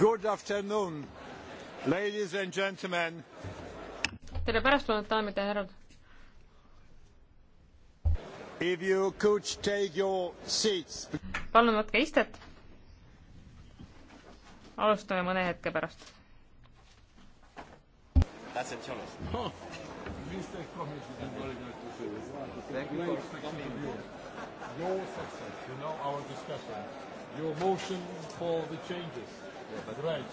Good afternoon, ladies and gentlemen. tere pärastlõunat, daamid ja härrad. If you could take your seats. palun võtke istet. alustame mõne hetke pärast. That's it, Charles. Oh. Mr. Commissioner, I'm very glad to see you. Thank you for coming here your success, you know, our discussion, your motion for the changes. Right.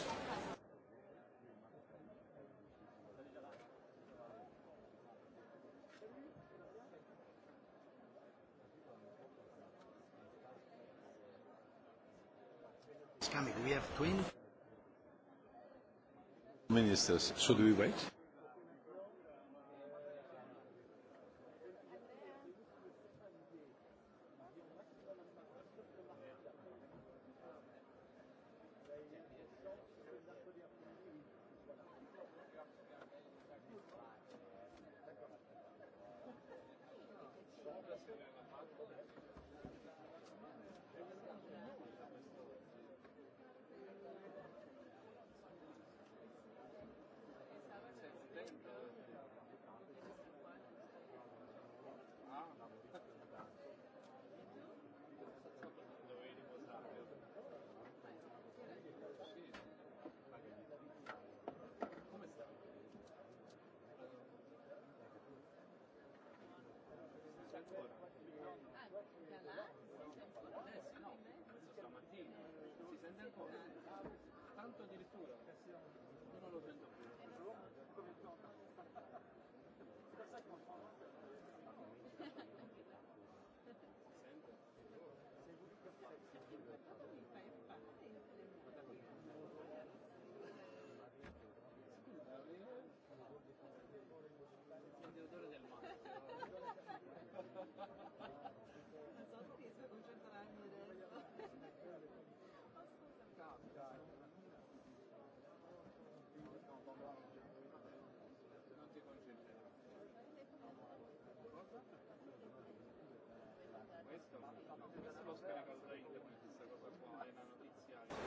It's coming. We have twin ministers. Should we wait?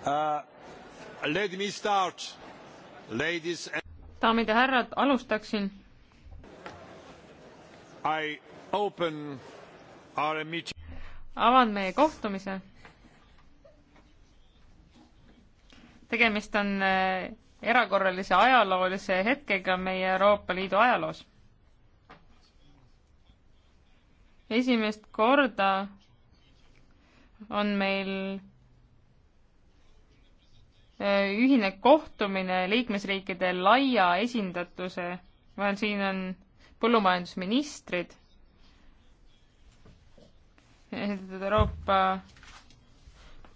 Uh, daamid ja härrad, alustaksin. avan meie kohtumise. tegemist on eh, erakorralise ajaloolise hetkega meie Euroopa Liidu ajaloos esimest korda on meil äh, ühine kohtumine liikmesriikide laia esindatuse vahel, siin on põllumajandusministrid, esindatud Euroopa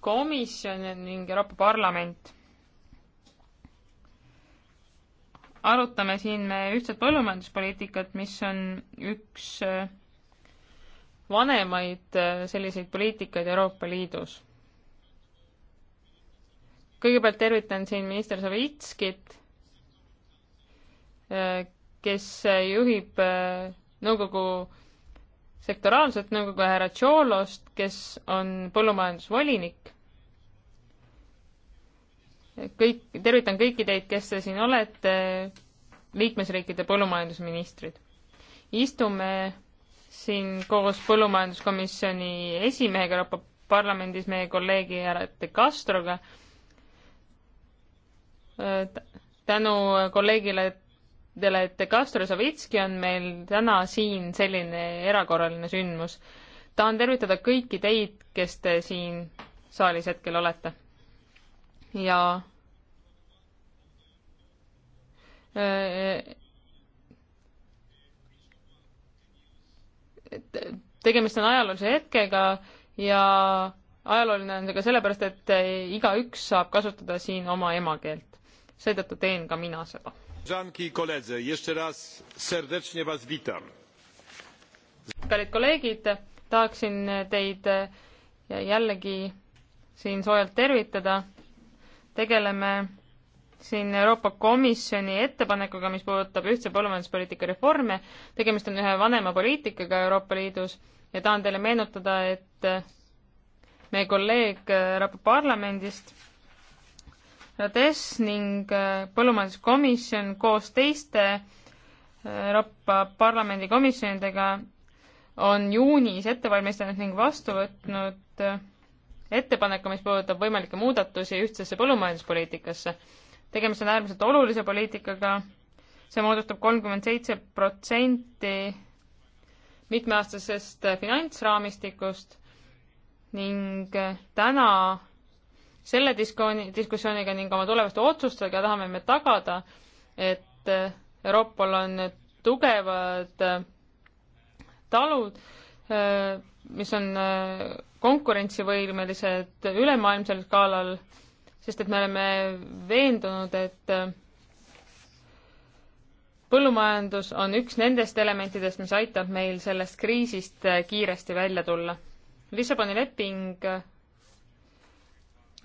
Komisjon ning Euroopa Parlament. arutame siin me ühtset põllumajanduspoliitikat, mis on üks äh, vanemaid äh, selliseid poliitikaid Euroopa Liidus. kõigepealt tervitan siin minister Savitskit, äh, kes juhib äh, nõukogu sektoraalset nõukogu härra Tšoolost, kes on põllumajandusvolinik. kõik, tervitan kõiki teid, kes te siin olete, liikmesriikide põllumajandusministrid. istume siin koos põllumajanduskomisjoni esimehega Euroopa Parlamendis, meie kolleegi härra De Castroga. tänu kolleegile Dele De Castro Savitski on meil täna siin selline erakorraline sündmus. tahan tervitada kõiki teid, kes te siin saalis hetkel olete. ja äh, tegemist on ajaloolise hetkega ja ajalooline on see ka sellepärast, et igaüks saab kasutada siin oma emakeelt. seetõttu teen ka mina seda. kallid kolleegid, tahaksin teid jällegi siin soojalt tervitada. tegeleme siin Euroopa Komisjoni ettepanekuga, mis puudutab ühtse põllumajanduspoliitika reforme. tegemist on ühe vanema poliitikaga Euroopa Liidus ja tahan teile meenutada, et äh, meie kolleeg äh, Euroopa Parlamendist Rades ning äh, põllumajanduskomisjon koos teiste Euroopa Parlamendi komisjonidega on juunis ette valmistanud ning vastu võtnud ettepaneku, mis puudutab võimalikke muudatusi ühtsesse põllumajanduspoliitikasse tegemist on äärmiselt olulise poliitikaga, see moodustab kolmkümmend seitse protsenti mitmeaastasest finantsraamistikust ning täna selle diskooni, diskussiooniga ning oma tulevaste otsustega tahame me tagada, et Euroopal on tugevad talud, mis on konkurentsivõimelised ülemaailmsel skaalal sest et me oleme veendunud, et äh, põllumajandus on üks nendest elementidest, mis aitab meil sellest kriisist äh, kiiresti välja tulla. Lissaboni leping äh,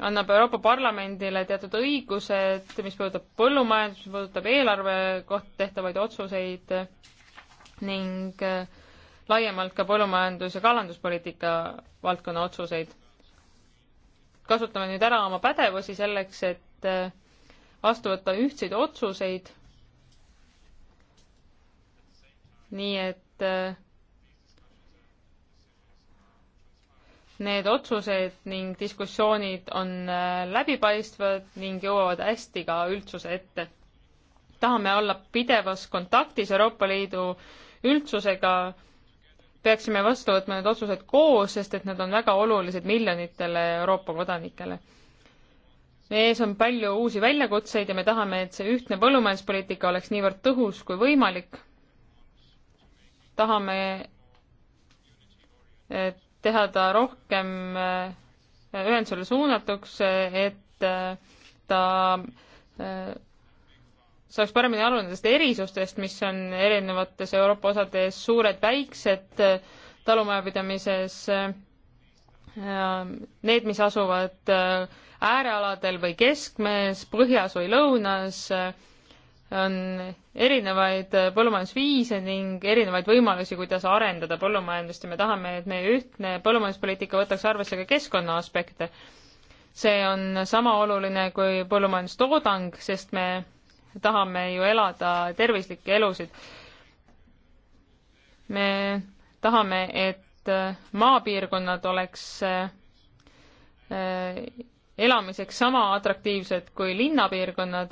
annab Euroopa Parlamendile teatud õigused, mis puudutab põllumajandust, mis puudutab eelarve kohta tehtavaid otsuseid ning laiemalt ka põllumajandus- ja kalanduspoliitika valdkonna otsuseid kasutame nüüd ära oma pädevusi selleks, et äh, vastu võtta ühtseid otsuseid. nii et äh, need otsused ning diskussioonid on äh, läbipaistvad ning jõuavad hästi ka üldsuse ette. tahame olla pidevas kontaktis Euroopa Liidu üldsusega peaksime vastu võtma need otsused koos, sest et nad on väga olulised miljonitele Euroopa kodanikele. meie ees on palju uusi väljakutseid ja me tahame, et see ühtne põllumajanduspoliitika oleks niivõrd tõhus kui võimalik. tahame eh, teha ta rohkem eh, ühendusele suunatuks, eh, et ta saaks paremini aru nendest erisustest, mis on erinevates Euroopa osades suured, väiksed äh, talumajapidamises, äh, need, mis asuvad äh, äärealadel või keskmes, põhjas või lõunas, on erinevaid põllumajandusviise ning erinevaid võimalusi, kuidas arendada põllumajandust ja me tahame, et meie ühtne põllumajanduspoliitika võtaks arvesse ka keskkonna aspekte. see on sama oluline kui põllumajandustoodang, sest me tahame ju elada tervislikke elusid. me tahame, et maapiirkonnad oleks eh, elamiseks sama atraktiivsed kui linnapiirkonnad.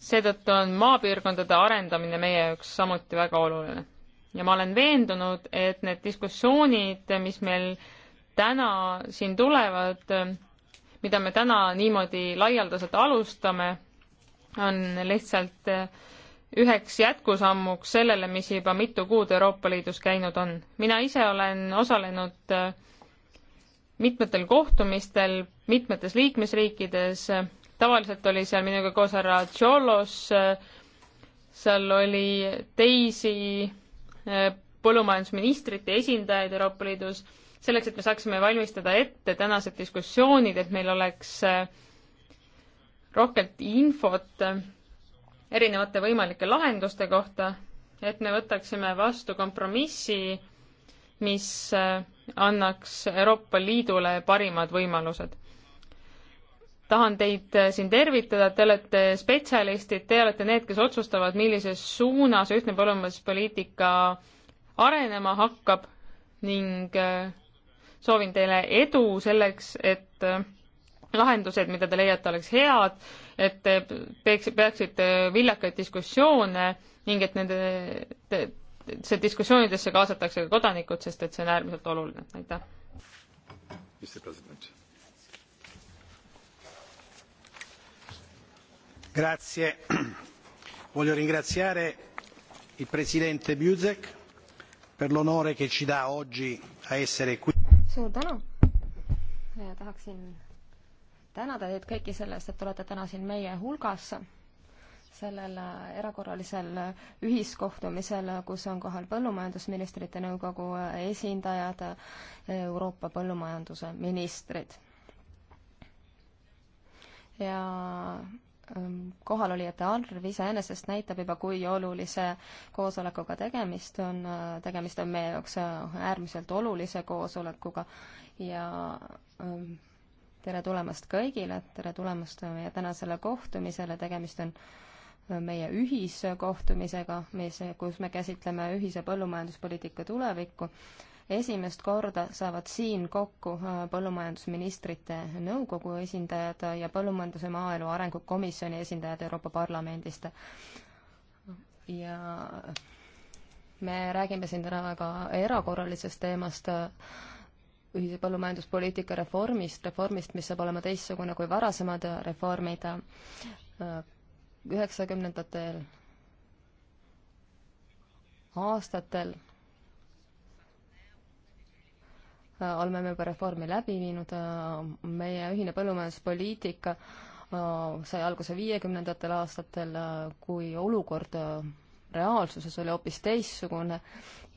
seetõttu on maapiirkondade arendamine meie jaoks samuti väga oluline. ja ma olen veendunud, et need diskussioonid, mis meil täna siin tulevad, mida me täna niimoodi laialdaselt alustame, on lihtsalt eh, üheks jätkusammuks sellele, mis juba mitu kuud Euroopa Liidus käinud on. mina ise olen osalenud eh, mitmetel kohtumistel mitmetes liikmesriikides, tavaliselt oli seal minuga koos härra Tšolos, eh, seal oli teisi põllumajandusministrite esindajaid Euroopa Liidus, selleks, et me saaksime valmistada ette tänased diskussioonid, et meil oleks äh, rohkelt infot äh, erinevate võimalike lahenduste kohta, et me võtaksime vastu kompromissi, mis äh, annaks Euroopa Liidule parimad võimalused. tahan teid äh, siin tervitada, te olete spetsialistid, te olete need, kes otsustavad, millises suunas ühtne põllumajanduspoliitika arenema hakkab ning soovin teile edu selleks, et lahendused, mida te leiate, oleks head, et te peaks, peaksite viljakaid diskussioone ning et nende, see diskussioonidesse kaasatakse ka kodanikud, sest et see on äärmiselt oluline, aitäh. Grazie, voglio ringraziare il presidente Buzek per l'onore che ci dà oggi a essere qui. suur tänu, tahaksin tänada teid kõiki selle eest, et olete täna siin meie hulgas sellel äh, erakorralisel äh, ühiskohtumisel, kus on kohal Põllumajandusministrite Nõukogu äh, esindajad, Euroopa põllumajanduse ministrid. ja ähm, kohalolijate arv iseenesest näitab juba, kui olulise koosolekuga tegemist on, tegemist on meie jaoks äärmiselt olulise koosolekuga ja ähm, tere tulemast kõigile, tere tulemast meie tänasele kohtumisele, tegemist on äh, meie ühiskohtumisega, mis, kus me käsitleme ühise põllumajanduspoliitika tulevikku. esimest korda saavad siin kokku äh, põllumajandusministrite nõukogu esindajad ja põllumajanduse maaelu arengukomisjoni esindajad Euroopa Parlamendist. ja me räägime siin täna väga erakorralisest teemast äh, ühise põllumajanduspoliitika reformist, reformist, mis saab olema teistsugune kui varasemad reformid äh, üheksakümnendatel aastatel äh, oleme me juba reformi läbi viinud, äh, meie ühine põllumajanduspoliitika sai alguse viiekümnendatel aastatel, kui olukord reaalsuses oli hoopis teistsugune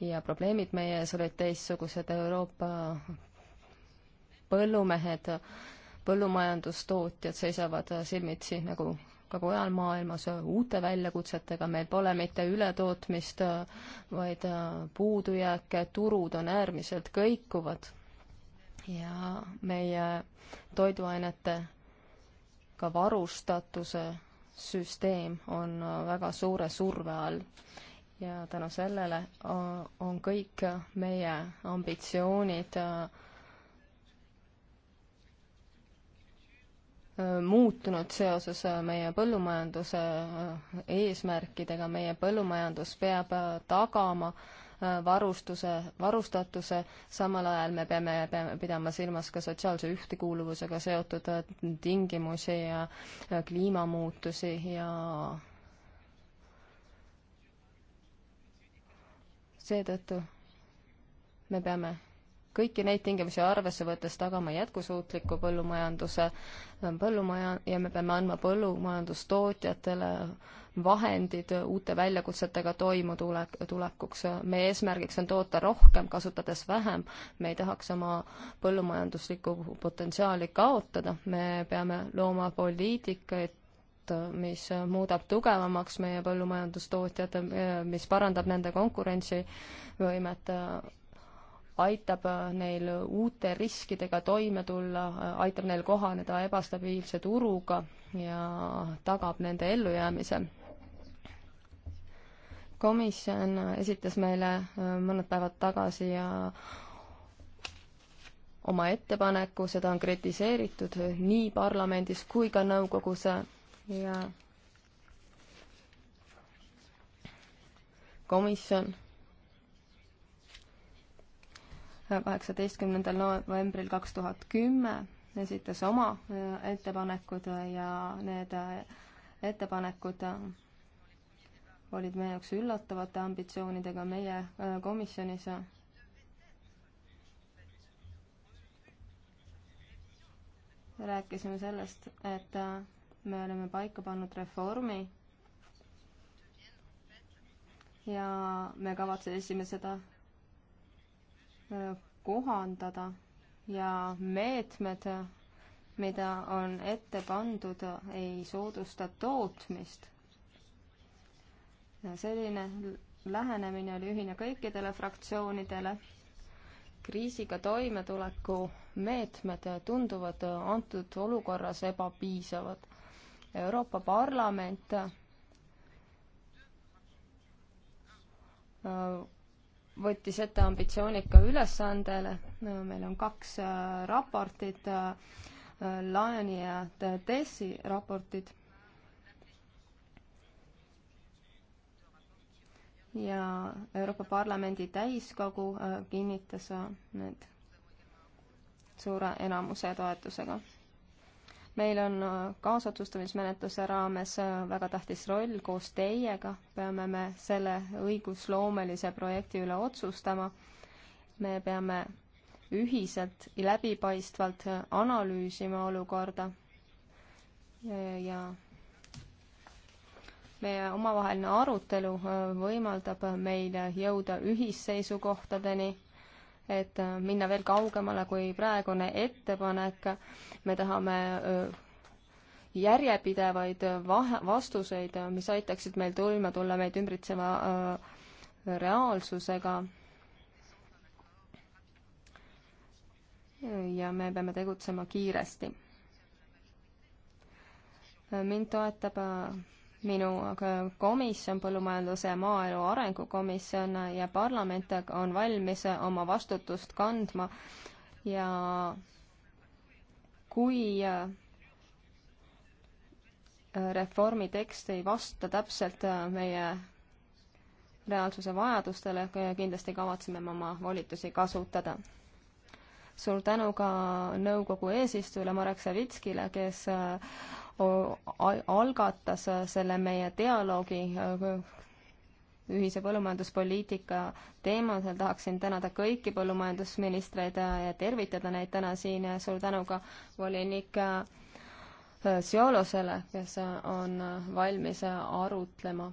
ja probleemid meie ees olid teistsugused, Euroopa põllumehed, põllumajandustootjad seisavad silmitsi nagu ka mujal maailmas uute väljakutsetega, meil pole mitte ületootmist, vaid puudujääke, turud on äärmiselt kõikuvad ja meie toiduainete ka varustatuse süsteem on väga suure surve all. ja tänu sellele on kõik meie ambitsioonid äh, muutunud seoses äh, meie põllumajanduse äh, eesmärkidega, meie põllumajandus peab äh, tagama varustuse, varustatuse, samal ajal me peame, peame pidama silmas ka sotsiaalse ühtekuuluvusega seotud tingimusi ja kliimamuutusi ja seetõttu me peame kõiki neid tingimusi arvesse võttes tagama jätkusuutliku põllumajanduse, põllumaja ja me peame andma põllumajandustootjatele vahendid uute väljakutsetega toimu tule, tulekuks. meie eesmärgiks on toota rohkem, kasutades vähem. me ei tahaks oma põllumajanduslikku potentsiaali kaotada, me peame looma poliitikaid, mis muudab tugevamaks meie põllumajandustootjad, mis parandab nende konkurentsivõimet aitab äh, neil uute riskidega toime tulla, äh, aitab neil kohaneda ebastabiilse turuga ja tagab nende ellujäämise. komisjon esitas meile äh, mõned päevad tagasi ja oma ettepaneku, seda on kritiseeritud nii parlamendis kui ka nõukogus ja komisjon kaheksateistkümnendal novembril kaks tuhat kümme esitas oma äh, ettepanekud ja need äh, ettepanekud äh, olid meie jaoks üllatavate ambitsioonidega meie komisjonis rääkisime sellest, et me oleme paika pannud reformi ja me kavatsesime seda kohandada ja meetmed, mida on ette pandud, ei soodusta tootmist. selline lähenemine oli ühine kõikidele fraktsioonidele. kriisiga toimetuleku meetmed tunduvad antud olukorras ebapiisavad. Euroopa Parlament võttis ette ambitsioonika ülesandele, meil on kaks äh, raportit, äh, Laani ja TESi raportid. ja Euroopa Parlamendi täiskogu äh, kinnitas need suure enamuse toetusega meil on äh, kaasotsustamismenetluse raames äh, väga tähtis roll, koos teiega peame me selle õigusloomelise projekti üle otsustama. me peame ühiselt ja läbipaistvalt äh, analüüsima olukorda ja meie omavaheline arutelu võimaldab meil jõuda ühisseisukohtadeni et äh, minna veel kaugemale kui praegune ettepanek. me tahame äh, järjepidevaid äh, vahe, vastuseid, mis aitaksid meil toime tulla meid ümbritseva reaalsusega. ja me peame tegutsema kiiresti. mind toetab minu komisjon, Põllumajanduse ja Maaelu Arengukomisjon ja parlament on valmis oma vastutust kandma ja kui äh, reformi tekst ei vasta täpselt äh, meie reaalsuse vajadustele, kindlasti kavatseme me oma volitusi kasutada suur tänu ka nõukogu eesistujale Marek Savitskile, kes äh, algatas äh, selle meie dialoogi äh, ühise põllumajanduspoliitika teemadel tahaksin tänada kõiki põllumajandusministreid ja tervitada neid täna siin ja suur tänu ka volinik Seolosele, kes on valmis arutlema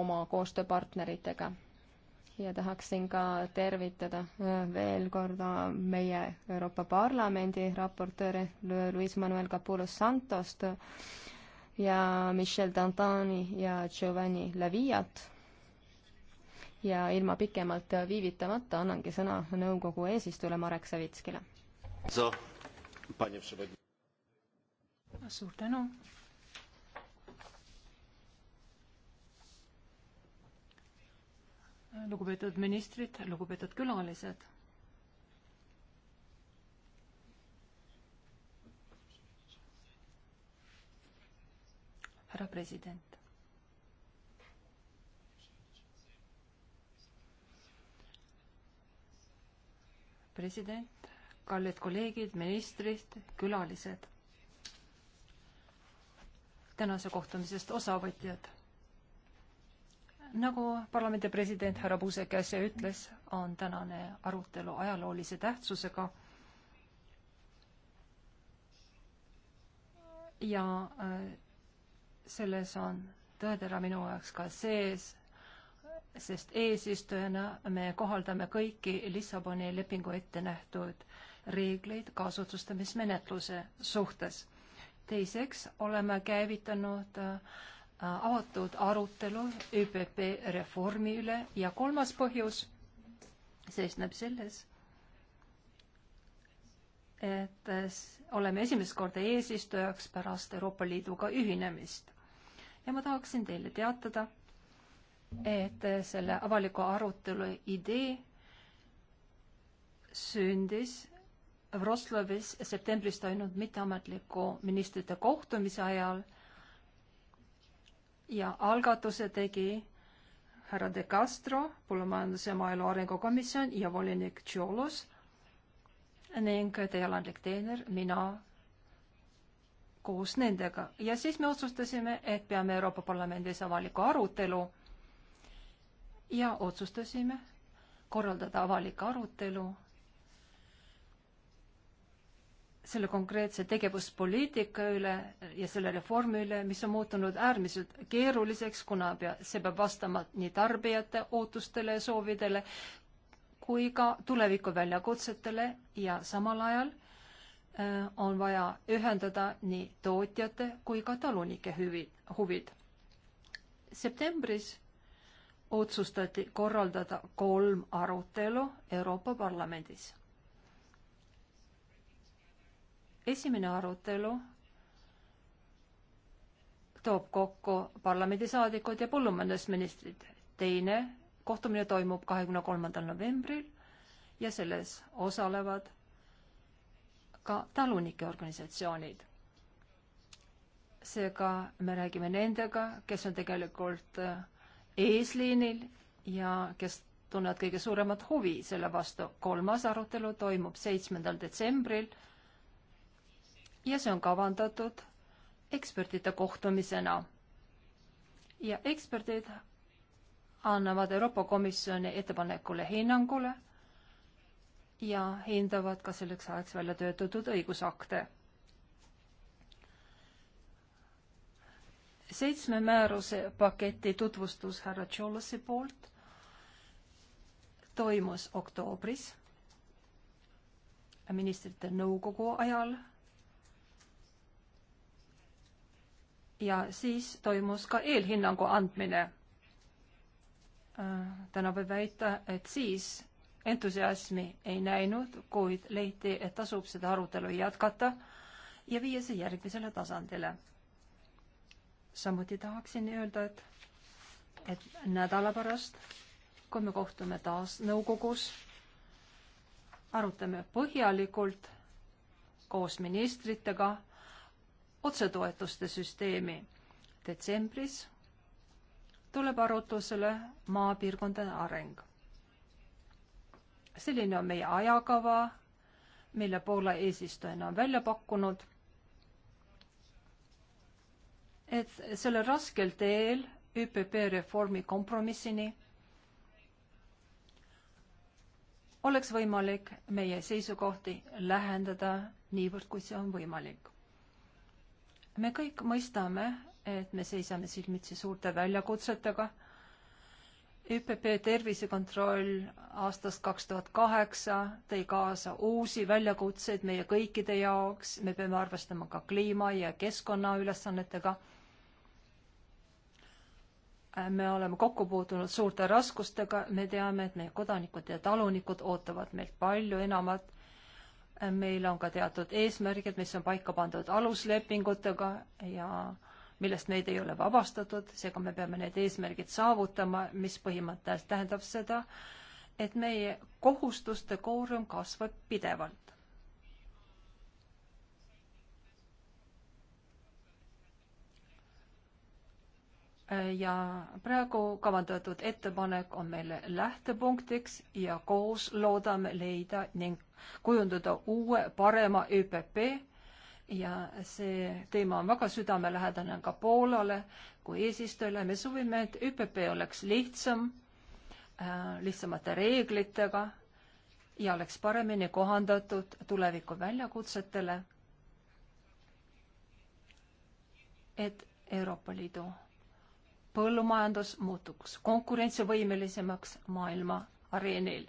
oma koostööpartneritega ja tahaksin ka tervitada äh, veel korda meie Euroopa Parlamendi raportööri Luis Manuel Capulos Santost ja Michel Dantani ja Giovanni Laviat. ja ilma pikemalt viivitamata annangi sõna nõukogu eesistujale Marek Savitskile. suur tänu lugupeetud ministrid, lugupeetud külalised. härra president. president, kallid kolleegid, ministrid, külalised. tänase kohtumisest osavõtjad nagu parlamendi president härra Puusek äsja ütles, on tänane arutelu ajaloolise tähtsusega. ja äh, selles on tõetera minu jaoks ka sees, sest eesistujana me kohaldame kõiki Lissaboni lepingu ette nähtud reegleid kaasotsustamismenetluse suhtes. teiseks oleme käivitanud äh, Äh, avatud arutelu ÜPP reformi üle ja kolmas põhjus seisneb selles, et äh, oleme esimest korda eesistujaks pärast Euroopa Liiduga ühinemist. ja ma tahaksin teile teatada, et äh, selle avaliku arutelu idee sündis Wroclawis septembris toimunud mitteametliku ministrite kohtumise ajal ja algatuse tegi härra De Castro, põllumajanduse ja maaelu arengukomisjon ja volinik Tšiolos ning teealandlik teener, mina koos nendega. ja siis me otsustasime, et peame Euroopa Parlamendis avaliku arutelu ja otsustasime korraldada avalik arutelu selle konkreetse tegevuspoliitika üle ja selle reformi üle, mis on muutunud äärmiselt keeruliseks, kuna pea, see peab vastama nii tarbijate ootustele ja soovidele kui ka tuleviku väljakutsetele ja samal ajal äh, on vaja ühendada nii tootjate kui ka talunike hüvid, huvid. septembris otsustati korraldada kolm arutelu Euroopa Parlamendis esimene arutelu toob kokku parlamendisaadikud ja põllumajandusministrid. teine kohtumine toimub kahekümne kolmandal novembril ja selles osalevad ka talunike organisatsioonid. seega me räägime nendega, kes on tegelikult äh, eesliinil ja kes tunnevad kõige suuremat huvi selle vastu. kolmas arutelu toimub seitsmendal detsembril ja see on kavandatud ekspertide kohtumisena. ja eksperdid annavad Euroopa Komisjoni ettepanekule hinnangule ja hindavad ka selleks ajaks välja töötatud õigusakte. seitsme määruse paketi tutvustus härra Tšolosi poolt toimus oktoobris ministrite nõukogu ajal ja siis toimus ka eelhinnangu andmine. Äh, täna võib väita, et siis entusiasmi ei näinud, kuid leiti, et tasub seda arutelu jätkata ja viia see järgmisele tasandile. samuti tahaksin öelda, et, et nädala pärast, kui me kohtume taas nõukogus, arutame põhjalikult koos ministritega otsetoetuste süsteemi. detsembris tuleb arutusele maapiirkondade areng. selline on meie ajakava, mille Poola eesistujana on välja pakkunud. et sellel raskel teel ÜPP reformi kompromissini oleks võimalik meie seisukohti lähendada niivõrd, kui see on võimalik me kõik mõistame, et me seisame silmitsi suurte väljakutsetega. ÜPP tervisekontroll aastast kaks tuhat kaheksa tõi kaasa uusi väljakutseid meie kõikide jaoks, me peame arvestama ka kliima ja keskkonnaülesannetega. me oleme kokku puutunud suurte raskustega, me teame, et meie kodanikud ja talunikud ootavad meilt palju enamat meil on ka teatud eesmärgid, mis on paika pandud aluslepingutega ja millest neid ei ole vabastatud, seega me peame need eesmärgid saavutama, mis põhimõtteliselt tähendab seda, et meie kohustuste koorum kasvab pidevalt. ja praegu kavandatud ettepanek on meile lähtepunktiks ja koos loodame leida ning kujundada uue parema ÜPP ja see teema on väga südamelähedane ka Poolale kui eesistujale. me soovime, et ÜPP oleks lihtsam, äh, lihtsamate reeglitega ja oleks paremini kohandatud tuleviku väljakutsetele. et Euroopa Liidu põllumajandus muutuks konkurentsivõimelisemaks maailma areenil.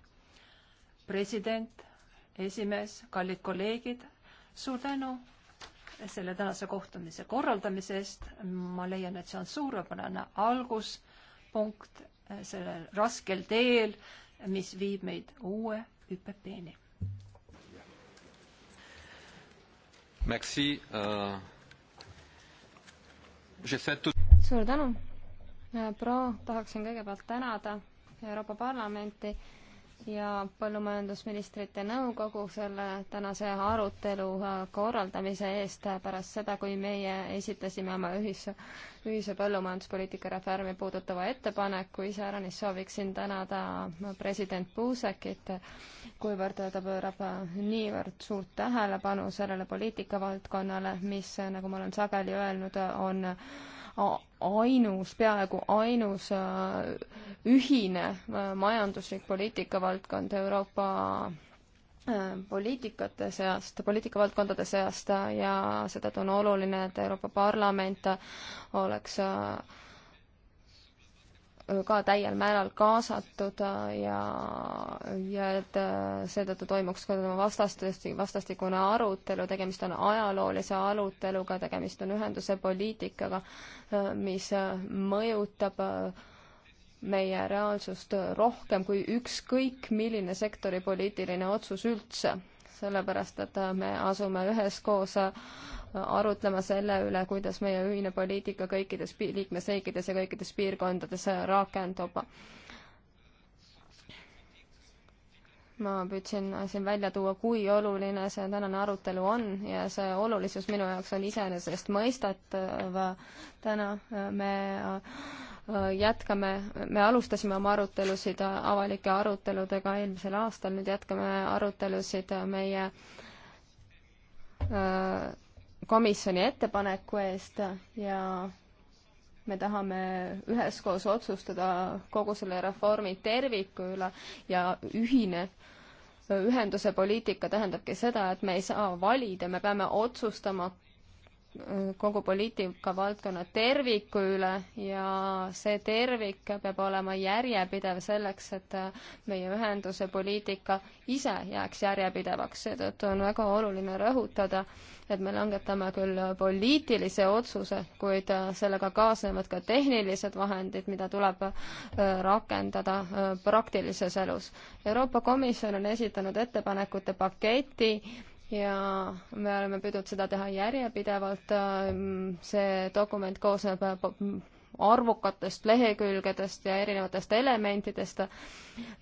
president esimees, kallid kolleegid, suur tänu selle tänase kohtumise korraldamise eest. ma leian, et see on suurepärane alguspunkt sellel raskel teel, mis viib meid uue ÜPP-ni. Merci uh,. Tout... suur tänu. Äh, proua, tahaksin kõigepealt tänada Euroopa Parlamenti uh, ja Põllumajandusministrite Nõukogu selle tänase arutelu äh, korraldamise eest pärast seda, kui meie esitasime oma ühise, ühise põllumajanduspoliitika reformi puudutava ettepaneku. iseäranis sooviksin tänada äh, president Puusekit, kuivõrd ta pöörab äh, niivõrd suurt tähelepanu sellele poliitikavaldkonnale, mis, nagu ma olen sageli öelnud, on ainus, peaaegu ainus äh, ühine äh, majanduslik poliitikavaldkond Euroopa äh, poliitikate seast, poliitikavaldkondade seast ja seetõttu on oluline, et Euroopa Parlament oleks äh, ka täiel määral kaasatud äh, ja, ja et äh, seetõttu toimuks ka vastastik, vastastikune arutelu, tegemist on ajaloolise aruteluga, tegemist on ühenduse poliitikaga, äh, mis mõjutab meie reaalsust rohkem kui ükskõik milline sektori poliitiline otsus üldse sellepärast et me asume üheskoos arutlema selle üle, kuidas meie ühine poliitika kõikides liikmesriikides ja kõikides piirkondades rakendub. ma püüdsin siin välja tuua, kui oluline see tänane arutelu on ja see olulisus minu jaoks on iseenesestmõistetav. täna me äh, jätkame, me alustasime oma arutelusid avalike aruteludega eelmisel aastal, nüüd jätkame arutelusid meie öö, äh, komisjoni ettepaneku eest ja me tahame üheskoos otsustada kogu selle reformi terviku üle ja ühine ühenduse poliitika tähendabki seda, et me ei saa valida, me peame otsustama, kogu poliitika valdkonna terviku üle ja see tervik peab olema järjepidev selleks, et meie ühenduse poliitika ise jääks järjepidevaks, seetõttu on väga oluline rõhutada, et me langetame küll poliitilise otsuse, kuid sellega kaasnevad ka tehnilised vahendid, mida tuleb äh, rakendada äh, praktilises elus. Euroopa Komisjon on esitanud ettepanekute paketi, ja me oleme püüdnud seda teha järjepidevalt. Ähm, see dokument koosneb äh, arvukatest lehekülgedest ja erinevatest elementidest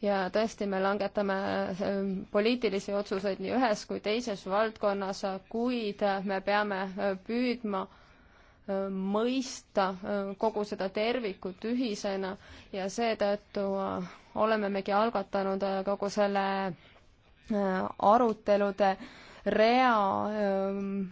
ja tõesti, me langetame ähm, poliitilisi otsuseid nii ühes kui teises valdkonnas, kuid me peame äh, püüdma äh, mõista kogu seda tervikut ühisena ja seetõttu olemegi algatanud kogu selle arutelude äh, rea, ähm,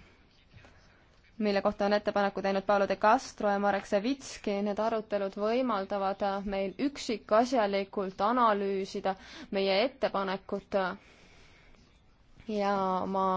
mille kohta on ettepaneku teinud Paolo de Castro ja Marek Savitski, need arutelud võimaldavad äh, meil üksikasjalikult analüüsida meie ettepanekut ja ma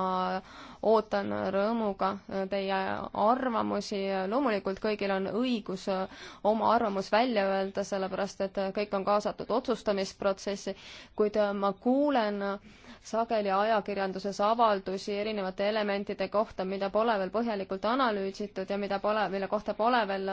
ootan rõõmuga äh, teie arvamusi. loomulikult kõigil on õigus äh, oma arvamus välja öelda, sellepärast et kõik on kaasatud otsustamisprotsessi, kuid ma kuulen äh, sageli ajakirjanduses avaldusi erinevate elementide kohta, mida pole veel põhjalikult analüüsitud ja mida pole, mille kohta pole veel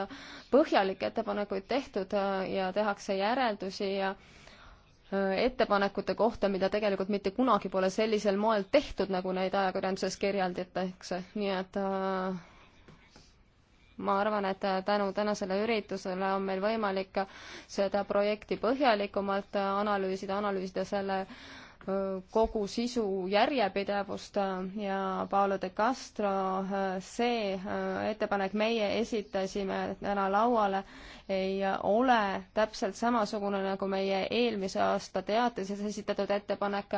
põhjalikke ettepanekuid tehtud äh, ja tehakse järeldusi ja äh, ettepanekute kohta, mida tegelikult mitte kunagi pole sellisel moel tehtud, nagu neid ajakirjanduses kirjeldatakse, nii et äh, ma arvan, et äh, tänu tänasele üritusele on meil võimalik seda projekti põhjalikumalt analüüsida, analüüsida selle äh, kogu sisu järjepidevust ja Paolo de Castro, see ettepanek meie esitasime täna lauale, ei ole täpselt samasugune nagu meie eelmise aasta teatises esitatud ettepanek.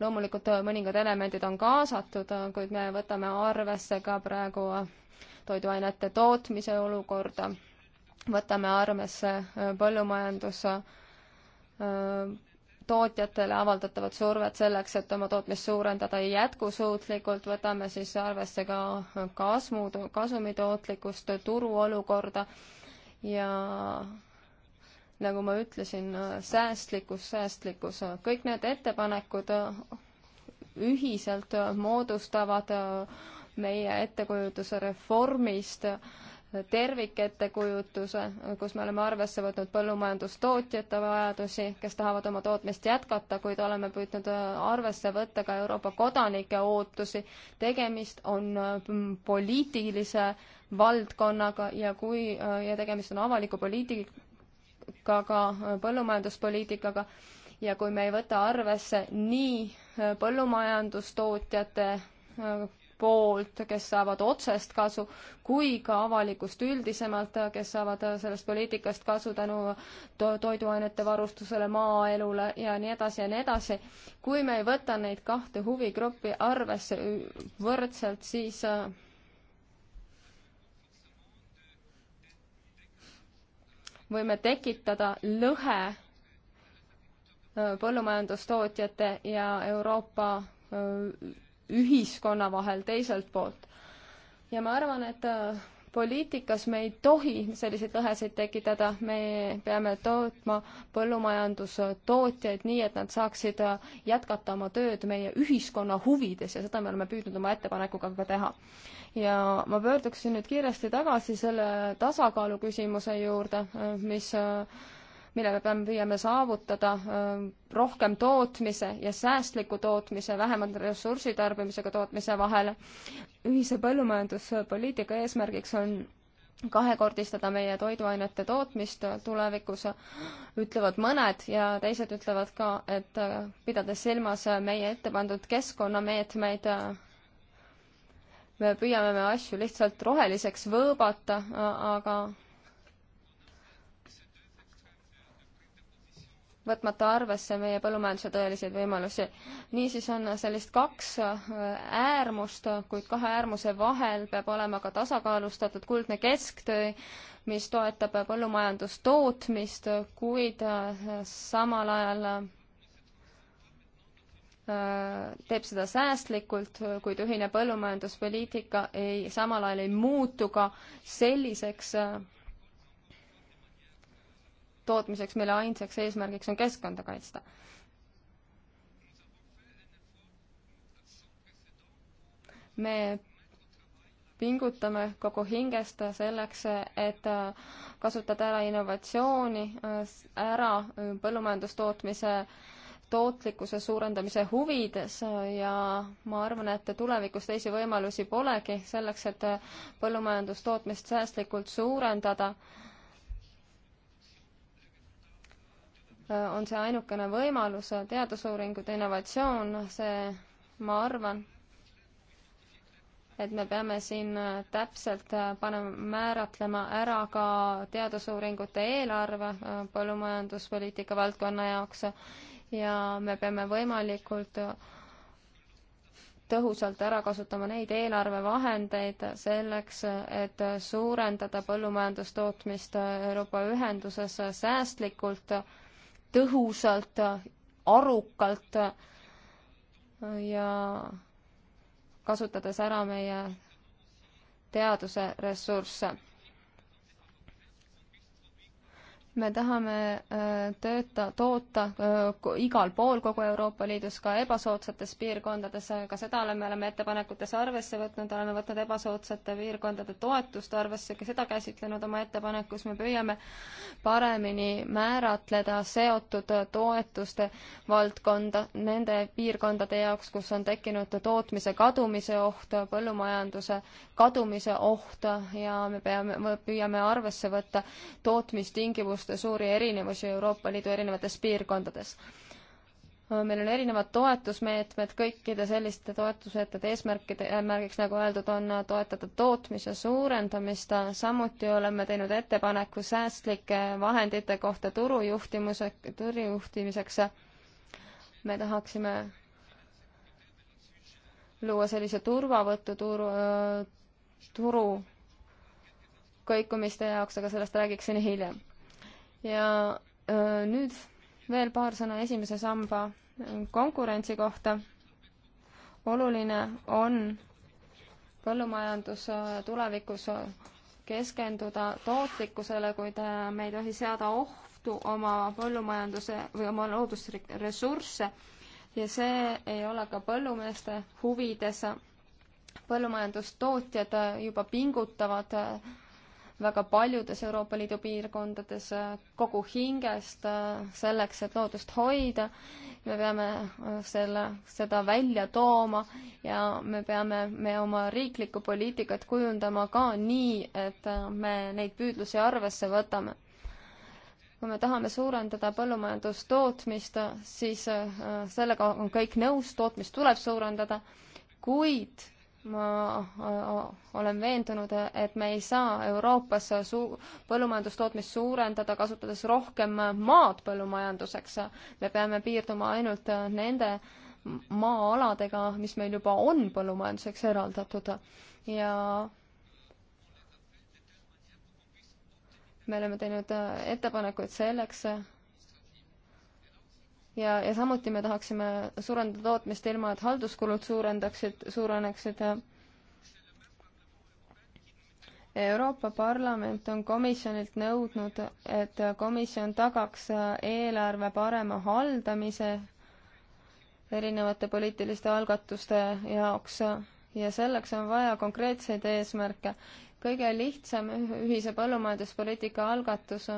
loomulikult mõningad elemendid on kaasatud, kuid me võtame arvesse ka praegu toiduainete tootmise olukorda, võtame arvesse põllumajandus tootjatele avaldatavat survet selleks, et oma tootmist suurendada jätkusuutlikult, võtame siis arvesse ka kasmu, kasumitootlikkust, turuolukorda ja nagu ma ütlesin, säästlikkus, säästlikkus, kõik need ettepanekud ühiselt moodustavad meie ettekujutuse reformist äh, tervikettekujutuse, kus me oleme arvesse võtnud põllumajandustootjate vajadusi, kes tahavad oma tootmist jätkata, kuid oleme püüdnud äh, arvesse võtta ka Euroopa kodanike ootusi. tegemist on äh, poliitilise valdkonnaga ja kui, äh, ja tegemist on avaliku poliitikaga, põllumajanduspoliitikaga, ja kui me ei võta arvesse nii põllumajandustootjate poolt, kes saavad otsest kasu, kui ka avalikust üldisemalt, kes saavad sellest poliitikast kasu tänu to toiduainete varustusele, maaelule ja nii edasi ja nii edasi. kui me ei võta neid kahte huvigruppi arvesse võrdselt, siis äh, võime tekitada lõhe äh, põllumajandustootjate ja Euroopa äh, ühiskonna vahel teiselt poolt. ja ma arvan, et äh, poliitikas me ei tohi selliseid lõhesid tekitada, me peame tootma põllumajandustootjaid nii, et nad saaksid äh, jätkata oma tööd meie ühiskonna huvides ja seda me oleme püüdnud oma ettepanekuga ka teha. ja ma pöörduksin nüüd kiiresti tagasi selle tasakaalu küsimuse juurde, äh, mis mille me peame, püüame saavutada äh, rohkem tootmise ja säästliku tootmise, vähema ressursitarbimisega tootmise vahele. ühise põllumajanduspoliitika eesmärgiks on kahekordistada meie toiduainete tootmist tulevikus, ütlevad mõned ja teised ütlevad ka, et äh, pidades silmas meie ette pandud keskkonnameetmeid, äh, me püüame me asju lihtsalt roheliseks võõbata, aga võtmata arvesse meie põllumajanduse tõeliseid võimalusi. niisiis on sellist kaks äh, äärmust, kuid kahe äärmuse vahel peab olema ka tasakaalustatud kuldne kesktöö, mis toetab põllumajandustootmist, kuid äh, samal ajal äh, teeb seda säästlikult, kuid ühine põllumajanduspoliitika ei, samal ajal ei muutu ka selliseks, tootmiseks, mille ainsaks eesmärgiks on keskkonda kaitsta. me pingutame kogu hingest selleks, et kasutada ära innovatsiooni, ära põllumajandustootmise tootlikkuse suurendamise huvides ja ma arvan, et tulevikus teisi võimalusi polegi selleks, et põllumajandustootmist säästlikult suurendada on see ainukene võimalus, teadusuuringud, innovatsioon, see, ma arvan, et me peame siin täpselt äh, panema, määratlema ära ka teadusuuringute eelarve äh, põllumajanduspoliitika valdkonna jaoks ja me peame võimalikult tõhusalt ära kasutama neid eelarvevahendeid selleks, et suurendada põllumajandustootmist Euroopa ühenduses säästlikult tõhusalt, arukalt ja kasutades ära meie teaduse ressursse me tahame äh, tööta, toota äh, igal pool kogu Euroopa Liidus, ka ebasoodsates piirkondades, ka seda oleme, oleme ettepanekutes arvesse võtnud, oleme võtnud ebasoodsate piirkondade toetust arvesse, ka seda käsitlenud oma ettepanekus, me püüame paremini määratleda seotud toetuste valdkonda nende piirkondade jaoks, kus on tekkinud tootmise kadumise oht, põllumajanduse kadumise oht ja me peame, püüame arvesse võtta tootmistingimuste kogemuste suuri erinevusi Euroopa Liidu erinevates piirkondades. meil on erinevad toetusmeetmed, kõikide selliste toetusmeetmete eesmärkide, eesmärgiks, nagu öeldud, on toetada tootmise suurendamist, samuti oleme teinud ettepaneku säästlike vahendite kohta turujuhtimuse, turujuhtimiseks. me tahaksime luua sellise turvavõttu turu, turu kõikumiste jaoks, aga sellest räägiksin hiljem ja öö, nüüd veel paar sõna esimese samba konkurentsi kohta. oluline on põllumajandus tulevikus keskenduda tootlikkusele, kuid me ei tohi seada ohtu oma põllumajanduse või oma loodusressursse ja see ei ole ka põllumeeste huvides. põllumajandustootjad juba pingutavad äh, väga paljudes Euroopa Liidu piirkondades äh, kogu hingest äh, selleks, et loodust hoida. me peame äh, selle, seda välja tooma ja me peame me oma riiklikku poliitikat kujundama ka nii, et me neid püüdlusi arvesse võtame kui me tahame suurendada põllumajandustootmist, siis sellega on kõik nõus, tootmist tuleb suurendada, kuid ma äh, äh, olen veendunud, et me ei saa Euroopas su-, põllumajandustootmist suurendada, kasutades rohkem maad põllumajanduseks. me peame piirduma ainult nende maa-aladega, mis meil juba on põllumajanduseks eraldatud ja me oleme teinud ettepanekuid selleks, ja, ja samuti me tahaksime suurendada tootmist ilma, et halduskulud suurendaksid, suureneksid. Euroopa Parlament on komisjonilt nõudnud, et komisjon tagaks eelarve parema haldamise erinevate poliitiliste algatuste jaoks ja selleks on vaja konkreetseid eesmärke. kõige lihtsam ühise põllumajanduspoliitika algatus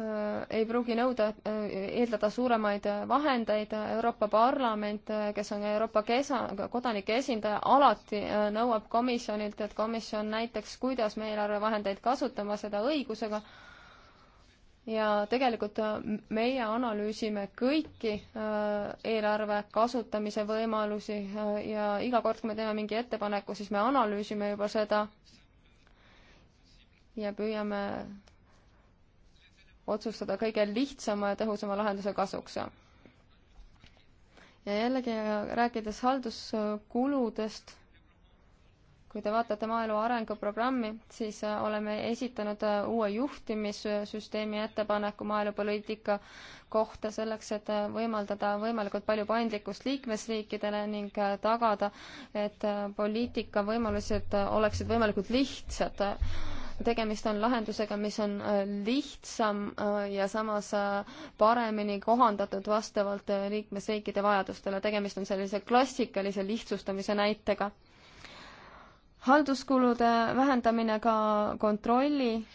Äh, ei pruugi nõuda, äh, eeldada suuremaid äh, vahendeid, Euroopa Parlament, kes on Euroopa kesa, kodanike esindaja, alati nõuab komisjonilt, et komisjon näiteks, kuidas me eelarvevahendeid kasutama, seda õigusega, ja tegelikult meie analüüsime kõiki eelarve kasutamise võimalusi ja iga kord, kui me teeme mingi ettepaneku, siis me analüüsime juba seda ja püüame otsustada kõige lihtsama ja tõhusama lahenduse kasuks. ja jällegi, rääkides halduskuludest, kui te vaatate maaelu arenguprogrammi, siis äh, oleme esitanud äh, uue juhtimissüsteemi ettepaneku maaelupoliitika kohta selleks, et äh, võimaldada võimalikult palju paindlikkust liikmesriikidele ning tagada, et poliitika võimalused oleksid võimalikult lihtsad tegemist on lahendusega, mis on äh, lihtsam äh, ja samas äh, paremini kohandatud vastavalt liikmesriikide vajadustele. tegemist on sellise klassikalise lihtsustamise näitega. halduskulude vähendamine ka kontrolli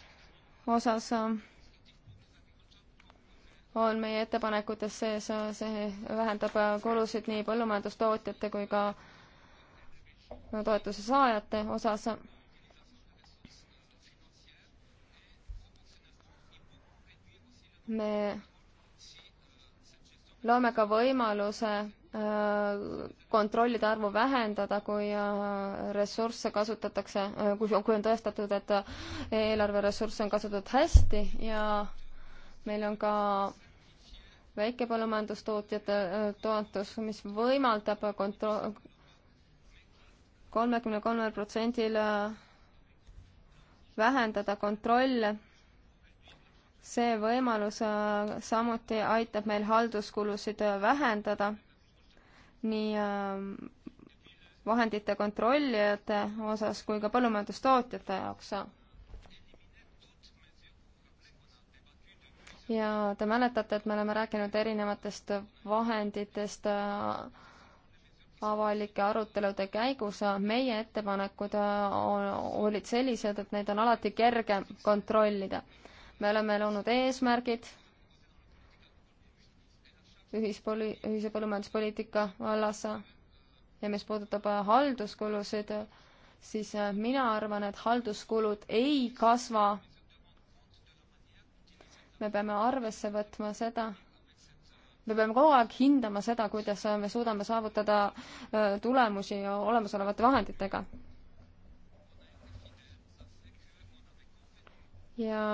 osas on meie ettepanekutes sees, see vähendab kulusid nii põllumajandustootjate kui ka toetuse saajate osas me loome ka võimaluse äh, kontrollide arvu vähendada, kui äh, ressursse kasutatakse, äh, kui, kui on tõestatud, et eelarveressursse on kasutatud hästi ja meil on ka väikepõllumajandustootjate toetus, mis võimaldab kontro-, kolmekümne kolmel protsendil vähendada kontrolle see võimalus äh, samuti aitab meil halduskulusid äh, vähendada nii äh, vahendite kontrollijate osas kui ka põllumajandustootjate jaoks. ja te mäletate, et me oleme rääkinud erinevatest vahenditest avalike arutelude käigus meie ettepanekud olid sellised, et neid on alati kergem kontrollida me oleme loonud eesmärgid ühispoli-, ühise põllumajanduspoliitika vallas ja mis puudutab äh, halduskulusid, siis äh, mina arvan, et halduskulud ei kasva. me peame arvesse võtma seda, me peame kogu aeg hindama seda, kuidas äh, me suudame saavutada tulemusi olemasolevate vahenditega. ja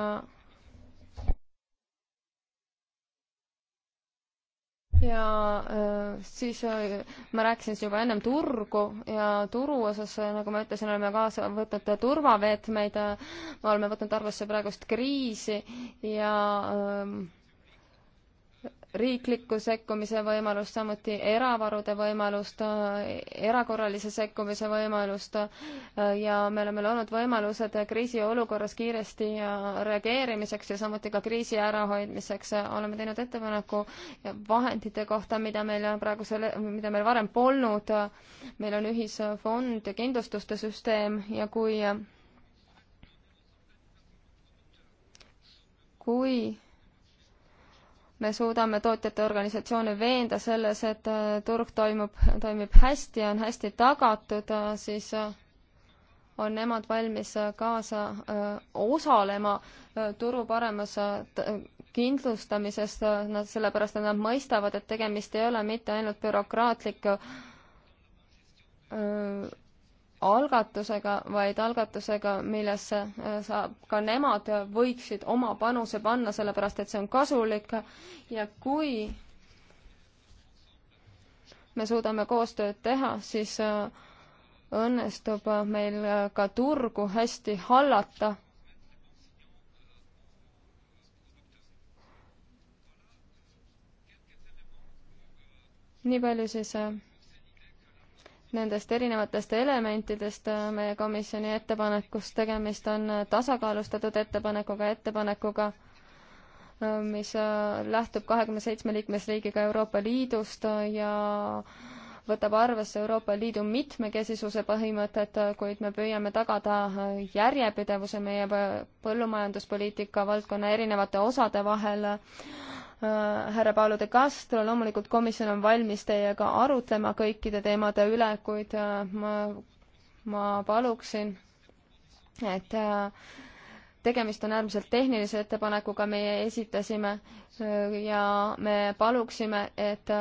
ja äh, siis äh, ma rääkisin siis juba ennem turgu ja turu osas, äh, nagu ma ütlesin, oleme kaasa võtnud turvameetmeid, me oleme võtnud arvesse praegust kriisi ja öö, ähm, riiklikku sekkumise võimalust, samuti eravarude võimalust, erakorralise sekkumise võimalust ja me oleme loonud võimalused kriisiolukorras kiiresti reageerimiseks ja samuti ka kriisi ärahoidmiseks. oleme teinud ettepaneku vahendite kohta, mida meil praegusel, mida meil varem polnud. meil on ühisfond ja kindlustuste süsteem ja kui kui me suudame tootjate organisatsioone veenda selles, et äh, turg toimub, toimib hästi ja on hästi tagatud, äh, siis äh, on nemad valmis kaasa osalema turu paremas kindlustamises, nad, sellepärast et nad mõistavad, et tegemist ei ole mitte ainult bürokraatliku algatusega, vaid algatusega, millesse äh, saab, ka nemad võiksid oma panuse panna, sellepärast et see on kasulik ja kui me suudame koostööd teha, siis äh, õnnestub äh, meil ka turgu hästi hallata. nii palju siis nendest erinevatest elementidest äh, meie komisjoni ettepanekust. tegemist on äh, tasakaalustatud ettepanekuga, ettepanekuga, äh, mis lähtub kahekümne seitsme liikmesriigiga Euroopa Liidust ja võtab arvesse Euroopa Liidu mitmekesisuse põhimõtet, kuid me püüame tagada järjepidevuse meie põllumajanduspoliitika valdkonna erinevate osade vahel Äh, härra Paolo de Castro, loomulikult komisjon on valmis teiega arutlema kõikide teemade üle, kuid äh, ma, ma paluksin, et äh, tegemist on äärmiselt tehnilise ettepanekuga, meie esitasime ja me paluksime, et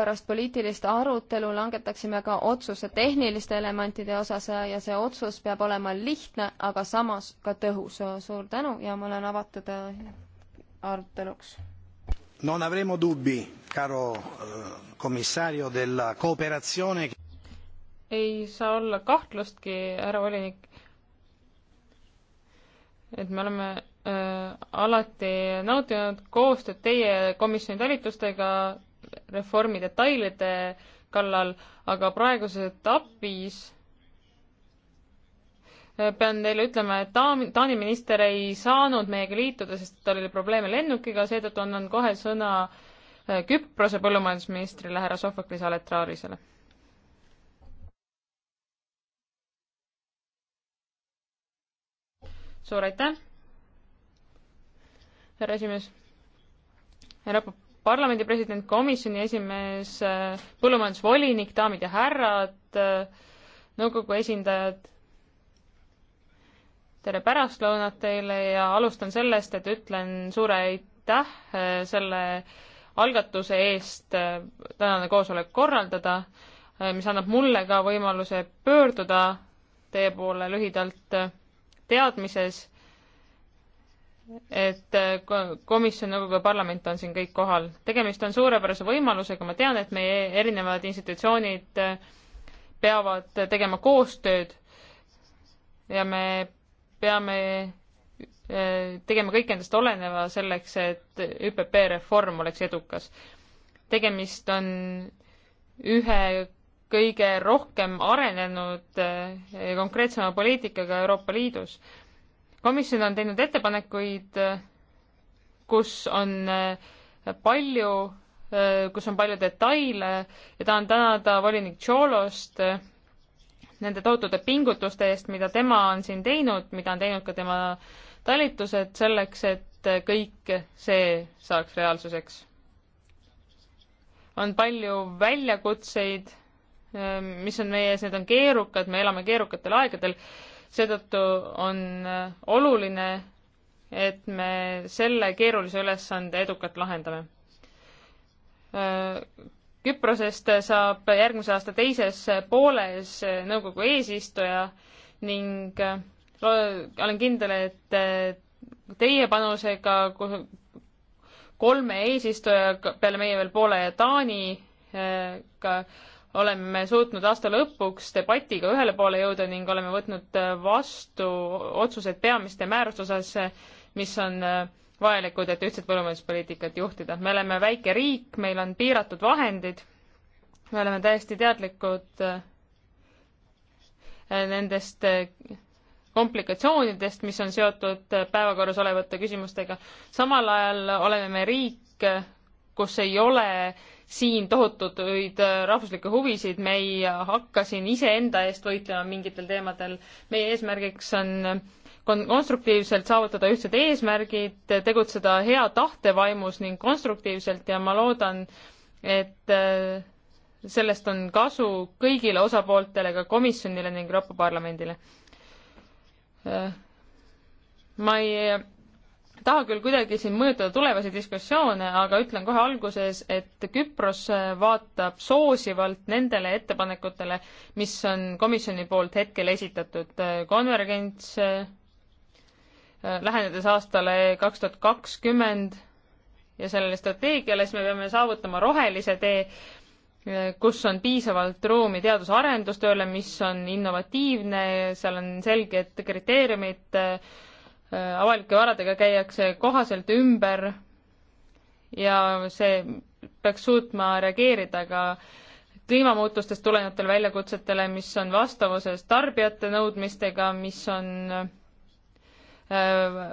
pärast poliitilist arutelu langetaksime ka otsuse tehniliste elementide osas ja see otsus peab olema lihtne, aga samas ka tõhus. suur tänu ja ma olen avatud aruteluks. Non avremo dubbi, caro eh, commissario, della cooperazione ei saa olla kahtlustki, härra volinik, et me oleme äh, alati nautinud koostööd teie komisjoni talitustega reformi detailide kallal, aga praeguses etapis pean teile ütlema, et Taani, Taani minister ei saanud meiega liituda, sest tal oli probleeme lennukiga, seetõttu annan kohe sõna äh, Küprose põllumajandusministrile härra Sofoklis Aletraarisele. suur aitäh, härra esimees, härra parlamendi president, komisjoni esimees, äh, põllumajandusvolinik, daamid ja härrad, äh, nõukogu esindajad tere pärastlõunat teile ja alustan sellest, et ütlen suure aitäh äh, selle algatuse eest äh, tänane koosolek korraldada, äh, mis annab mulle ka võimaluse pöörduda teie poole lühidalt teadmises, et komisjon, nõukogu ja parlament on siin kõik kohal. tegemist on suurepärase võimalusega, ma tean, et meie erinevad institutsioonid peavad tegema koostööd ja me peame eh, tegema kõik endast oleneva selleks, et ÜPP reform oleks edukas. tegemist on ühe kõige rohkem arenenud eh, ja konkreetsema poliitikaga Euroopa Liidus. komisjon on teinud ettepanekuid, kus on eh, palju, kus on palju detaile ja tahan tänada volinik Tšolost, nende tohutute pingutuste eest, mida tema on siin teinud, mida on teinud ka tema talitused selleks, et kõik see saaks reaalsuseks. on palju väljakutseid, ähm, mis on meie ees, need on keerukad, me elame keerukatel aegadel, seetõttu on äh, oluline, et me selle keerulise ülesande edukalt lahendame äh, Küprosest saab järgmise aasta teises pooles nõukogu eesistuja ning äh, olen kindel, et äh, teie panusega kolme eesistuja peale meie veel Poola ja Taaniga äh, oleme me suutnud aasta lõpuks debatiga ühele poole jõuda ning oleme võtnud vastu otsused peamiste määruste osas, mis on vajalikud, et ühtset põllumajanduspoliitikat juhtida. me oleme väike riik, meil on piiratud vahendid, me oleme täiesti teadlikud äh, nendest äh, komplikatsioonidest, mis on seotud äh, päevakorras olevate küsimustega. samal ajal oleme me riik, kus ei ole siin tohutuid rahvuslikke huvisid, me ei hakka siin iseenda eest võitlema mingitel teemadel. meie eesmärgiks on konstruktiivselt saavutada ühtsed eesmärgid, tegutseda hea tahte vaimus ning konstruktiivselt ja ma loodan, et äh, sellest on kasu kõigile osapooltele, ka komisjonile ning Euroopa Parlamendile. Äh, ma ei taha küll kuidagi siin mõjutada tulevasi diskussioone, aga ütlen kohe alguses, et Küpros äh, vaatab soosivalt nendele ettepanekutele, mis on komisjoni poolt hetkel esitatud. konvergents lähenedes aastale kaks tuhat kakskümmend ja sellele strateegiale, siis me peame saavutama rohelise tee, kus on piisavalt ruumi teadus-arendustööle, mis on innovatiivne, seal on selged kriteeriumid, avalike varadega käiakse kohaselt ümber ja see peaks suutma reageerida ka kliimamuutustest tulenevatele väljakutsetele, mis on vastavuses tarbijate nõudmistega, mis on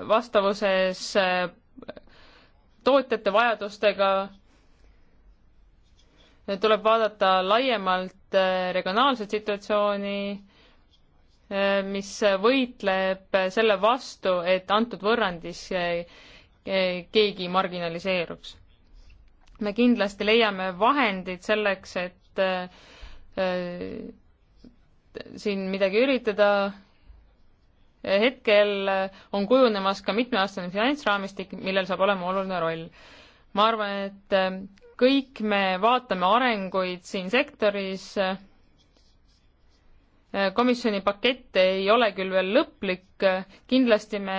vastavuses äh, tootjate vajadustega, tuleb vaadata laiemalt äh, regionaalset situatsiooni, äh, mis võitleb selle vastu, et antud võrrandis keegi marginaliseeruks. me kindlasti leiame vahendid selleks, et siin midagi üritada hetkel on kujunemas ka mitmeaastane finantsraamistik, millel saab olema oluline roll. ma arvan, et äh, kõik me vaatame arenguid siin sektoris, äh, komisjoni pakett ei ole küll veel lõplik, kindlasti me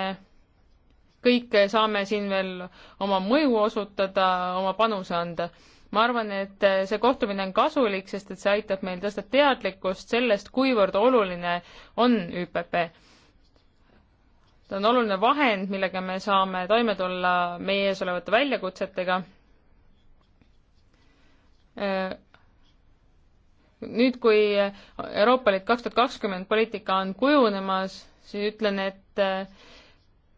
kõik saame siin veel oma mõju osutada, oma panuse anda. ma arvan, et äh, see kohtumine on kasulik, sest et see aitab meil tõsta teadlikkust sellest, kuivõrd oluline on ÜPP ta on oluline vahend, millega me saame toime tulla meie ees olevate väljakutsetega. Äh, nüüd, kui Euroopa Liit kaks tuhat kakskümmend poliitika on kujunemas, siis ütlen, et äh,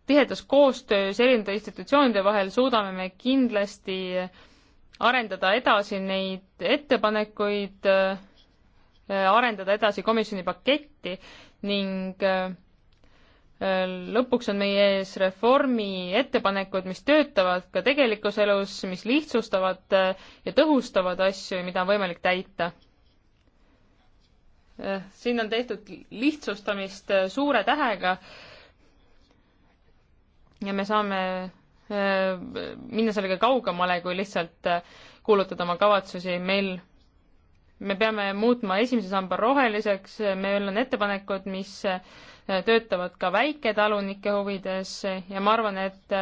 tihedas koostöös erinevate institutsioonide vahel suudame me kindlasti arendada edasi neid ettepanekuid, äh, arendada edasi komisjoni paketti ning äh, lõpuks on meie ees reformi ettepanekud, mis töötavad ka tegelikus elus, mis lihtsustavad eh, ja tõhustavad asju ja mida on võimalik täita. Eh, siin on tehtud lihtsustamist eh, suure tähega. ja me saame minna sellega kaugemale kui lihtsalt kuulutada oma kavatsusi. meil me peame muutma esimese samba roheliseks, meil on ettepanekud, mis töötavad ka väiketalunike huvides ja ma arvan, et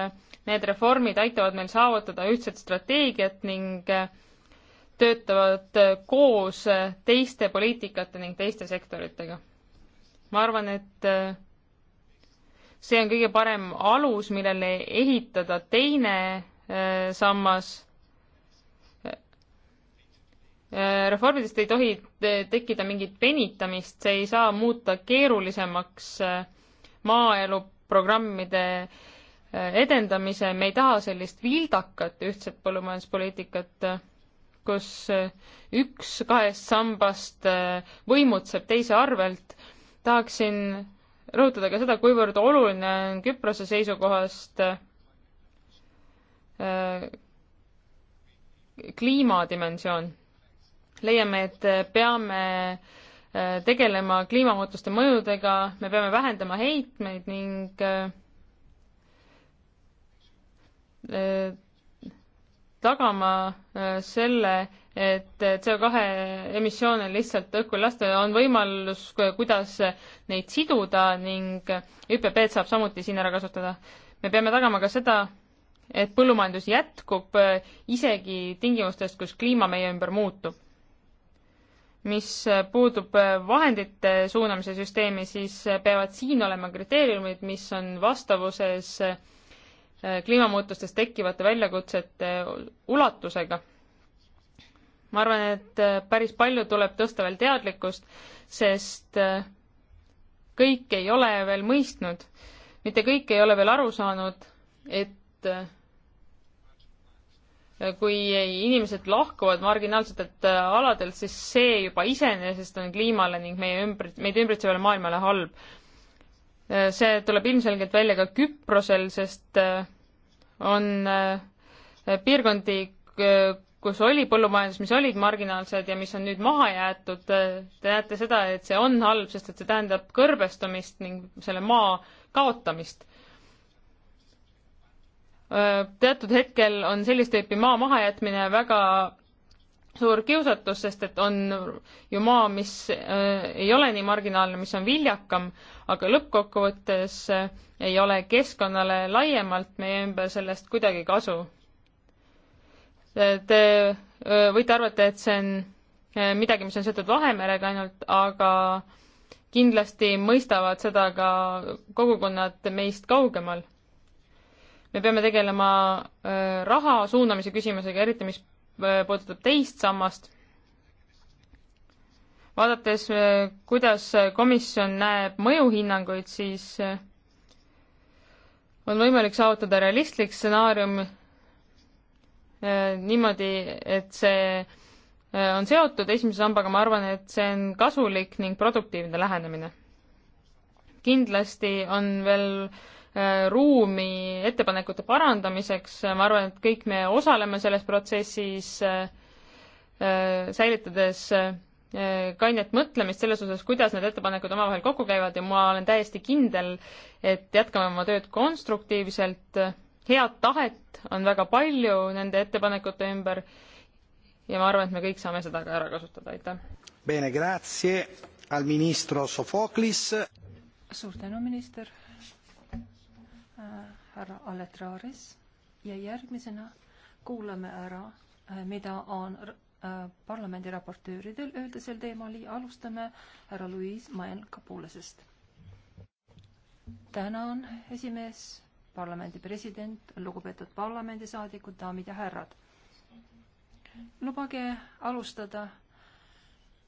need reformid aitavad meil saavutada ühtset strateegiat ning töötavad koos teiste poliitikate ning teiste sektoritega. ma arvan, et see on kõige parem alus, millele ehitada teine eh, sammas reformidest ei tohi tekkida mingit venitamist, see ei saa muuta keerulisemaks äh, maaelu programmide äh, edendamise, me ei taha sellist vildakat ühtset põllumajanduspoliitikat, äh, kus üks kahest sambast võimutseb teise arvelt, tahaksin rõhutada ka seda, kuivõrd oluline on Küprose seisukohast kliimadimensioon leiame, et peame äh, tegelema kliimamuutuste mõjudega, me peame vähendama heitmeid ning äh, äh, tagama selle, et CO2 emissioone lihtsalt õhku ei lasta ja on võimalus, kuidas neid siduda ning ÜPP-d saab samuti siin ära kasutada. me peame tagama ka seda, et põllumajandus jätkub isegi tingimustest, kus kliima meie ümber muutub mis puudub vahendite suunamise süsteemi, siis peavad siin olema kriteeriumid, mis on vastavuses äh, kliimamuutustest tekkivate väljakutsete ulatusega. ma arvan, et äh, päris palju tuleb tõsta veel teadlikkust, sest äh, kõik ei ole veel mõistnud, mitte kõik ei ole veel aru saanud, et kui inimesed lahkuvad marginaalsetelt äh, aladelt, siis see juba iseenesest on kliimale ning meie ümbrit-, meid ümbritsevale maailmale halb. Äh, see tuleb ilmselgelt välja ka Küprosel, sest äh, on piirkondi, kus oli põllumajandus, mis olid marginaalsed ja mis on nüüd maha jäetud, te näete seda, et see on halb, sest et see tähendab kõrbestumist ning selle maa kaotamist teatud hetkel on sellist tüüpi maa mahajätmine väga suur kiusatus, sest et on ju maa, mis ei ole nii marginaalne, mis on viljakam, aga lõppkokkuvõttes ei ole keskkonnale laiemalt meie ümber sellest kuidagi kasu. Te võite arvata, et see on midagi, mis on seotud Vahemerega ainult, aga kindlasti mõistavad seda ka kogukonnad meist kaugemal me peame tegelema äh, raha suunamise küsimusega, eriti mis äh, puudutab teist sammast. vaadates, äh, kuidas komisjon näeb mõjuhinnanguid, siis on võimalik saavutada realistlik stsenaarium niimoodi, et see on seotud esimese sambaga, ma arvan, et see on kasulik ning produktiivne lähenemine. kindlasti on veel äh, Äh, ruumi ettepanekute parandamiseks, ma arvan, et kõik me osaleme selles protsessis, äh, äh, säilitades kainet mõtlemist selles osas, kuidas need ettepanekud omavahel kokku käivad ja ma olen täiesti kindel, et jätkame oma tööd konstruktiivselt, head tahet on väga palju nende ettepanekute ümber ja ma arvan, et me kõik saame seda ka ära kasutada, aitäh. Bene, grazie al ministro Sofoklis. suur tänu, minister Äh, härra Aletraris ja järgmisena kuulame ära, äh, mida on äh, parlamendi raportööridel öelda sel teemal ja alustame härra Luis Maen Kapulasest. tänan, esimees, parlamendi president, lugupeetud parlamendisaadikud, daamid ja härrad. lubage alustada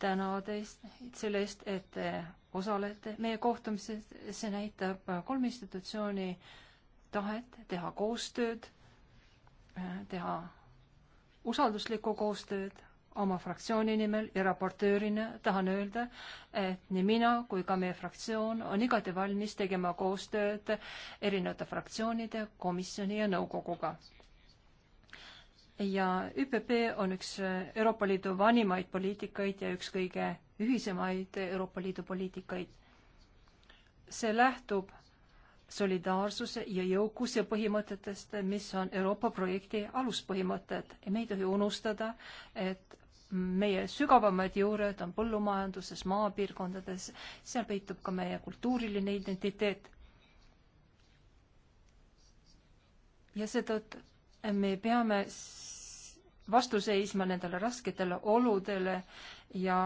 tänada teist selle eest, et te osalete meie kohtumises, see näitab äh, kolme institutsiooni tahet teha koostööd, äh, teha usalduslikku koostööd oma fraktsiooni nimel ja raportöörina tahan öelda, et nii mina kui ka meie fraktsioon on igati valmis tegema koostööd erinevate fraktsioonide, komisjoni ja nõukoguga ja ÜPP on üks äh, Euroopa Liidu vanimaid poliitikaid ja üks kõige ühisemaid Euroopa Liidu poliitikaid. see lähtub solidaarsuse ja jõukuse põhimõtetest, mis on Euroopa projekti aluspõhimõtted ja me ei tohi unustada, et meie sügavamad juured on põllumajanduses, maapiirkondades, seal peitub ka meie kultuuriline identiteet. ja seetõttu me peame vastu seisma nendele rasketele oludele ja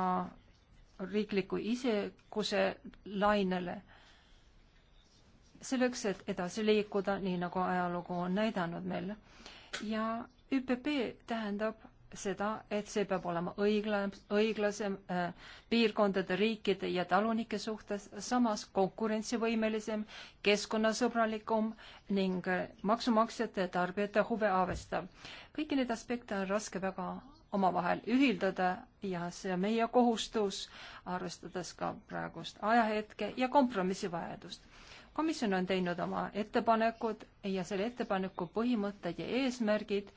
riikliku isekuse lainele. selleks, et edasi liikuda, nii nagu ajalugu on näidanud meile. ja ÜPP tähendab seda, et see peab olema õiglasem, õiglasem äh, piirkondade, riikide ja talunike suhtes, samas konkurentsivõimelisem, keskkonnasõbralikum ning äh, maksumaksjate ja tarbijate huve arvestav. kõiki neid aspekte on raske väga omavahel ühildada ja see on meie kohustus, arvestades ka praegust ajahetke ja kompromissivajadust komisjon on teinud oma ettepanekud ja selle ettepaneku põhimõtted ja eesmärgid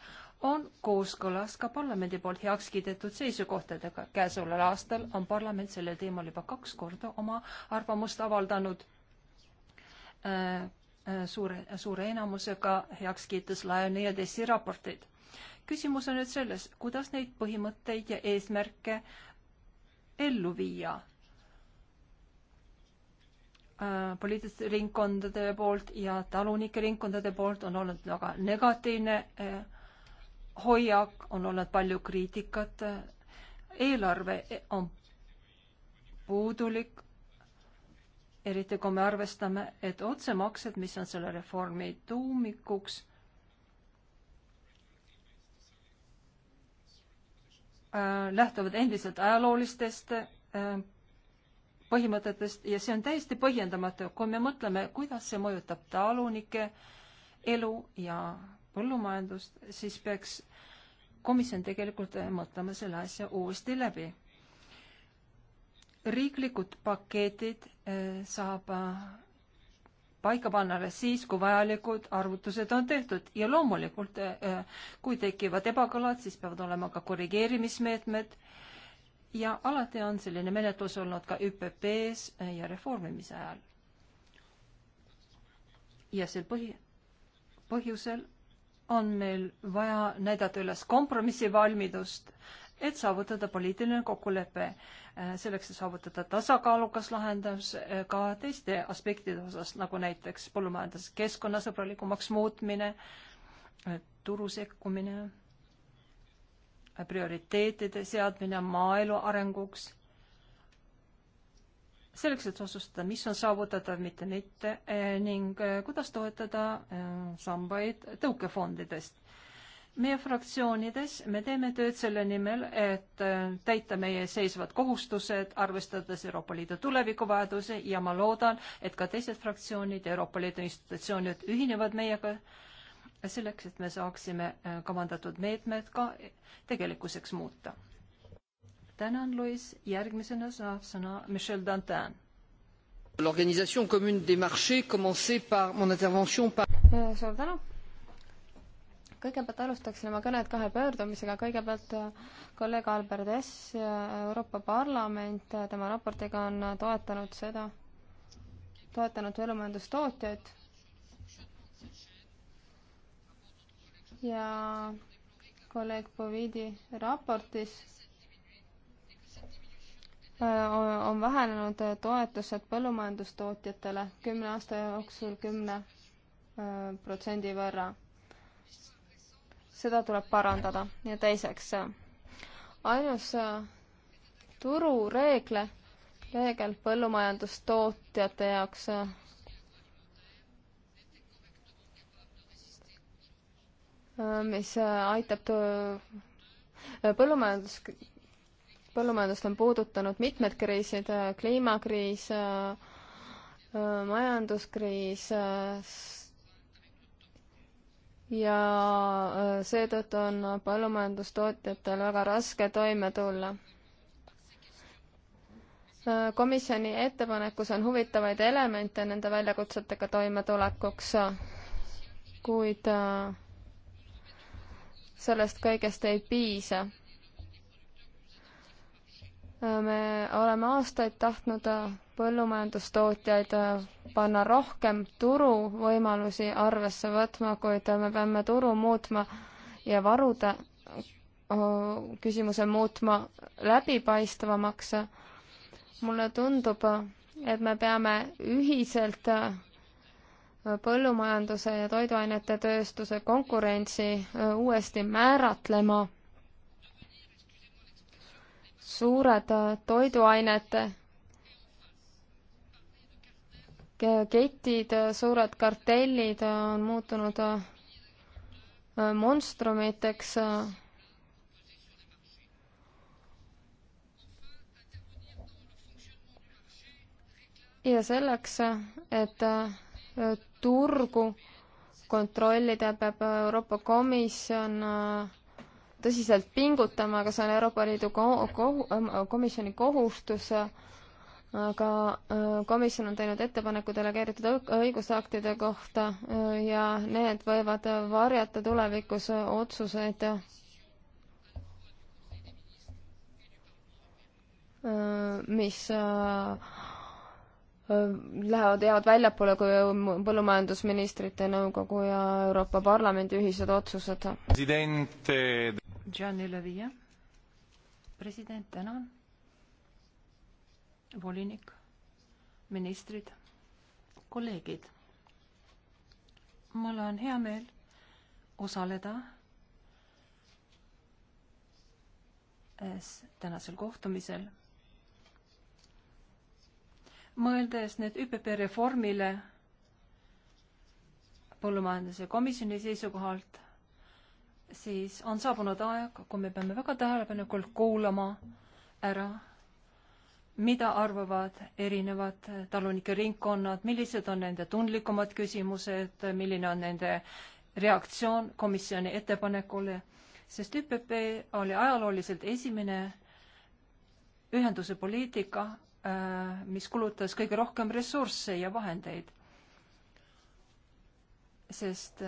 on kooskõlas ka parlamendi poolt heaks kiidetud seisukohtadega. käesoleval aastal on parlament sellel teemal juba kaks korda oma arvamust avaldanud äh, äh suure, suure enamusega heaks kiites Lioni ja Dessi raporteid. küsimus on nüüd selles, kuidas neid põhimõtteid ja eesmärke ellu viia äh, poliitiliste ringkondade poolt ja talunike ringkondade poolt on olnud väga negatiivne äh, hoiak, on olnud palju kriitikat. eelarve on puudulik, eriti kui me arvestame, et otsemaksed, mis on selle reformi tuumikuks, äh, lähtuvad endiselt ajaloolistest äh, põhimõtetest ja see on täiesti põhjendamatu, kui me mõtleme, kuidas see mõjutab talunike elu ja põllumajandust, siis peaks komisjon tegelikult eh, mõtlema selle asja uuesti läbi. riiklikud paketid eh, saab eh, paika panna alles siis, kui vajalikud arvutused on tehtud ja loomulikult, kui tekivad ebakõlad, siis peavad olema ka korrigeerimismeetmed ja alati on selline menetlus olnud ka ÜPP-s ja reformimise ajal. ja sel põhi, põhjusel on meil vaja näidata üles kompromissivalmidust, et saavutada poliitiline kokkulepe, äh, selleks, et saavutada tasakaalukas lahendus äh, ka teiste aspektide osas, nagu näiteks põllumajandus keskkonnasõbralikumaks muutmine, äh, turu sekkumine, prioriteetide seadmine maaelu arenguks selleks, et otsustada, mis on saavutatav, mitte mitte eh, ning eh, kuidas toetada eh, sambaid tõukefondidest. meie fraktsioonides me teeme tööd selle nimel, et täita meie seisvad kohustused, arvestades Euroopa Liidu tulevikuvajadusi ja ma loodan, et ka teised fraktsioonid ja Euroopa Liidu institutsioonid ühinevad meiega selleks, et me saaksime kavandatud meetmed ka tegelikkuseks muuta tänan, Luis, järgmisena saab sõna Michel Dantin. L'organisation commune des marchés commencé par mon intervention par äh, suur tänu kõigepealt alustaksin oma kõnet kahe pöördumisega, kõigepealt äh, kolleeg Albert Hess, äh, Euroopa Parlament, tema raportiga on toetanud seda, toetanud põllumajandustootjaid ja kolleeg Povidi raportis on vähenenud toetused põllumajandustootjatele kümne aasta jooksul kümne protsendi võrra. seda tuleb parandada ja teiseks, ainus turureegle, reegel põllumajandustootjate jaoks mis aitab põllumajandus põllumajandust on puudutanud mitmed kriisid, äh, kliimakriis, äh, äh, majanduskriis ja seetõttu on põllumajandustootjatel väga raske toime tulla. komisjoni ettepanekus on huvitavaid elemente nende väljakutsetega toimetulekuks, kuid sellest kõigest ei piisa me oleme aastaid tahtnud äh, põllumajandustootjaid äh, panna rohkem turuvõimalusi arvesse võtma, kuid äh, me peame turu muutma ja varude küsimuse muutma läbipaistvamaks. mulle tundub, et me peame ühiselt põllumajanduse ja toiduainete tööstuse konkurentsi uuesti määratlema suured äh, toiduainete ketid, äh, suured kartellid äh, on muutunud monstrumiteks. ja selleks, et turgu kontrollida, peab Euroopa Komisjon tõsiselt pingutama, aga see on Euroopa Liidu ko-, ko-, ähm, komisjoni kohustus, aga äh, komisjon on teinud ettepaneku delegeeritud õigusaktide kohta äh, ja need võivad varjata tulevikus otsuseid äh, mis lähevad, jäävad väljapoole kui põllumajandusministrite nõukogu ja Euroopa Parlamendi ühised otsused. Gian üle viie. president, tänan. volinik, ministrid, kolleegid. mul on hea meel osaleda tänasel kohtumisel. mõeldes nüüd ÜPP reformile põllumajanduse komisjoni seisukohalt siis on saabunud aeg, kui me peame väga tähelepanelikult kuulama ära, mida arvavad erinevad talunike ringkonnad, millised on nende tundlikumad küsimused, milline on nende reaktsioon komisjoni ettepanekule, sest ÜPP oli ajalooliselt esimene ühenduse poliitika, äh, mis kulutas kõige rohkem ressursse ja vahendeid. sest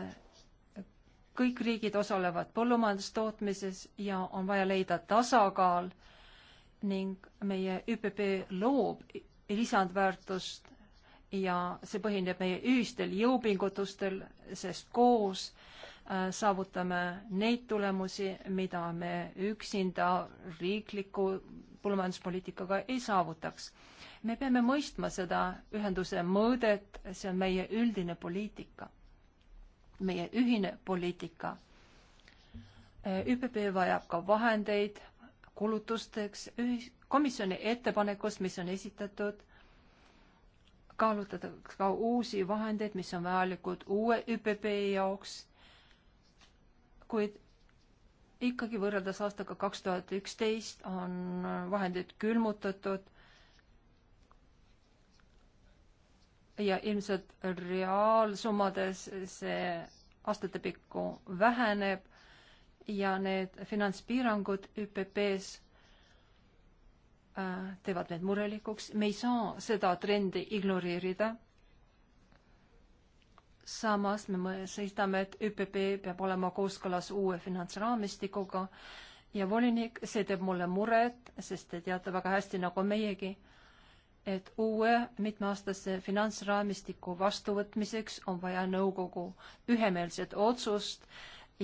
kõik riigid osalevad põllumajandustootmises ja on vaja leida tasakaal ning meie ÜPP loob lisandväärtust ja see põhineb meie ühistel jõupingutustel, sest koos äh, saavutame neid tulemusi, mida me üksinda riikliku põllumajanduspoliitikaga ei saavutaks. me peame mõistma seda ühenduse mõõdet, see on meie üldine poliitika meie ühine poliitika. ÜPP vajab ka vahendeid kulutusteks ühis-, komisjoni ettepanekust, mis on esitatud, kaalutada ka uusi vahendeid, mis on vajalikud uue ÜPP jaoks, kuid ikkagi võrreldes aastaga kaks tuhat üksteist on vahendid külmutatud ja ilmselt reaalsummades see aastatepikku väheneb ja need finantspiirangud ÜPP-s äh, teevad meid murelikuks. me ei saa seda trendi ignoreerida. samas me seistame, et ÜPP peab olema kooskõlas uue finantsraamistikuga ja volinik, see teeb mulle muret, sest te teate väga hästi nagu meiegi et uue mitmeaastase finantsraamistiku vastuvõtmiseks on vaja nõukogu ühemeelset otsust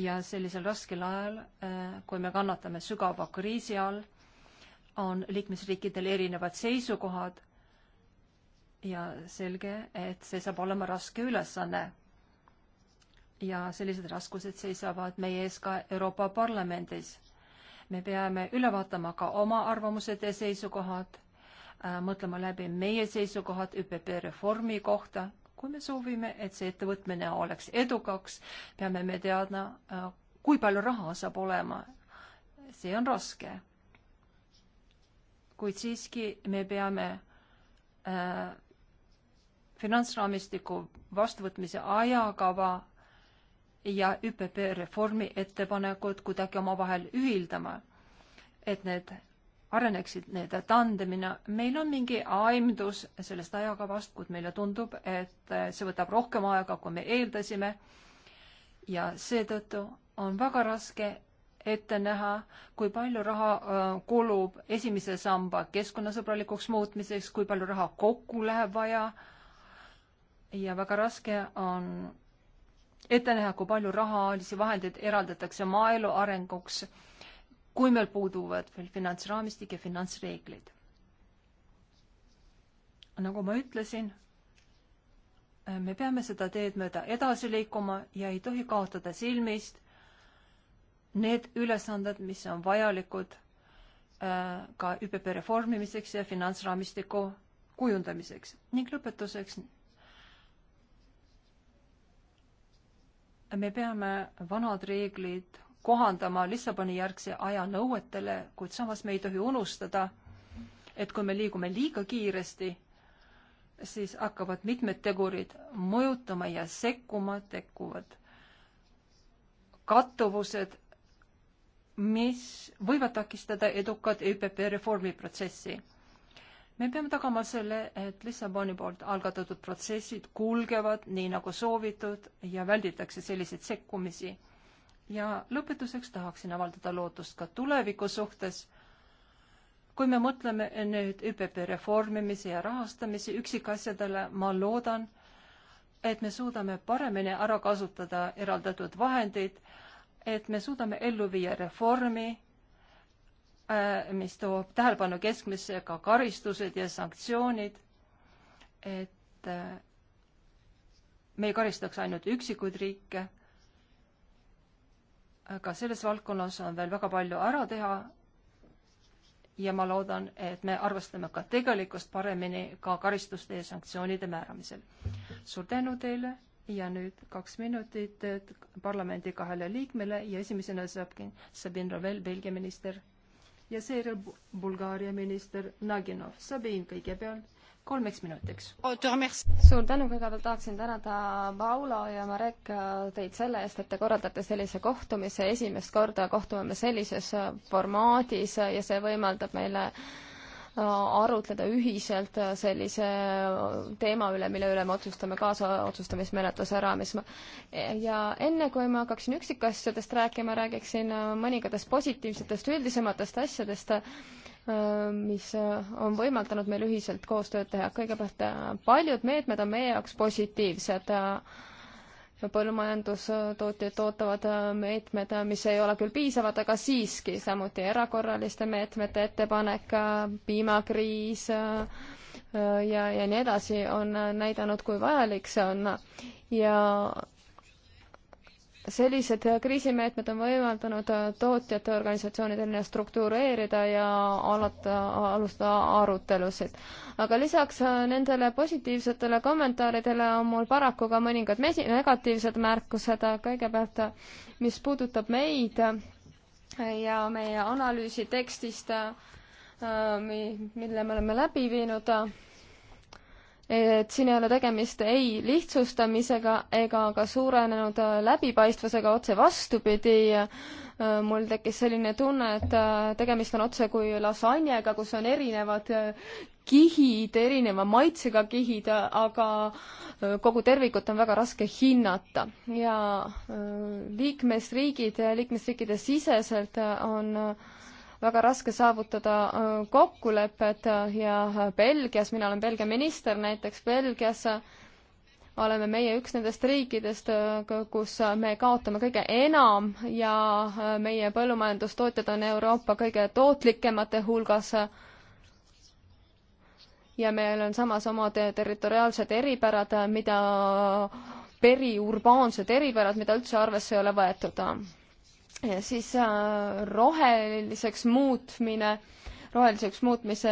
ja sellisel raskel ajal, äh, kui me kannatame sügava kriisi all, on liikmesriikidel erinevad seisukohad ja selge, et see saab olema raske ülesanne. ja sellised raskused seisavad meie ees ka Euroopa Parlamendis. me peame üle vaatama ka oma arvamused ja seisukohad Äh, mõtlema läbi meie seisukohad ÜPP reformi kohta. kui me soovime, et see ettevõtmine oleks edukaks, peame me teadma, äh, kui palju raha saab olema. see on raske. kuid siiski me peame äh, finantsraamistiku vastuvõtmise ajakava ja ÜPP reformi ettepanekud kuidagi omavahel ühildama, et need areneksid need tandemina. meil on mingi aimdus sellest ajakavast, kuid meile tundub, et see võtab rohkem aega, kui me eeldasime. ja seetõttu on väga raske ette näha, kui palju raha äh, kulub esimese samba keskkonnasõbralikuks muutmiseks, kui palju raha kokku läheb vaja. ja väga raske on ette näha, kui palju rahalisi vahendeid eraldatakse maaelu arenguks kui meil puuduvad veel finantsraamistik ja finantsreeglid. nagu ma ütlesin, äh, me peame seda teed mööda edasi liikuma ja ei tohi kaotada silmist need ülesanded, mis on vajalikud äh, ka ÜPP reformimiseks ja finantsraamistiku kujundamiseks ning lõpetuseks me peame vanad reeglid kohandama Lissaboni järgse aja nõuetele, kuid samas me ei tohi unustada, et kui me liigume liiga kiiresti, siis hakkavad mitmed tegurid mõjutama ja sekkuma, tekkuvad kattuvused, mis võivad takistada edukat ÜPP reformiprotsessi. me peame tagama selle, et Lissaboni poolt algatatud protsessid kulgevad nii nagu soovitud ja välditakse selliseid sekkumisi ja lõpetuseks tahaksin avaldada lootust ka tuleviku suhtes. kui me mõtleme nüüd ÜPP reformimise ja rahastamise üksikasjadele, ma loodan, et me suudame paremini ära kasutada eraldatud vahendeid, et me suudame ellu viia reformi, äh, mis toob tähelepanu keskmisse ka karistused ja sanktsioonid, et äh, me ei karistaks ainult üksikuid riike ka selles valdkonnas on veel väga palju ära teha. ja ma loodan, et me arvestame ka tegelikkust paremini ka karistuste ja sanktsioonide määramisel. suur tänu teile ja nüüd kaks minutit parlamendi kahele liikmele ja esimesena saab Sabin Ravel, Belgia minister ja seejärel Bulgaaria minister Naginov. Sabin kõigepealt kolmeks minutiks. suur tänu, kõigepealt tahaksin tänada Paulo ja Marek äh, teid selle eest, et te korraldate sellise kohtumise, esimest korda kohtume me sellises äh, formaadis äh, ja see võimaldab meile arutleda ühiselt sellise teema üle, mille üle me otsustame kaasaotsustamismenetluse raames. ja enne, kui ma hakkaksin üksikasjadest rääkima, räägiksin mõningatest positiivsetest üldisematest asjadest, Äh, mis äh, on võimaldanud meil ühiselt koostööd teha. kõigepealt äh, paljud meetmed on meie jaoks positiivsed põllumajandustootjad ootavad meetmed, mis ei ole küll piisavad, aga siiski, samuti erakorraliste meetmete ettepanek, piimakriis ja, ja nii edasi on näidanud, kui vajalik see on ja sellised kriisimeetmed on võimaldanud äh, tootjate organisatsioonidel ennast struktureerida ja alata, alustada arutelusid. aga lisaks äh, nendele positiivsetele kommentaaridele on mul paraku ka mõningad mesi-, negatiivsed märkused, kõigepealt äh, mis puudutab meid ja meie analüüsi tekstist, mille me oleme läbi viinud, et siin ei ole tegemist ei lihtsustamisega ega ka suurenenud äh, läbipaistvusega, otse vastupidi, äh, mul tekkis selline tunne, et äh, tegemist on otse kui lasanjega, kus on erinevad kihid, erineva maitsega kihid, aga kogu tervikut on väga raske hinnata ja liikmesriigid, liikmesriikide siseselt on väga raske saavutada äh, kokkulepet äh, ja äh, Belgias, mina olen Belgia minister näiteks, Belgias oleme meie üks nendest riikidest, kus me kaotame kõige enam ja meie põllumajandustootjad on Euroopa kõige tootlikemate hulgas. ja meil on samas omad territoriaalsed eripärad, mida periurbaansed eripärad, mida üldse arvesse ei ole võetud ja siis äh, roheliseks muutmine, roheliseks muutmise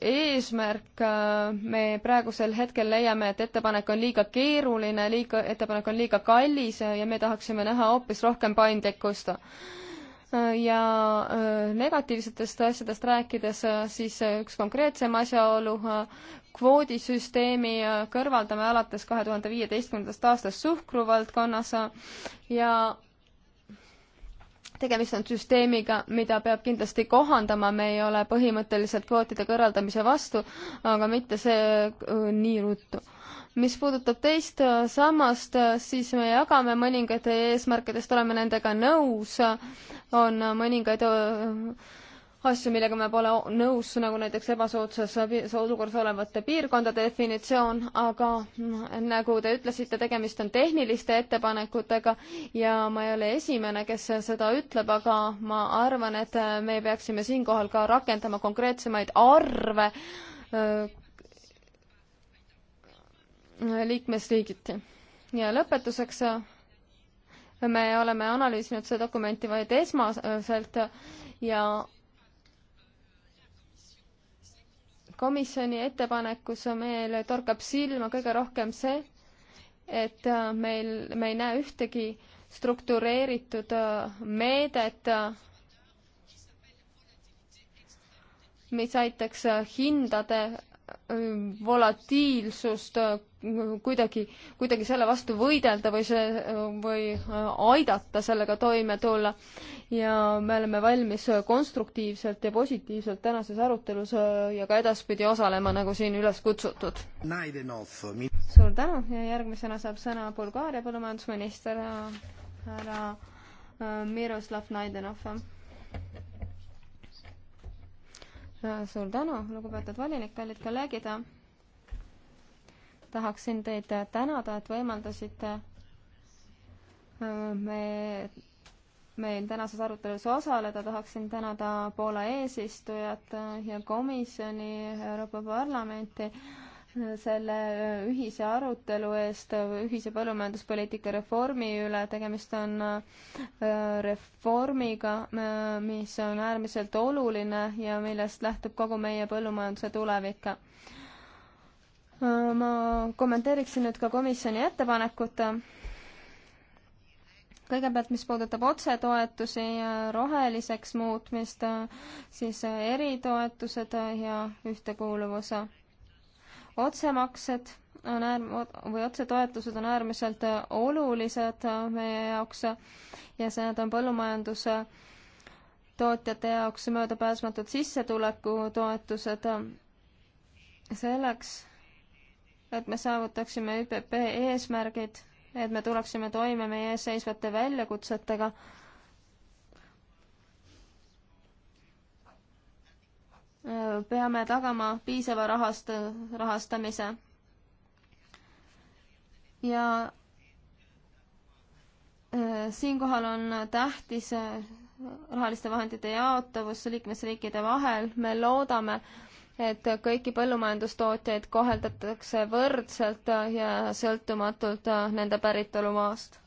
eesmärk, äh, me praegusel hetkel leiame, et ettepanek on liiga keeruline, liiga, ettepanek on liiga kallis ja me tahaksime näha hoopis rohkem paindlikkust. Äh, ja negatiivsetest asjadest rääkides, siis üks konkreetsem asjaolu, kvoodisüsteemi kõrvaldame alates kahe tuhande viieteistkümnendast aastast suhkruvaldkonnas ja tegemist on süsteemiga, mida peab kindlasti kohandama, me ei ole põhimõtteliselt kvootide kõrvaldamise vastu, aga mitte see äh, nii ruttu. mis puudutab teist äh, sammast, äh, siis me jagame mõningaid eesmärkidest, oleme nendega nõus, on mõningaid öö, asju, millega me pole nõus, nagu näiteks ebasoodsas olukorras olevate piirkondade definitsioon, aga mm, nagu te ütlesite, tegemist on tehniliste ettepanekutega ja ma ei ole esimene, kes seda ütleb, aga ma arvan, et me peaksime siinkohal ka rakendama konkreetsemaid arve liikmesriigiti. ja lõpetuseks me oleme analüüsinud seda dokumenti vaid esmaselt ja komisjoni ettepanekus meile torkab silma kõige rohkem see, et äh, meil, me ei näe ühtegi struktureeritud äh, meedet, äh, mis aitaks hindade volatiilsust kuidagi, kuidagi selle vastu võidelda või see, või äh, aidata sellega toime tulla. ja me oleme valmis konstruktiivselt ja positiivselt tänases arutelus äh, ja ka edaspidi osalema, nagu siin üles kutsutud. suur tänu ja järgmisena saab sõna Bulgaaria põllumajandusminister äh, härra Miroslav Naidenov. suur tänu, lugupeetud volinik, kallid kolleegid tahaksin teid tänada, et võimaldasite äh, me, meil tänases arutelus osaleda, tahaksin tänada Poola eesistujat ja komisjoni Euroopa Parlamenti selle äh, ühise arutelu eest ühise põllumajanduspoliitika reformi üle. tegemist on äh, reformiga, mis on äärmiselt oluline ja millest lähtub kogu meie põllumajanduse tulevik. Äh, ma kommenteeriksin nüüd ka komisjoni ettepanekut. kõigepealt, mis puudutab otsetoetusi ja roheliseks muutmist, siis eritoetused ja ühtekuuluvus. otsemaksed on äärm-, või otsetoetused on äärmiselt olulised meie jaoks ja see, need on põllumajanduse tootjate jaoks möödapääsmatud sissetulekutoetused selleks, et me saavutaksime ÜPP eesmärgid, et me tuleksime toime meie ees seisvate väljakutsetega. peame tagama piisava rahast-, rahastamise. ja äh, siinkohal on tähtis äh, rahaliste vahendite jaotavus liikmesriikide vahel, me loodame, et kõiki põllumajandustootjaid koheldatakse võrdselt ja sõltumatult nende päritolumaast.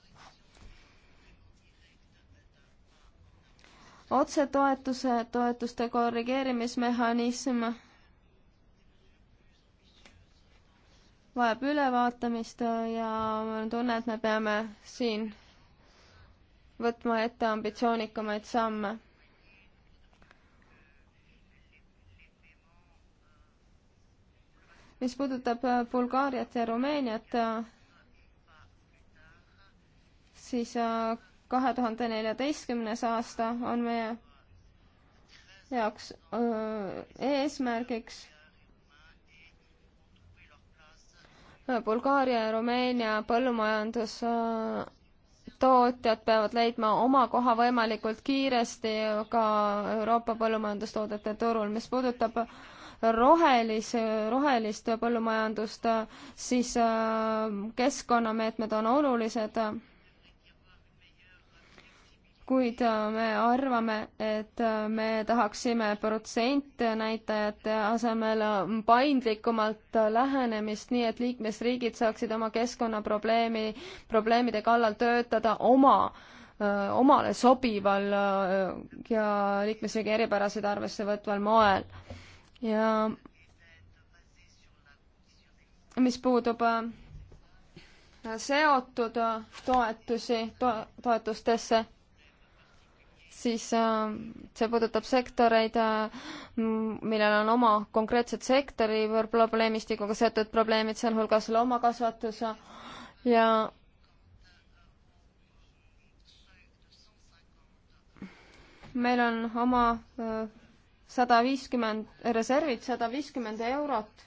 otsetoetuse, toetuste korrigeerimismehhanism vajab ülevaatamist ja mul on tunne, et me peame siin võtma ette ambitsioonikamaid samme mis puudutab äh, Bulgaariat ja Rumeeniat, äh, siis äh, kahe tuhande neljateistkümnes aasta on meie jaoks öö, eesmärgiks Bulgaaria ja Rumeenia põllumajandustootjad peavad leidma oma koha võimalikult kiiresti ka Euroopa põllumajandustoodete turul. mis puudutab rohelis, rohelist põllumajandust, siis äh, keskkonnameetmed on olulised. kuid äh, me arvame, et äh, me tahaksime protsentnäitajate asemel paindlikumalt lähenemist, nii et liikmesriigid saaksid oma keskkonnaprobleemi, probleemide kallal töötada oma omale sobival ja liikmesriigi eripärasid arvesse võtval moel ja mis puudub äh, seotud äh, toetusi to,, toetustesse, siis äh, see puudutab sektoreid, millel on oma konkreetsed sektori probleemistikuga seotud probleemid, sealhulgas loomakasvatus ja meil on oma sada viiskümmend, reservid sada viiskümmend eurot.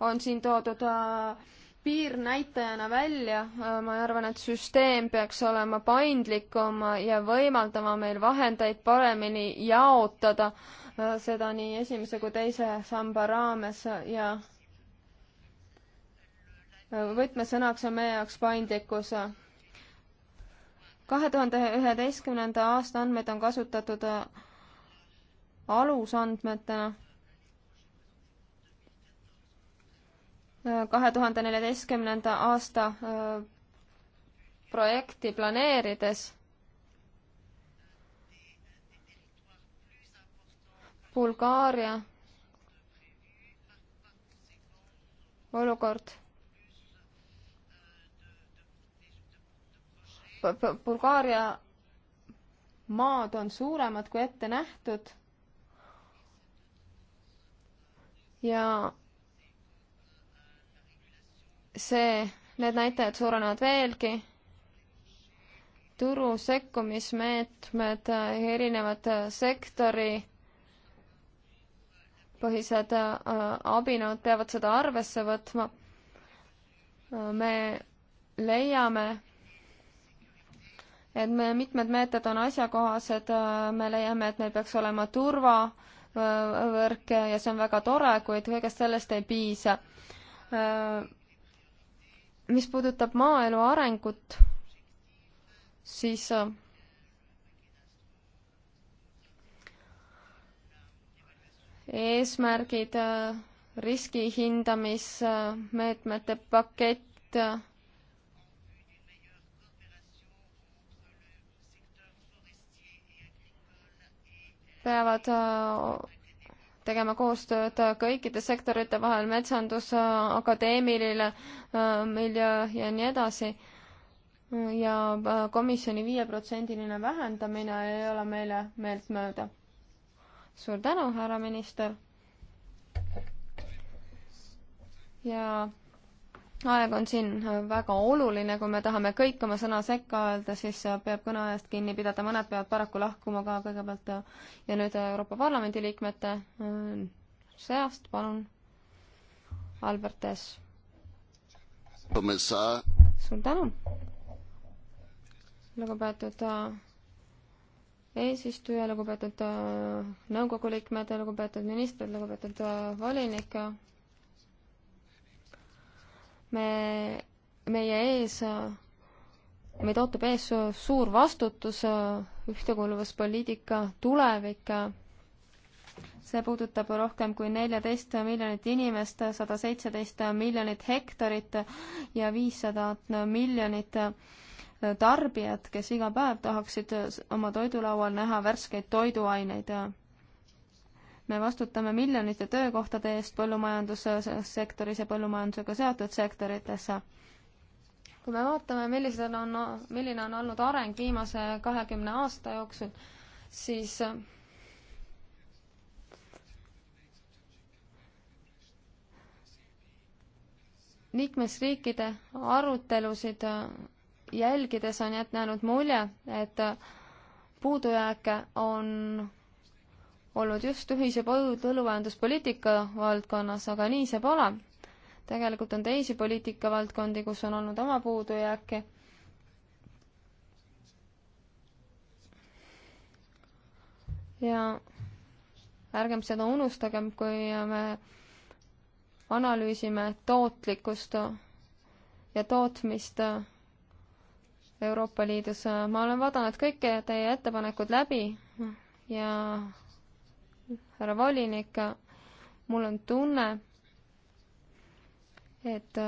on siin toodud äh, piirnäitajana välja, äh, ma arvan, et süsteem peaks olema paindlikum ja võimaldama meil vahendeid paremini jaotada, äh, seda nii esimese kui teise samba raames ja võtmesõnaks on meie jaoks paindlikkus kahe tuhande üheteistkümnenda aasta andmed on kasutatud äh, alusandmetena. Äh, kahe tuhande neljateistkümnenda aasta äh, projekti planeerides Bulgaaria olukord Bulgaaria maad on suuremad kui ette nähtud. ja see, need näitajad suurenevad veelgi. turu sekkumismeetmed, erinevad sektori põhised äh, abinõud peavad seda arvesse võtma. Äh, me leiame et me, mitmed meetod on asjakohased, äh, me leiame, et meil peaks olema turvavõrk ja see on väga tore, kuid kõigest sellest ei piisa. Äh, mis puudutab maaelu arengut, siis äh, eesmärgid, riski hindamismeetmete pakett peavad äh, tegema koostööd kõikide sektorite vahel, metsandus, äh, akadeemiline äh, miljöö ja nii edasi. ja komisjoni viieprotsendiline vähendamine ei ole meile meeltmööda. suur tänu, härra minister. ja aeg on siin äh, väga oluline, kui me tahame kõik oma sõna sekka öelda, siis äh, peab kõneajast kinni pidada, mõned peavad paraku lahkuma ka kõigepealt äh, ja nüüd Euroopa Parlamendi liikmete seast, palun, Albert S. suur tänu, lugupeetud eesistuja, lugupeetud nõukogu liikmed, lugupeetud ministrid, lugupeetud volinik me, meie ees, meid ootab ees suur vastutus, ühtekuuluvuspoliitika tulevik, see puudutab rohkem kui neljateist miljonit inimest, sada seitseteist miljonit hektarit ja viissada miljonit tarbijat, kes iga päev tahaksid oma toidulaual näha värskeid toiduaineid ja me vastutame miljonite töökohtade eest põllumajandussektoris ja põllumajandusega seotud sektoritesse. kui me vaatame, millised on, milline on olnud areng viimase kahekümne aasta jooksul, siis liikmesriikide arutelusid jälgides on jätnud mulje, et puudujääke on olnud just ühise põllumajanduspoliitika valdkonnas, aga nii see pole. tegelikult on teisi poliitikavaldkondi, kus on olnud oma puudujääke. ja ärgem seda unustagem, kui me analüüsime tootlikkust ja tootmist Euroopa Liidus. ma olen vaadanud kõik teie ettepanekud läbi ja härra volinik, mul on tunne, et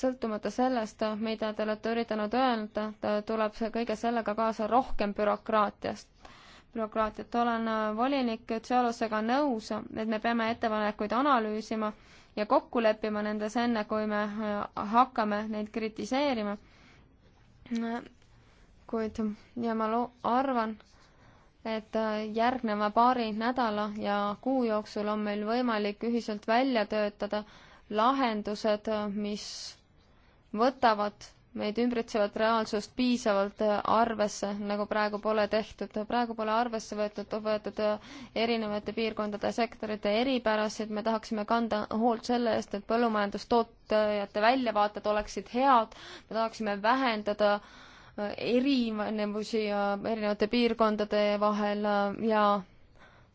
sõltumata sellest, mida te olete üritanud öelda, tuleb see kõige sellega kaasa rohkem bürokraatiast, bürokraatiat. olen äh, volinik Tšalosega nõus, et me peame ettepanekuid analüüsima ja kokku leppima nendes, enne kui me äh, hakkame neid kritiseerima. Äh, kuid, ja ma lo-, arvan, et äh, järgneva paari nädala ja kuu jooksul on meil võimalik ühiselt välja töötada lahendused, mis võtavad meid ümbritsevat reaalsust piisavalt äh, arvesse, nagu praegu pole tehtud. praegu pole arvesse võetud, võetud äh, erinevate piirkondade ja sektorite eripärasid, me tahaksime kanda hoolt selle eest, et põllumajandustootjate väljavaated oleksid head, me tahaksime vähendada äh, erinevusi ja erinevate piirkondade vahel äh, ja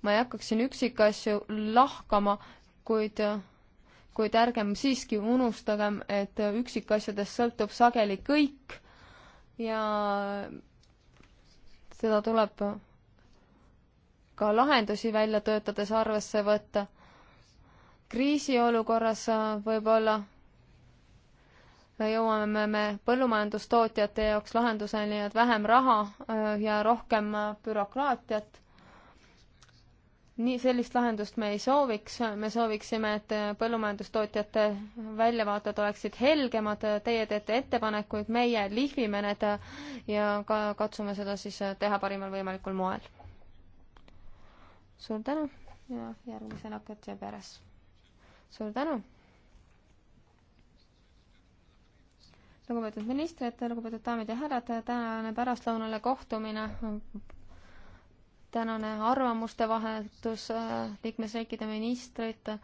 ma ei hakkaks siin üksikasju lahkama, kuid, kuid ärgem siiski unustagem, et üksikasjadest sõltub sageli kõik ja seda tuleb ka lahendusi välja töötades arvesse võtta. kriisiolukorras äh, võib-olla jõuame me põllumajandustootjate jaoks lahenduseni, et vähem raha äh, ja rohkem äh, bürokraatiat. nii, sellist lahendust me ei sooviks, me sooviksime, et äh, põllumajandustootjate väljavaated oleksid helgemad, teie teete ettepanekuid, meie lihvime need ja ka katsume seda siis teha parimal võimalikul moel. suur tänu ja järgmisena Katja Peres. suur tänu lugupeetud ministrid, lugupeetud daamid ja härrad, tänane pärastlõunane kohtumine, tänane arvamuste vahetus äh, liikmesriikide ministrite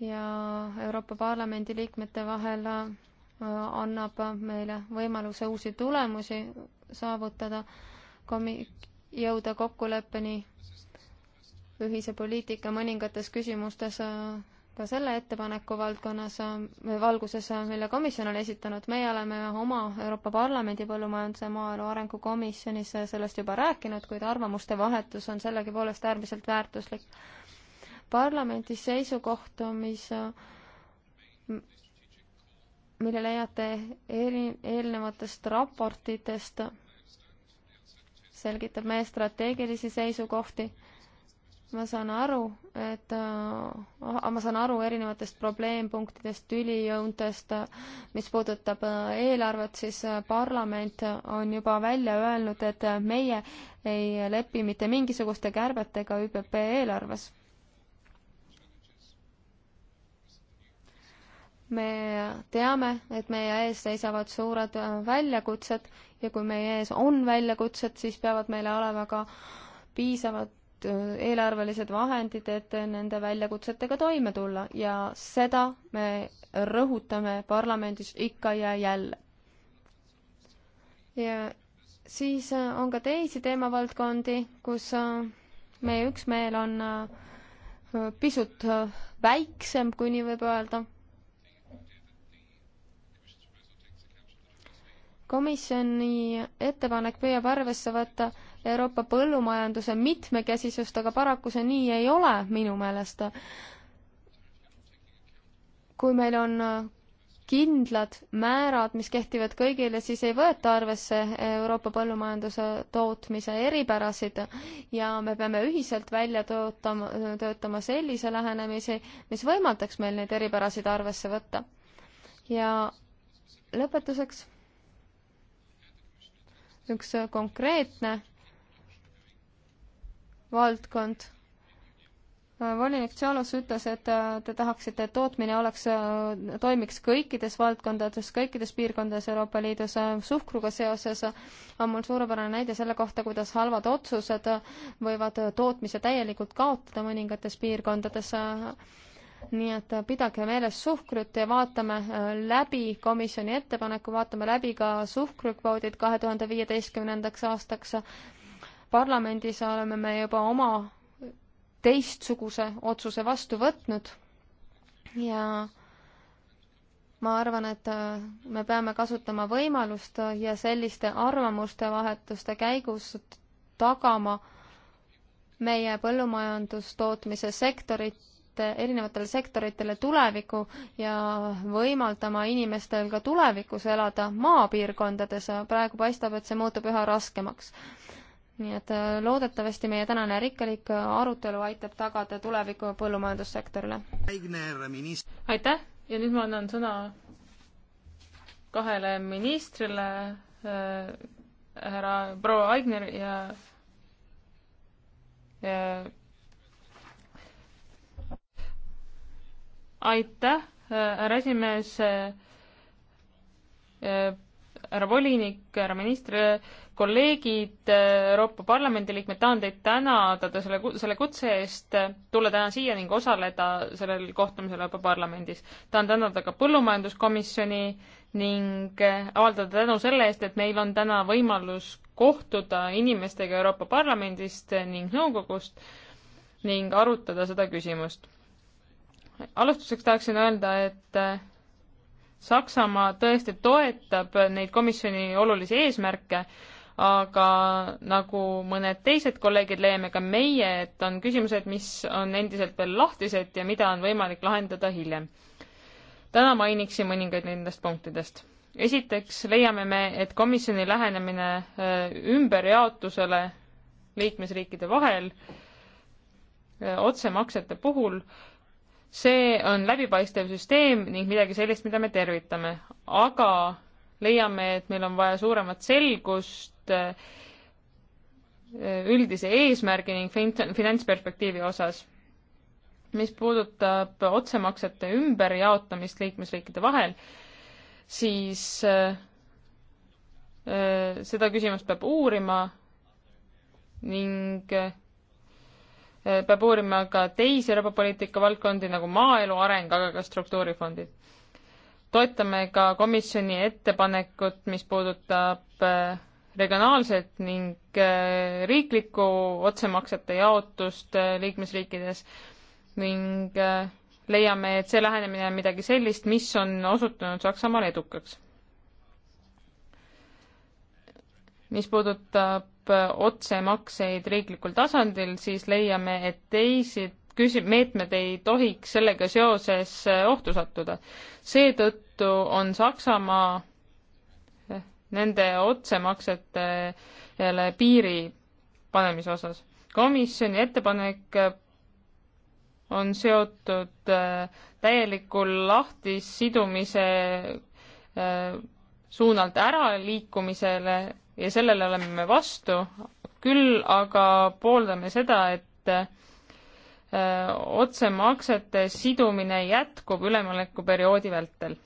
ja Euroopa Parlamendi liikmete vahel äh, annab meile võimaluse uusi tulemusi saavutada, komi-, jõuda kokkuleppeni ühise poliitika mõningates küsimustes äh, ka selle ettepaneku valdkonnas, äh, valguses, äh, mille komisjon on esitanud, meie oleme oma Euroopa Parlamendi põllumajanduse maaelu arengukomisjonis äh, sellest juba rääkinud, kuid arvamuste vahetus on sellegipoolest äärmiselt väärtuslik. parlamendi seisukoht, mis, mille leiate eri, eelnevatest raportitest, selgitab meie strateegilisi seisukohti ma saan aru, et äh, ma saan aru erinevatest probleempunktidest, tüliõuntest, mis puudutab äh, eelarvet, siis äh, parlament on juba välja öelnud, et äh, meie ei lepi mitte mingisuguste kärbetega ÜPP eelarves. me teame, et meie ees seisavad suured väljakutsed ja kui meie ees on väljakutsed, siis peavad meile olema ka piisavad Äh, eelarvelised vahendid, et nende väljakutsetega toime tulla ja seda me rõhutame parlamendis ikka ja jälle. ja siis äh, on ka teisi teemavaldkondi, kus äh, meie üksmeel on pisut väiksem, kui nii võib öelda komisjoni ettepanek püüab arvesse võtta Euroopa põllumajanduse mitmekesisust, aga paraku see nii ei ole minu meelest. kui meil on kindlad määrad, mis kehtivad kõigile, siis ei võeta arvesse Euroopa põllumajanduse tootmise eripärasid ja me peame ühiselt välja töötama, töötama sellise lähenemisi, mis võimaldaks meil neid eripärasid arvesse võtta. ja lõpetuseks üks konkreetne valdkond. Äh, volinik Tšalus ütles, et äh, te tahaksite, et tootmine oleks, äh, toimiks kõikides valdkondades, kõikides piirkondades Euroopa Liidus. suhkruga seoses on mul suurepärane näide selle kohta, kuidas halvad otsused võivad tootmise täielikult kaotada mõningates piirkondades nii et pidage meeles suhkrut ja vaatame läbi komisjoni ettepaneku, vaatame läbi ka suhkrukvoodid kahe tuhande viieteistkümnendaks aastaks parlamendis oleme me juba oma teistsuguse otsuse vastu võtnud ja ma arvan, et äh, me peame kasutama võimalust äh, ja selliste arvamuste vahetuste käigus tagama meie põllumajandustootmise sektorit erinevatele sektoritele tuleviku ja võimaldama inimestel ka tulevikus elada maapiirkondades. praegu paistab, et see muutub üha raskemaks nii et äh, loodetavasti meie tänane rikkalik äh, arutelu aitab tagada tuleviku põllumajandussektorile. aitäh ja nüüd ma annan sõna kahele ministrile äh,, härra proua Aigner ja, ja aitäh äh,, härra esimees äh, äh härra volinik, härra minister, kolleegid, Euroopa Parlamendi liikmed, tahan teid tänada selle, selle kutse eest tulla täna siia ning osaleda sellel kohtumisel Euroopa Parlamendis. tahan tänada ka Põllumajanduskomisjoni ning avaldada tänu selle eest, et meil on täna võimalus kohtuda inimestega Euroopa Parlamendist ning nõukogust ning arutada seda küsimust. alustuseks tahaksin öelda, et Saksamaa tõesti toetab neid komisjoni olulisi eesmärke, aga nagu mõned teised kolleegid, leiame ka meie, et on küsimused, mis on endiselt veel lahtised ja mida on võimalik lahendada hiljem. täna mainiksin mõningaid nendest punktidest. esiteks leiame me, et komisjoni lähenemine äh, ümberjaotusele liikmesriikide vahel äh, otsemaksete puhul see on läbipaistev süsteem ning midagi sellist, mida me tervitame, aga leiame, et meil on vaja suuremat selgust äh, üldise eesmärgi ning finantsperspektiivi osas. mis puudutab otsemaksete ümberjaotamist liikmesriikide vahel, siis äh, äh, seda küsimust peab uurima ning Äh, peab uurima ka teisi Euroopa poliitika valdkondi nagu maaelu areng, aga ka struktuurifondid. toetame ka komisjoni ettepanekut, mis puudutab äh, regionaalset ning äh, riiklikku otsemaksete jaotust liikmesriikides ning leiame, et see lähenemine on midagi sellist, mis on osutunud Saksamaal edukaks. mis puudutab Äh, otsemakseid riiklikul tasandil, siis leiame, et teisi küsi-, meetmed ei tohiks sellega seoses äh, ohtu sattuda. seetõttu on Saksamaa äh, nende otsemaksetele piiri panemise osas. komisjoni ettepanek on seotud täieliku lahtisidumise suunalt äraliikumisele ja sellele oleme me vastu, küll aga pooldame seda, et äh, otsemaksete sidumine jätkub üleminekuperioodi vältel.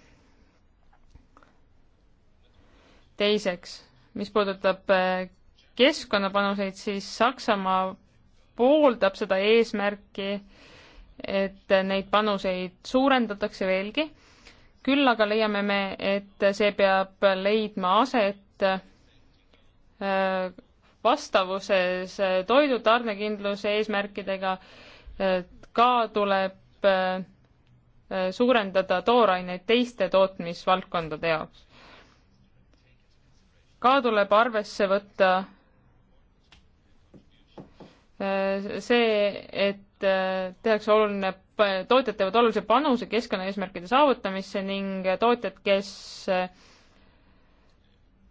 teiseks, mis puudutab äh, keskkonnapanuseid, siis Saksamaa pooldab seda eesmärki, et neid panuseid suurendatakse veelgi, küll aga leiame me, et see peab leidma aset Äh, vastavuses äh, toidu tarnekindluse eesmärkidega, ka tuleb äh, suurendada tooraineid teiste tootmisvaldkondade jaoks. ka tuleb arvesse võtta see, et tehakse oluline, tootjad teevad olulise panuse keskkonnaeesmärkide saavutamisse ning tootjad, kes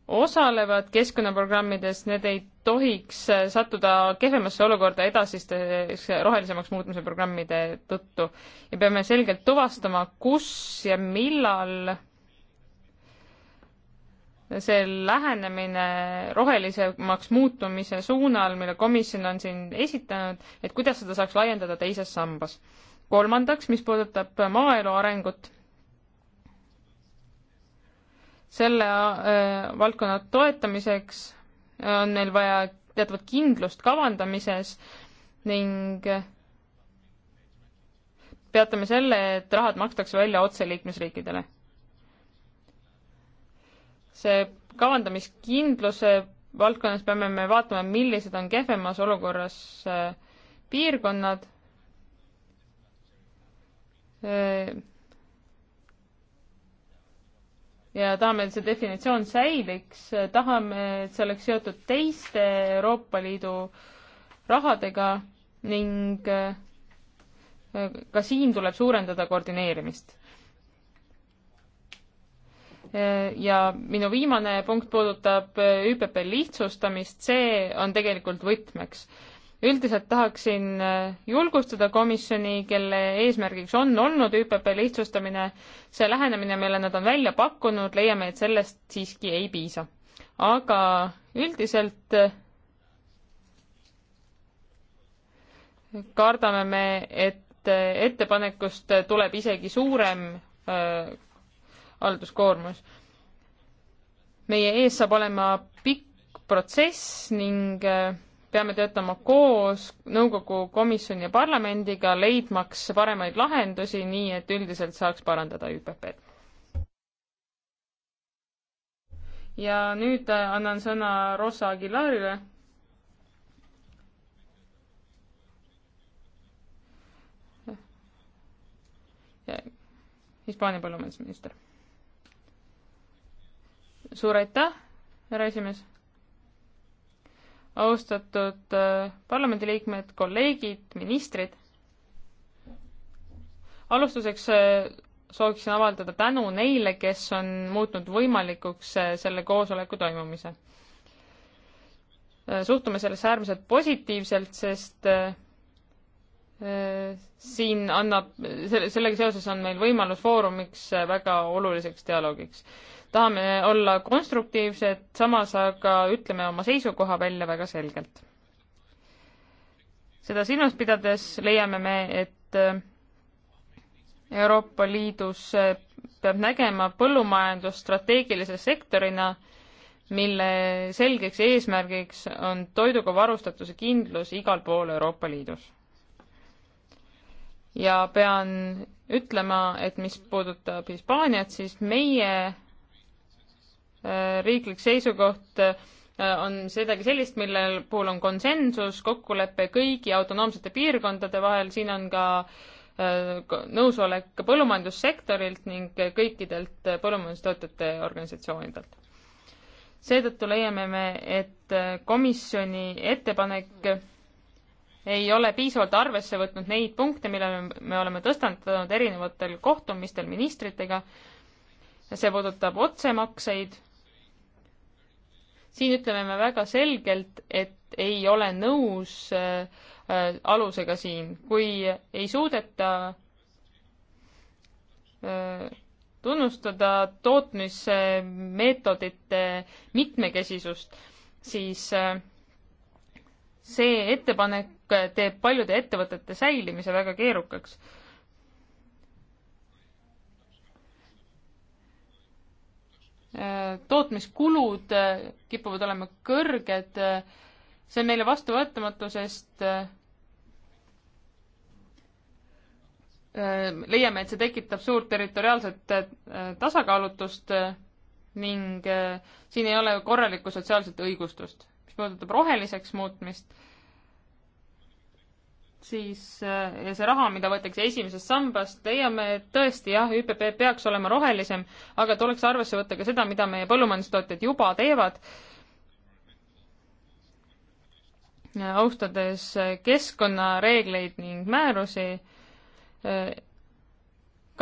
osalevad keskkonnaprogrammides, need ei tohiks äh, sattuda kehvemasse olukorda edasiste äh, rohelisemaks muutmise programmide tõttu. ja peame selgelt tuvastama, kus ja millal see lähenemine rohelisemaks muutumise suunal, mille komisjon on siin esitanud, et kuidas seda saaks laiendada teises sambas. kolmandaks, mis puudutab maaelu arengut selle äh, valdkonna toetamiseks äh, on neil vaja teatavat kindlust kavandamises ning äh, peatame selle, et rahad makstakse välja otse liikmesriikidele. see kavandamiskindluse valdkonnas peame me vaatama, millised on kehvemas olukorras piirkonnad ja tahame, et see definitsioon säiliks, tahame, et see oleks seotud teiste Euroopa Liidu rahadega ning äh, ka siin tuleb suurendada koordineerimist. Äh, ja minu viimane punkt puudutab äh, ÜPP lihtsustamist, see on tegelikult võtmeks üldiselt tahaksin äh, julgustada komisjoni, kelle eesmärgiks on olnud ÜPP lihtsustamine, see lähenemine, mille nad on välja pakkunud, leiame, et sellest siiski ei piisa. aga üldiselt äh, kardame me, et äh, ettepanekust tuleb isegi suurem halduskoormus. meie ees saab olema pikk protsess ning öö, peame töötama koos nõukogu, komisjoni ja parlamendiga, leidmaks paremaid lahendusi, nii et üldiselt saaks parandada ÜPP-d. ja nüüd äh, annan sõna Rosa Aguilarile Hispaania põllumajandusminister. suur aitäh, härra esimees austatud äh, parlamendiliikmed, kolleegid, ministrid. alustuseks äh, sooviksin avaldada tänu neile, kes on muutnud võimalikuks äh, selle koosoleku toimumise. suhtume sellesse äärmiselt positiivselt, sest siin annab, sellega seoses on meil võimalus foorumiks väga oluliseks dialoogiks tahame olla konstruktiivsed, samas aga ütleme oma seisukoha välja väga selgelt. seda silmas pidades leiame me, et äh, Euroopa Liidus äh, peab nägema põllumajandust strateegilise sektorina, mille selgeks eesmärgiks on toiduga varustatuse kindlus igal pool Euroopa Liidus. ja pean ütlema, et mis puudutab Hispaaniat, siis meie riiklik seisukoht äh, on midagi sellist, mille puhul on konsensus, kokkulepe kõigi autonoomsete piirkondade vahel, siin on ka äh, nõusolek põllumajandussektorilt ning kõikidelt põllumajandustootjate organisatsioonidelt. seetõttu leiame me, et komisjoni ettepanek ei ole piisavalt arvesse võtnud neid punkte, mille me oleme tõstatanud erinevatel kohtumistel ministritega. see puudutab otsemakseid siin ütleme me väga selgelt, et ei ole nõus äh, äh, alusega siin, kui ei suudeta äh, tunnustada tootmismeetodite mitmekesisust, siis äh, see ettepanek teeb paljude ettevõtete säilimise väga keerukaks äh, tootmiskulud äh, kipuvad olema kõrged, äh, see on neile vastuvõetamatu, sest äh, leiame, et see tekitab suurt territoriaalset tasakaalutust ning siin ei ole korralikku sotsiaalset õigustust. mis puudutab roheliseks muutmist, siis ja see raha, mida võetakse esimesest sambast, leiame, et tõesti jah, ÜPP peaks olema rohelisem, aga tuleks arvesse võtta ka seda, mida meie põllumajandustootjad juba teevad, austades keskkonnareegleid ning määrusi,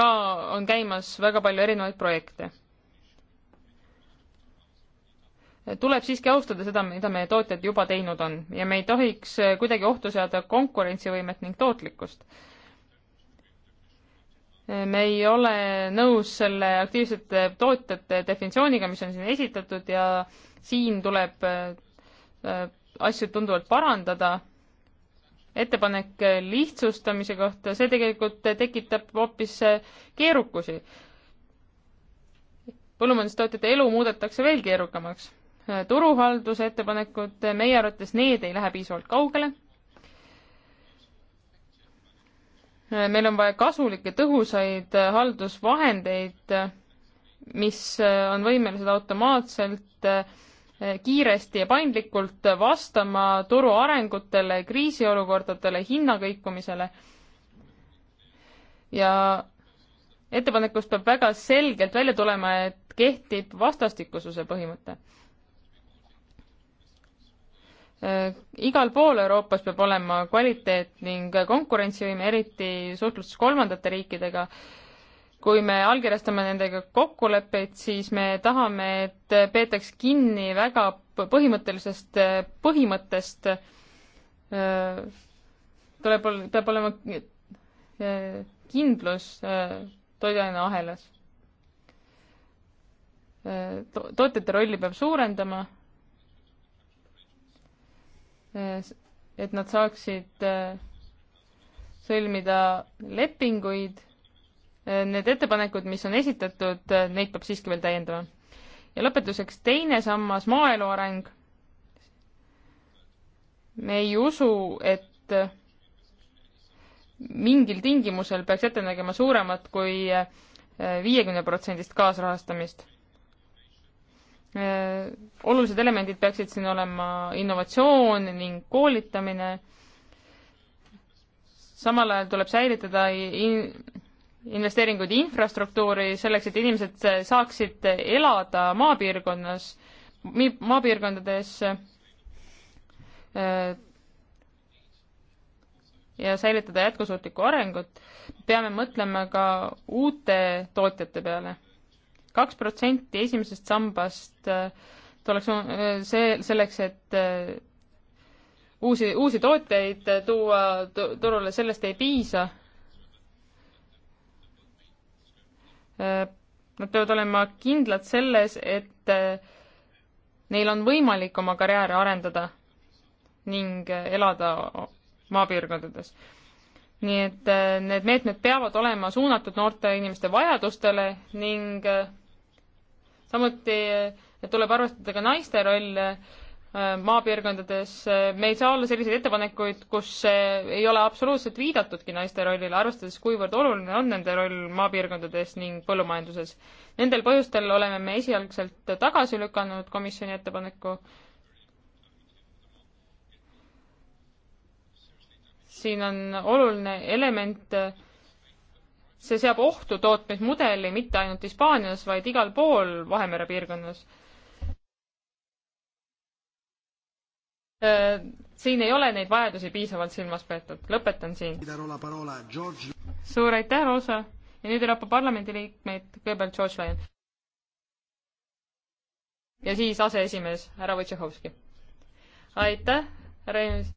ka on käimas väga palju erinevaid projekte tuleb siiski austada seda, mida meie tootjad juba teinud on ja me ei tohiks äh, kuidagi ohtu seada konkurentsivõimet ning tootlikkust. Äh, me ei ole nõus selle aktiivsete tootjate definitsiooniga, mis on siin esitatud ja siin tuleb äh, asju tunduvalt parandada. ettepanek lihtsustamise kohta, see tegelikult tekitab hoopis keerukusi. põllumajandustootjate elu muudetakse veel keerukamaks turuhalduse ettepanekud, meie arvates need ei lähe piisavalt kaugele. meil on vaja kasulikke tõhusaid haldusvahendeid, mis on võimelised automaatselt eh, kiiresti ja paindlikult vastama turu arengutele, kriisiolukordadele, hinnakõikumisele. ja ettepanekust peab väga selgelt välja tulema, et kehtib vastastikususe põhimõte Äh, igal pool Euroopas peab olema kvaliteet ning konkurentsivõime, eriti suhtluses kolmandate riikidega. kui me allkirjastame nendega kokkuleppeid, siis me tahame, et peetaks kinni väga põhimõttelisest põhimõttest. Äh, tuleb, peab olema äh, kindlus toiduaineahelas. tootjate rolli peab suurendama Eh, et nad saaksid eh, sõlmida lepinguid. Eh, need ettepanekud, mis on esitatud, neid peab siiski veel täiendama. ja lõpetuseks teine sammas, maaelu areng. me ei usu, et mingil tingimusel peaks ette nägema suuremat kui viiekümne protsendist kaasrahastamist Äh, olulised elemendid peaksid siin olema innovatsioon ning koolitamine. samal ajal tuleb säilitada in investeeringuid infrastruktuuri selleks, et inimesed äh, saaksid elada maapiirkonnas, maapiirkondades äh, ja säilitada jätkusuutlikku arengut, peame mõtlema ka uute tootjate peale kaks protsenti esimesest sambast tuleks see selleks, et äh, uusi, uusi tooteid tuua turule, sellest ei piisa. Äh, nad peavad olema kindlad selles, et äh, neil on võimalik oma karjääri arendada ning elada maapiirkondades nii et need meetmed peavad olema suunatud noorte inimeste vajadustele ning samuti tuleb arvestada ka naiste rolle äh, maapiirkondades. me ei saa olla selliseid ettepanekuid, kus äh, ei ole absoluutselt viidatudki naiste rollile, arvestades, kuivõrd oluline on nende roll maapiirkondades ning põllumajanduses. Nendel põhjustel oleme me esialgselt tagasi lükanud komisjoni ettepaneku. siin on oluline element see seab ohtu tootmismudeli mitte ainult Hispaanias, vaid igal pool Vahemere piirkonnas. Äh, siin ei ole neid vajadusi piisavalt silmas peetud, lõpetan siin. suur aitäh, Rosa ja nüüd Euroopa Parlamendi liikmeid, kõigepealt George Lyon. ja siis aseesimees härra Võtšehovski. aitäh, härra esimees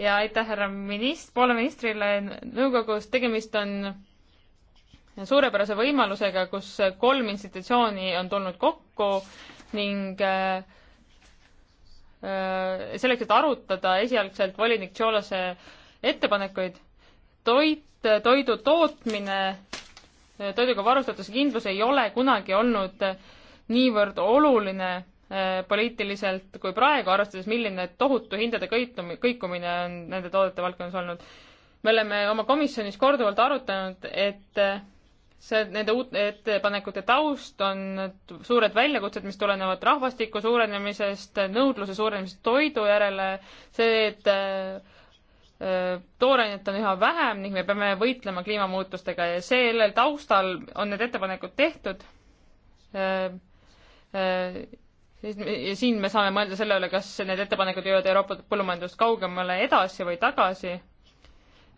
ja aitäh härra minist-, Poola ministrile nõukogus, tegemist on suurepärase võimalusega, kus kolm institutsiooni on tulnud kokku ning äh, äh, selleks, et arutada esialgselt volinik Tšolase ettepanekuid, toit, toidu tootmine, toiduga varustatuse kindlus ei ole kunagi olnud niivõrd oluline Äh, poliitiliselt kui praegu, arvestades, milline tohutu hindade kõitumine, kõikumine on nende toodete valdkonnas olnud. me oleme oma komisjonis korduvalt arutanud, et äh, see, nende uute ettepanekute taust on suured väljakutsed, mis tulenevad rahvastiku suurenemisest, nõudluse suurenemisest toidu järele, see, et äh, toorainet on üha vähem ning me peame võitlema kliimamuutustega ja sellel taustal on need ettepanekud tehtud ja siin me saame mõelda selle üle, kas need ettepanekud jõuavad Euroopa põllumajandust kaugemale edasi või tagasi.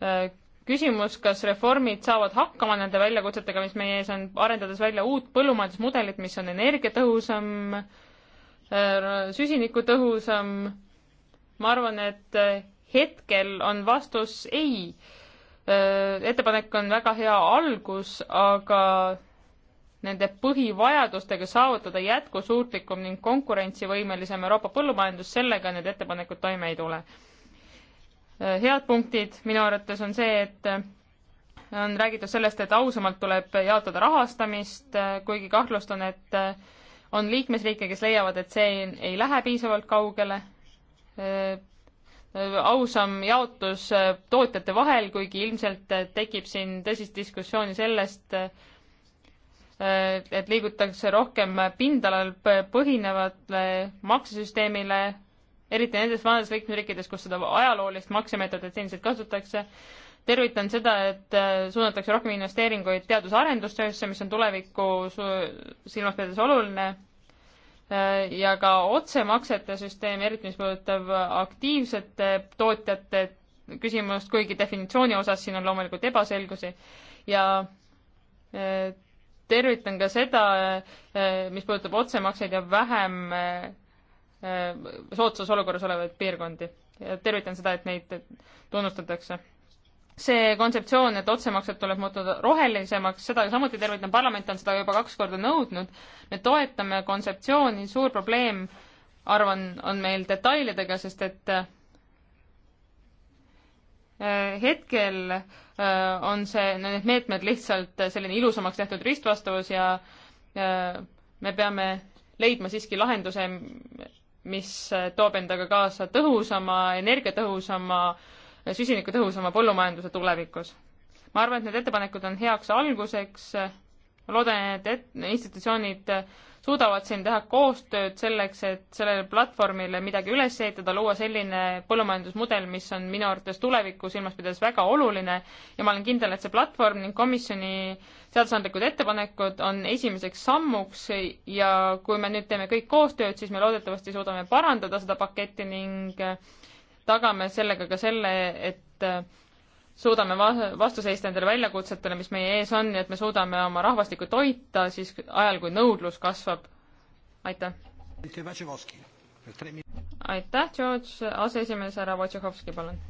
Äh, küsimus, kas reformid saavad hakkama nende väljakutsetega, mis meie ees on, arendades välja uut põllumajandusmudelit, mis on energiatõhusam, äh, süsinikutõhusam. ma arvan, et äh, hetkel on vastus ei. ettepanek on väga hea algus, aga nende põhivajadustega saavutada jätkusuutlikum ning konkurentsivõimelisem Euroopa põllumajandus, sellega need ettepanekud toime ei tule. Äh, head punktid minu arvates on see, et äh, on räägitud sellest, et ausamalt tuleb jaotada rahastamist, äh, kuigi kahtlustan, et on liikmesriike, kes leiavad, et see ei lähe piisavalt kaugele ausam jaotus tootjate vahel, kuigi ilmselt tekib siin tõsist diskussiooni sellest, Äh, et liigutakse rohkem pindalal põhinevatele maksesüsteemile, eriti nendes vanades liikmesriikides, kus seda ajaloolist maksemeetodit endiselt kasutatakse. tervitan seda, et äh, suunatakse rohkem investeeringuid teadus-arendustöösse, mis on tulevikku silmas pidades oluline äh, ja ka otsemaksete süsteem, eriti mis puudutab aktiivsete tootjate küsimust, kuigi definitsiooni osas siin on loomulikult ebaselgusi ja tervitan ka seda, eh, mis puudutab otsemakseid ja vähem eh, soodsas olukorras olevaid piirkondi. tervitan seda, et neid tunnustatakse. see kontseptsioon, et otsemaksed tuleb muutuda rohelisemaks, seda samuti tervitan, parlament on seda juba kaks korda nõudnud. me toetame kontseptsiooni, suur probleem, arvan, on meil detailidega, sest et hetkel äh, on see, no need meetmed lihtsalt selline ilusamaks tehtud ristvastavus ja äh, me peame leidma siiski lahenduse, mis toob endaga kaasa tõhusama, energiatõhusama, süsinikutõhusama põllumajanduse tulevikus. ma arvan, et need ettepanekud on heaks alguseks, ma loodan, et, et institutsioonid suudavad siin teha koostööd selleks, et sellele platvormile midagi üles ehitada, luua selline põllumajandusmudel, mis on minu arvates tulevikku silmas pidades väga oluline ja ma olen kindel, et see platvorm ning komisjoni seadusandlikud ettepanekud on esimeseks sammuks ja kui me nüüd teeme kõik koostööd, siis me loodetavasti suudame parandada seda paketti ning tagame sellega ka selle, et suudame va-, vastu seista nendele väljakutsetele, mis meie ees on, ja et me suudame oma rahvastikku toita siis ajal, kui nõudlus kasvab. aitäh! aitäh, George, aseesimees härra Wojciechowski, palun!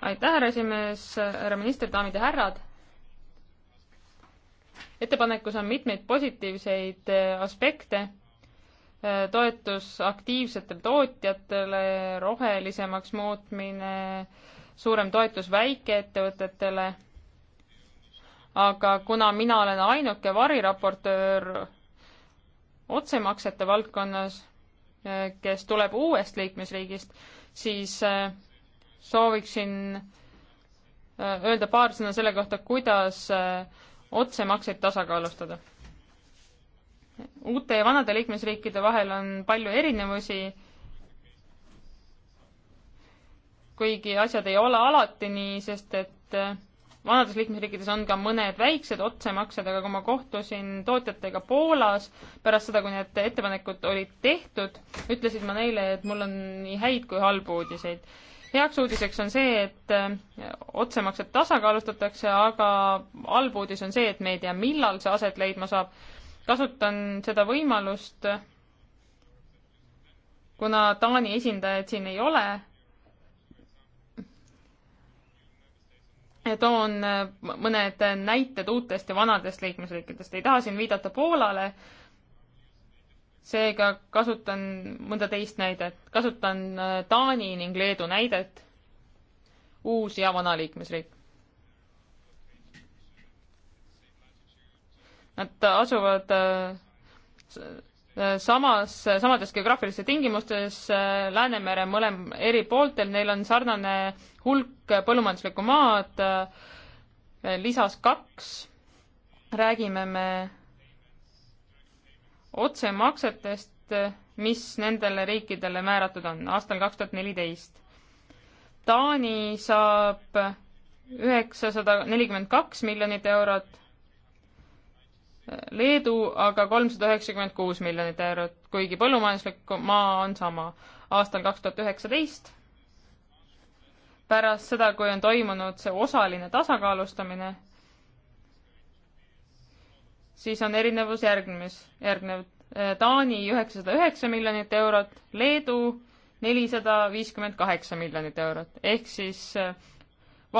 aitäh, härra esimees, härra minister, daamid ja härrad! ettepanekus on mitmeid positiivseid aspekte toetus aktiivsetele tootjatele, rohelisemaks muutmine, suurem toetus väikeettevõtetele, aga kuna mina olen ainuke variraportöör otsemaksete valdkonnas, kes tuleb uuest liikmesriigist, siis eh, sooviksin eh, öelda paar sõna selle kohta, kuidas eh, otsemakseid tasakaalustada uute ja vanade liikmesriikide vahel on palju erinevusi, kuigi asjad ei ole alati nii, sest et äh, vanades liikmesriikides on ka mõned väiksed otsemaksed, aga kui ma kohtusin tootjatega Poolas pärast seda, kui need ettepanekud olid tehtud, ütlesin ma neile, et mul on nii häid kui halbu uudiseid. heaks uudiseks on see, et äh, otsemaksed tasakaalustatakse, aga halb uudis on see, et me ei tea, millal see aset leidma saab kasutan seda võimalust, kuna Taani esindajaid siin ei ole, toon äh, mõned näited uutest ja vanadest liikmesriikidest. ei taha siin viidata Poolale, seega kasutan mõnda teist näidet. kasutan äh, Taani ning Leedu näidet, uus ja vana liikmesriik. Nad asuvad äh, samas, samades geograafilistes tingimustes äh, Läänemere mõlem-, eri pooltel, neil on sarnane hulk põllumajanduslikku maad, äh, lisas kaks räägime me otsemaksetest, mis nendele riikidele määratud on aastal kaks tuhat neliteist. Taani saab üheksasada nelikümmend kaks miljonit eurot, Leedu aga kolmsada üheksakümmend kuus miljonit eurot, kuigi põllumajanduslik maa on sama. aastal kaks tuhat üheksateist, pärast seda, kui on toimunud see osaline tasakaalustamine, siis on erinevus järgmis, järgnev. Taani üheksasada üheksa miljonit eurot, Leedu nelisada viiskümmend kaheksa miljonit eurot, ehk siis eh,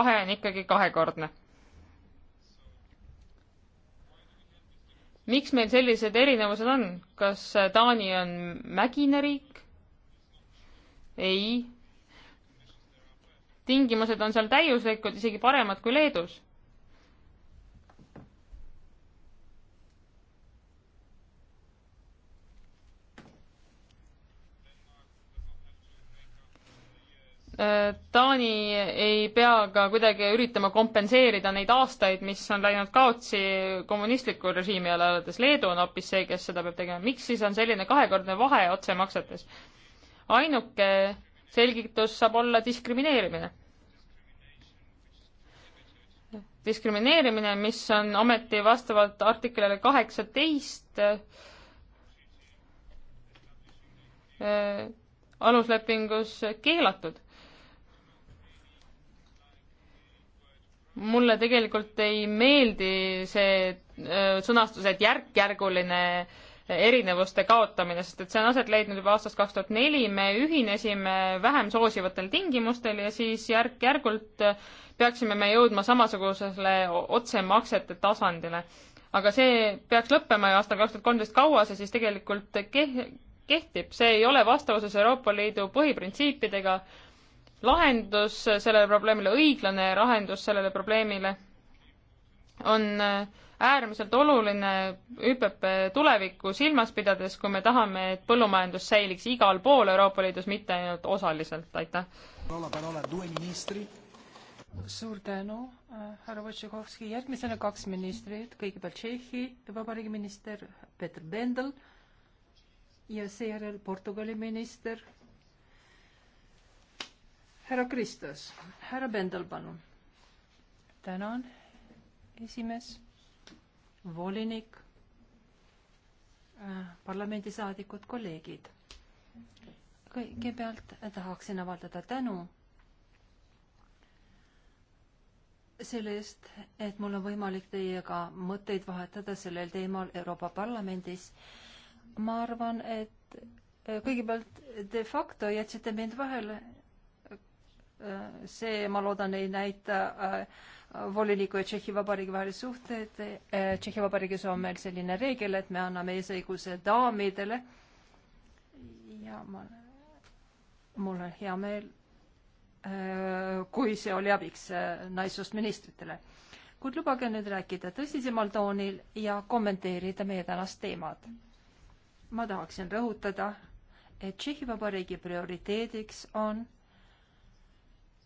vahe on ikkagi kahekordne miks meil sellised erinevused on? kas äh, Taani on mägine riik? ei. tingimused on seal täiuslikud, isegi paremad kui Leedus Äh, Taani ei pea ka kuidagi üritama kompenseerida neid aastaid, mis on läinud kaotsi kommunistliku režiimi ajal alates. Leedu on hoopis see, kes seda peab tegema. miks siis on selline kahekordne vahe otsemaksetes? ainuke selgitus saab olla diskrimineerimine. diskrimineerimine, mis on ometi vastavalt artiklile kaheksateist äh, aluslepingus keelatud mulle tegelikult ei meeldi see äh, sõnastus, et järk-järguline erinevuste kaotamine, sest et see on aset leidnud juba aastast kaks tuhat neli, me ühinesime vähem soosivatel tingimustel ja siis järk-järgult peaksime me jõudma samasugusele otsemaksete tasandile. aga see peaks lõppema ju aastal kaks tuhat kolmteist, kaua see siis tegelikult kehtib, see ei ole vastavuses Euroopa Liidu põhiprintsiipidega lahendus sellele probleemile, õiglane lahendus sellele probleemile on äärmiselt oluline ÜPP tulevikku silmas pidades, kui me tahame, et põllumajandus säiliks igal pool Euroopa Liidus, mitte ainult osaliselt, aitäh. suur tänu, äh, härra Võtšakovski, järgmisena kaks ministrit, kõigepealt Tšehhi Vabariigi minister Peeter Bendel ja seejärel Portugali minister härra Kristus, härra Pendel, palun. tänan, esimees, volinik, äh, parlamendisaadikud, kolleegid. kõigepealt tahaksin avaldada tänu selle eest, et mul on võimalik teiega mõtteid vahetada sellel teemal Euroopa Parlamendis. ma arvan, et kõigepealt de facto jätsite mind vahele see, ma loodan, ei näita äh, voliniku ja Tšehhi Vabariigi vahel suhteid. Äh, Tšehhi Vabariigis on meil selline reegel, et me anname eesõiguse daamidele. ja ma, mul on hea meel, äh, kui see oli abiks naissoost ministritele. kuid lubage nüüd rääkida tõsisemal toonil ja kommenteerida meie tänast teemat. ma tahaksin rõhutada, et Tšehhi Vabariigi prioriteediks on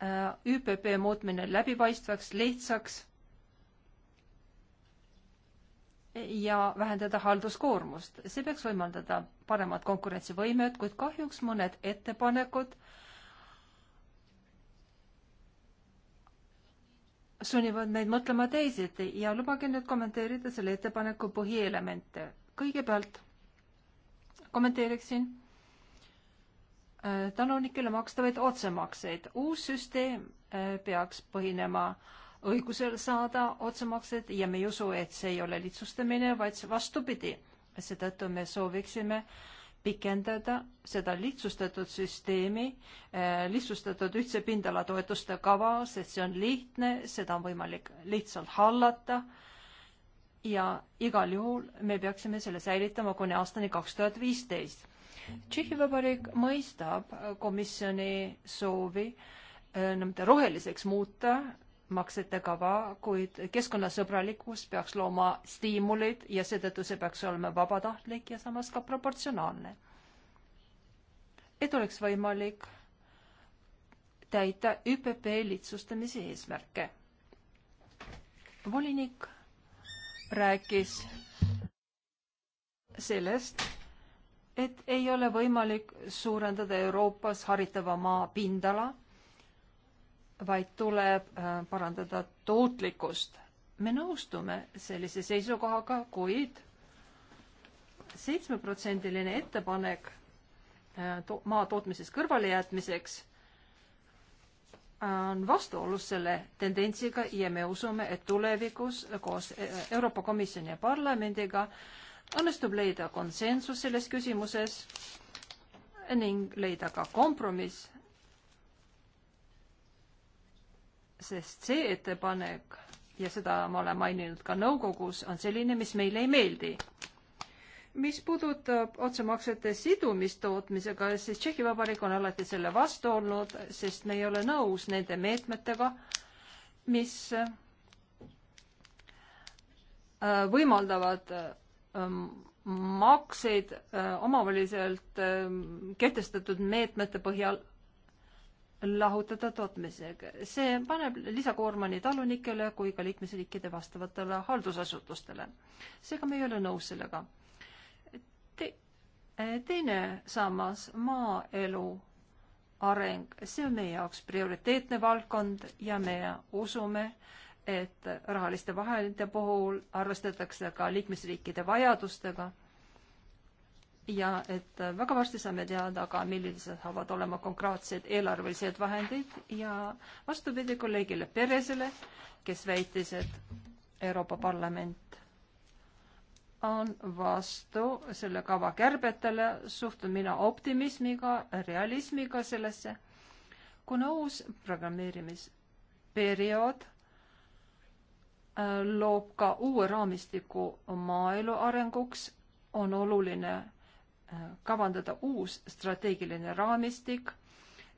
Äh, ÜPP muutmine läbipaistvaks, lihtsaks ja vähendada halduskoormust. see peaks võimaldada paremat konkurentsivõimet, kuid kahjuks mõned ettepanekud sunnivad meid mõtlema teisiti ja lubage nüüd kommenteerida selle ettepaneku põhielemente. kõigepealt kommenteeriksin Äh, talunikele makstavaid otsemakseid. uus süsteem äh, peaks põhinema õigusel saada otsemakseid ja me ei usu, et see ei ole lihtsustamine, vaid vastupidi. seetõttu me sooviksime pikendada seda lihtsustatud süsteemi, äh, lihtsustatud ühtse pindala toetuste kava, sest see on lihtne, seda on võimalik lihtsalt hallata ja igal juhul me peaksime selle säilitama kuni aastani kaks tuhat viisteist Tšehhi Vabariik mõistab äh, komisjoni soovi äh, nii-öelda roheliseks muuta maksete kava, kuid keskkonnasõbralikkus peaks looma stiimulid ja seetõttu see peaks olema vabatahtlik ja samas ka proportsionaalne. et oleks võimalik täita ÜPP lihtsustamise eesmärke. volinik rääkis sellest, et ei ole võimalik suurendada Euroopas haritava maa pindala, vaid tuleb äh, parandada tootlikkust. me nõustume sellise seisukohaga, kuid seitsmeprotsendiline ettepanek äh, to maa tootmisest kõrvalejätmiseks on vastuolus selle tendentsiga ja me usume, et tulevikus koos äh, Euroopa Komisjoni ja parlamendiga äh, õnnestub leida konsensus selles küsimuses ning leida ka kompromiss, sest see ettepanek ja seda ma olen maininud ka nõukogus, on selline, mis meile ei meeldi. mis puudutab otsemaksete sidumist tootmisega, siis Tšehhi Vabariik on alati selle vastu olnud, sest me ei ole nõus nende meetmetega, mis äh, võimaldavad Ähm, makseid äh, omavaheliselt ähm, kehtestatud meetmete põhjal lahutada tootmisega. see paneb lisakoorma nii talunikele kui ka liikmesriikide vastavatele haldusasutustele. seega me ei ole nõus sellega Te,. Äh, teine sammas, maaelu areng, see on meie jaoks prioriteetne valdkond ja me usume, et rahaliste vahendite puhul arvestatakse ka liikmesriikide vajadustega ja et väga varsti saame teada ka, millised saavad olema konkreetsed eelarvelised vahendid ja vastupidi kolleegile Peresele, kes väitis, et Euroopa Parlament on vastu selle kava kärbetele, suhtun mina optimismiga, realismiga sellesse, kuna uus programmeerimisperiood loob ka uue raamistiku maaelu arenguks, on oluline äh, kavandada uus strateegiline raamistik,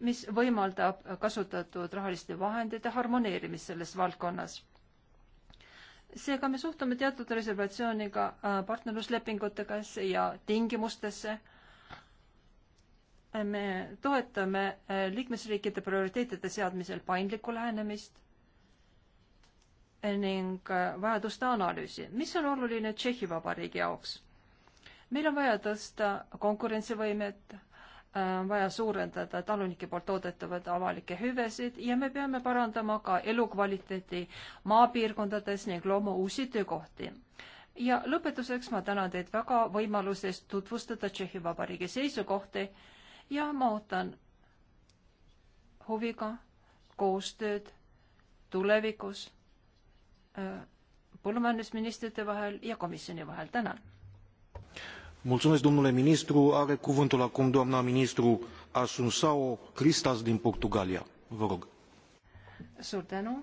mis võimaldab kasutatud rahaliste vahendite harmoneerimist selles valdkonnas. seega me suhtume teatud reservatsiooniga äh, partnerluslepingutega ja tingimustesse. Äh, me toetame liikmesriikide prioriteetide seadmisel paindlikku lähenemist ning äh, vajaduste analüüsi. mis on oluline Tšehhi Vabariigi jaoks? meil on vaja tõsta konkurentsivõimet, äh, vaja suurendada talunike poolt toodetavaid avalikke hüvesid ja me peame parandama ka elukvaliteeti maapiirkondades ning looma uusi töökohti. ja lõpetuseks ma tänan teid väga võimaluse eest tutvustada Tšehhi Vabariigi seisukohti ja ma ootan huviga koostööd tulevikus Äh, põllumajandusministrite vahel ja komisjoni vahel, tänan. mulțumesc, domnule ministru, are cuvântul acum doamna ministru Asunsao Cristas din Portugalia, vă rog. suur tänu,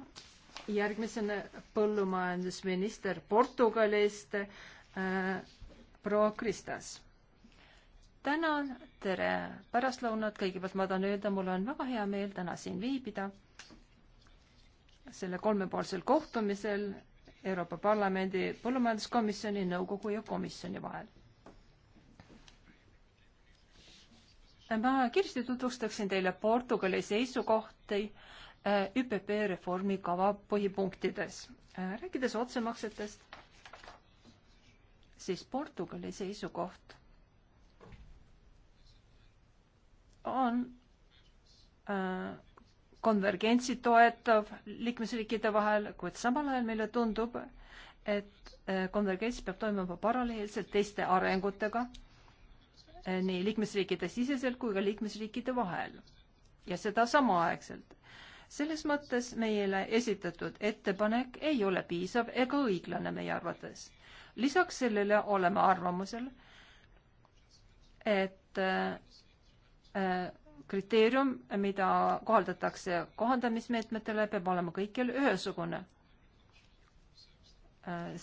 järgmisena põllumajandusminister Portugalist äh,, proua Kristas tänan, tere pärastlõunat, kõigepealt ma tahan öelda, mul on väga hea meel täna siin viibida selle kolmepoolsel kohtumisel Euroopa Parlamendi põllumajanduskomisjoni, nõukogu ja komisjoni vahel. ma kiiresti tutvustaksin teile Portugali seisukohti äh, ÜPP reformi kava põhipunktides. Äh, rääkides otsemaksetest, siis Portugali seisukoht on äh, konvergentsi toetav liikmesriikide vahel, kuid samal ajal meile tundub, et äh, konvergents peab toimuma paralleelselt teiste arengutega äh, nii liikmesriikide siseselt kui ka liikmesriikide vahel ja seda samaaegselt. selles mõttes meile esitatud ettepanek ei ole piisav ega õiglane meie arvates. lisaks sellele oleme arvamusel, et äh, äh kriteerium, mida kohaldatakse kohandamismeetmetele, peab olema kõikjal ühesugune.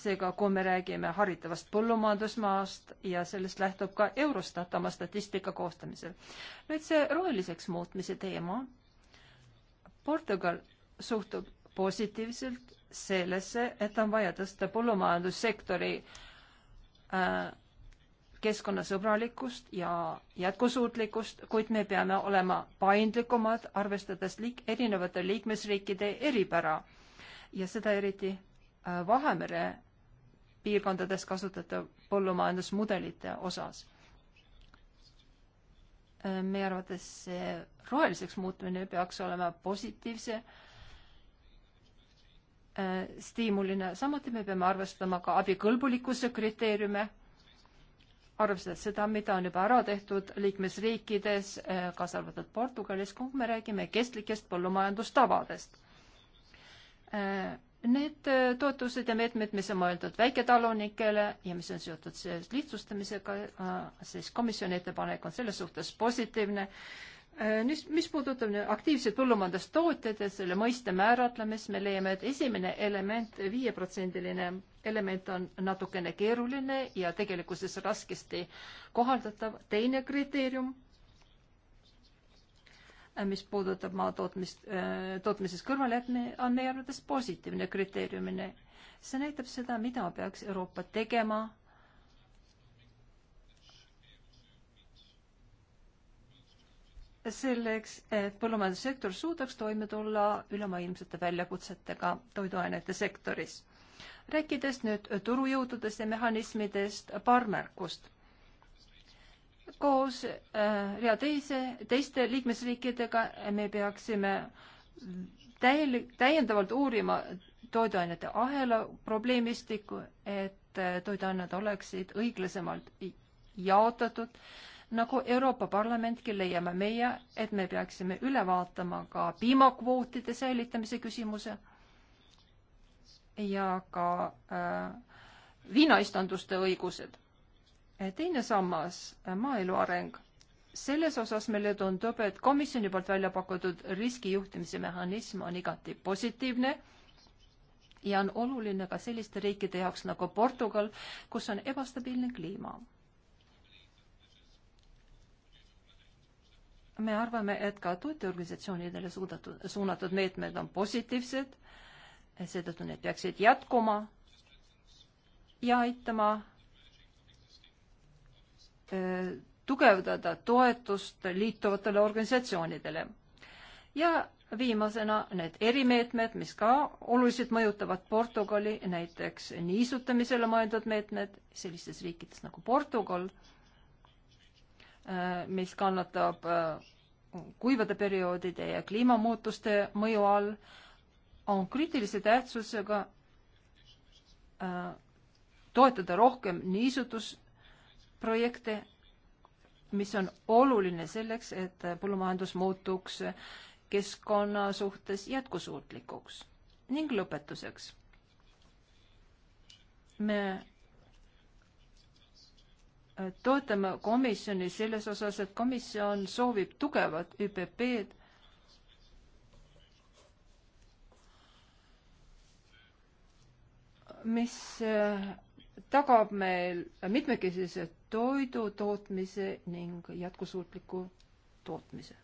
seega, kui me räägime haritavast põllumajandusmaast ja sellest lähtub ka Eurostat oma statistika koostamisel. nüüd see roheliseks muutmise teema. Portugal suhtub positiivselt sellesse, et on vaja tõsta põllumajandussektori äh, keskkonnasõbralikkust ja jätkusuutlikkust, kuid me peame olema paindlikumad, arvestades liik-, erinevate liikmesriikide eripära ja seda eriti äh, Vahemere piirkondades kasutatav põllumajandusmudelite osas. Äh, meie arvates see roheliseks muutmine peaks olema positiivse äh, stiimulina, samuti me peame arvestama ka abikõlbulikkuse kriteeriume arvestades seda, mida on juba ära tehtud liikmesriikides, eh, kaasa arvatud Portugalis, kui me räägime kestlikest põllumajandustavadest. Eh, need eh, toetused ja meetmed, mis on mõeldud väiketalunikele ja mis on seotud selles lihtsustamisega, siis komisjoni ettepanek on selles suhtes positiivne. Mis, mis puudutab aktiivseid põllumajandustootjaid ja selle mõiste määratlemist, me leiame, et esimene element, viieprotsendiline element on natukene keeruline ja tegelikkuses raskesti kohaldatav. teine kriteerium, äh, mis puudutab maa tootmist, äh, tootmises kõrvalejätme, on meie arvates positiivne kriteeriumine. see näitab seda, mida peaks Euroopa tegema selleks, et põllumajandussektor suudaks toime tulla ülemaailmsete väljakutsetega toiduainete sektoris rääkides nüüd turujõududest ja mehhanismidest, paar märkust. koos äh, rea teise, teiste liikmesriikidega me peaksime täiel-, täiendavalt uurima toiduainete ahela probleemistikku, et äh, toiduained oleksid õiglasemalt jaotatud. nagu Euroopa Parlamentki leiame meie, et me peaksime üle vaatama ka piimakvootide säilitamise küsimuse ja ka äh, viinaistanduste õigused. Äh, teine sammas, äh, maaelu areng. selles osas meile tundub, et komisjoni poolt välja pakutud riskijuhtimise mehhanism on igati positiivne ja on oluline ka selliste riikide jaoks nagu Portugal, kus on ebastabiilne kliima. me arvame, et ka tootjaorganisatsioonidele suudatud, suunatud meetmed on positiivsed äh, seetõttu need peaksid jätkuma ja aitama tugevdada toetust liituvatele organisatsioonidele. ja viimasena need erimeetmed, mis ka oluliselt mõjutavad Portugali, näiteks niisutamisele mõeldud meetmed sellistes riikides nagu Portugal, mis kannatab kuivade perioodide ja kliimamuutuste mõju all on kriitilise tähtsusega äh, toetada rohkem niisutusprojekte, mis on oluline selleks, et põllumajandus muutuks keskkonna suhtes jätkusuutlikuks. ning lõpetuseks. me äh, toetame komisjoni selles osas, et komisjon soovib tugevat ÜPP-d mis äh, tagab meil mitmekesise toidu tootmise ning jätkusuutliku tootmise.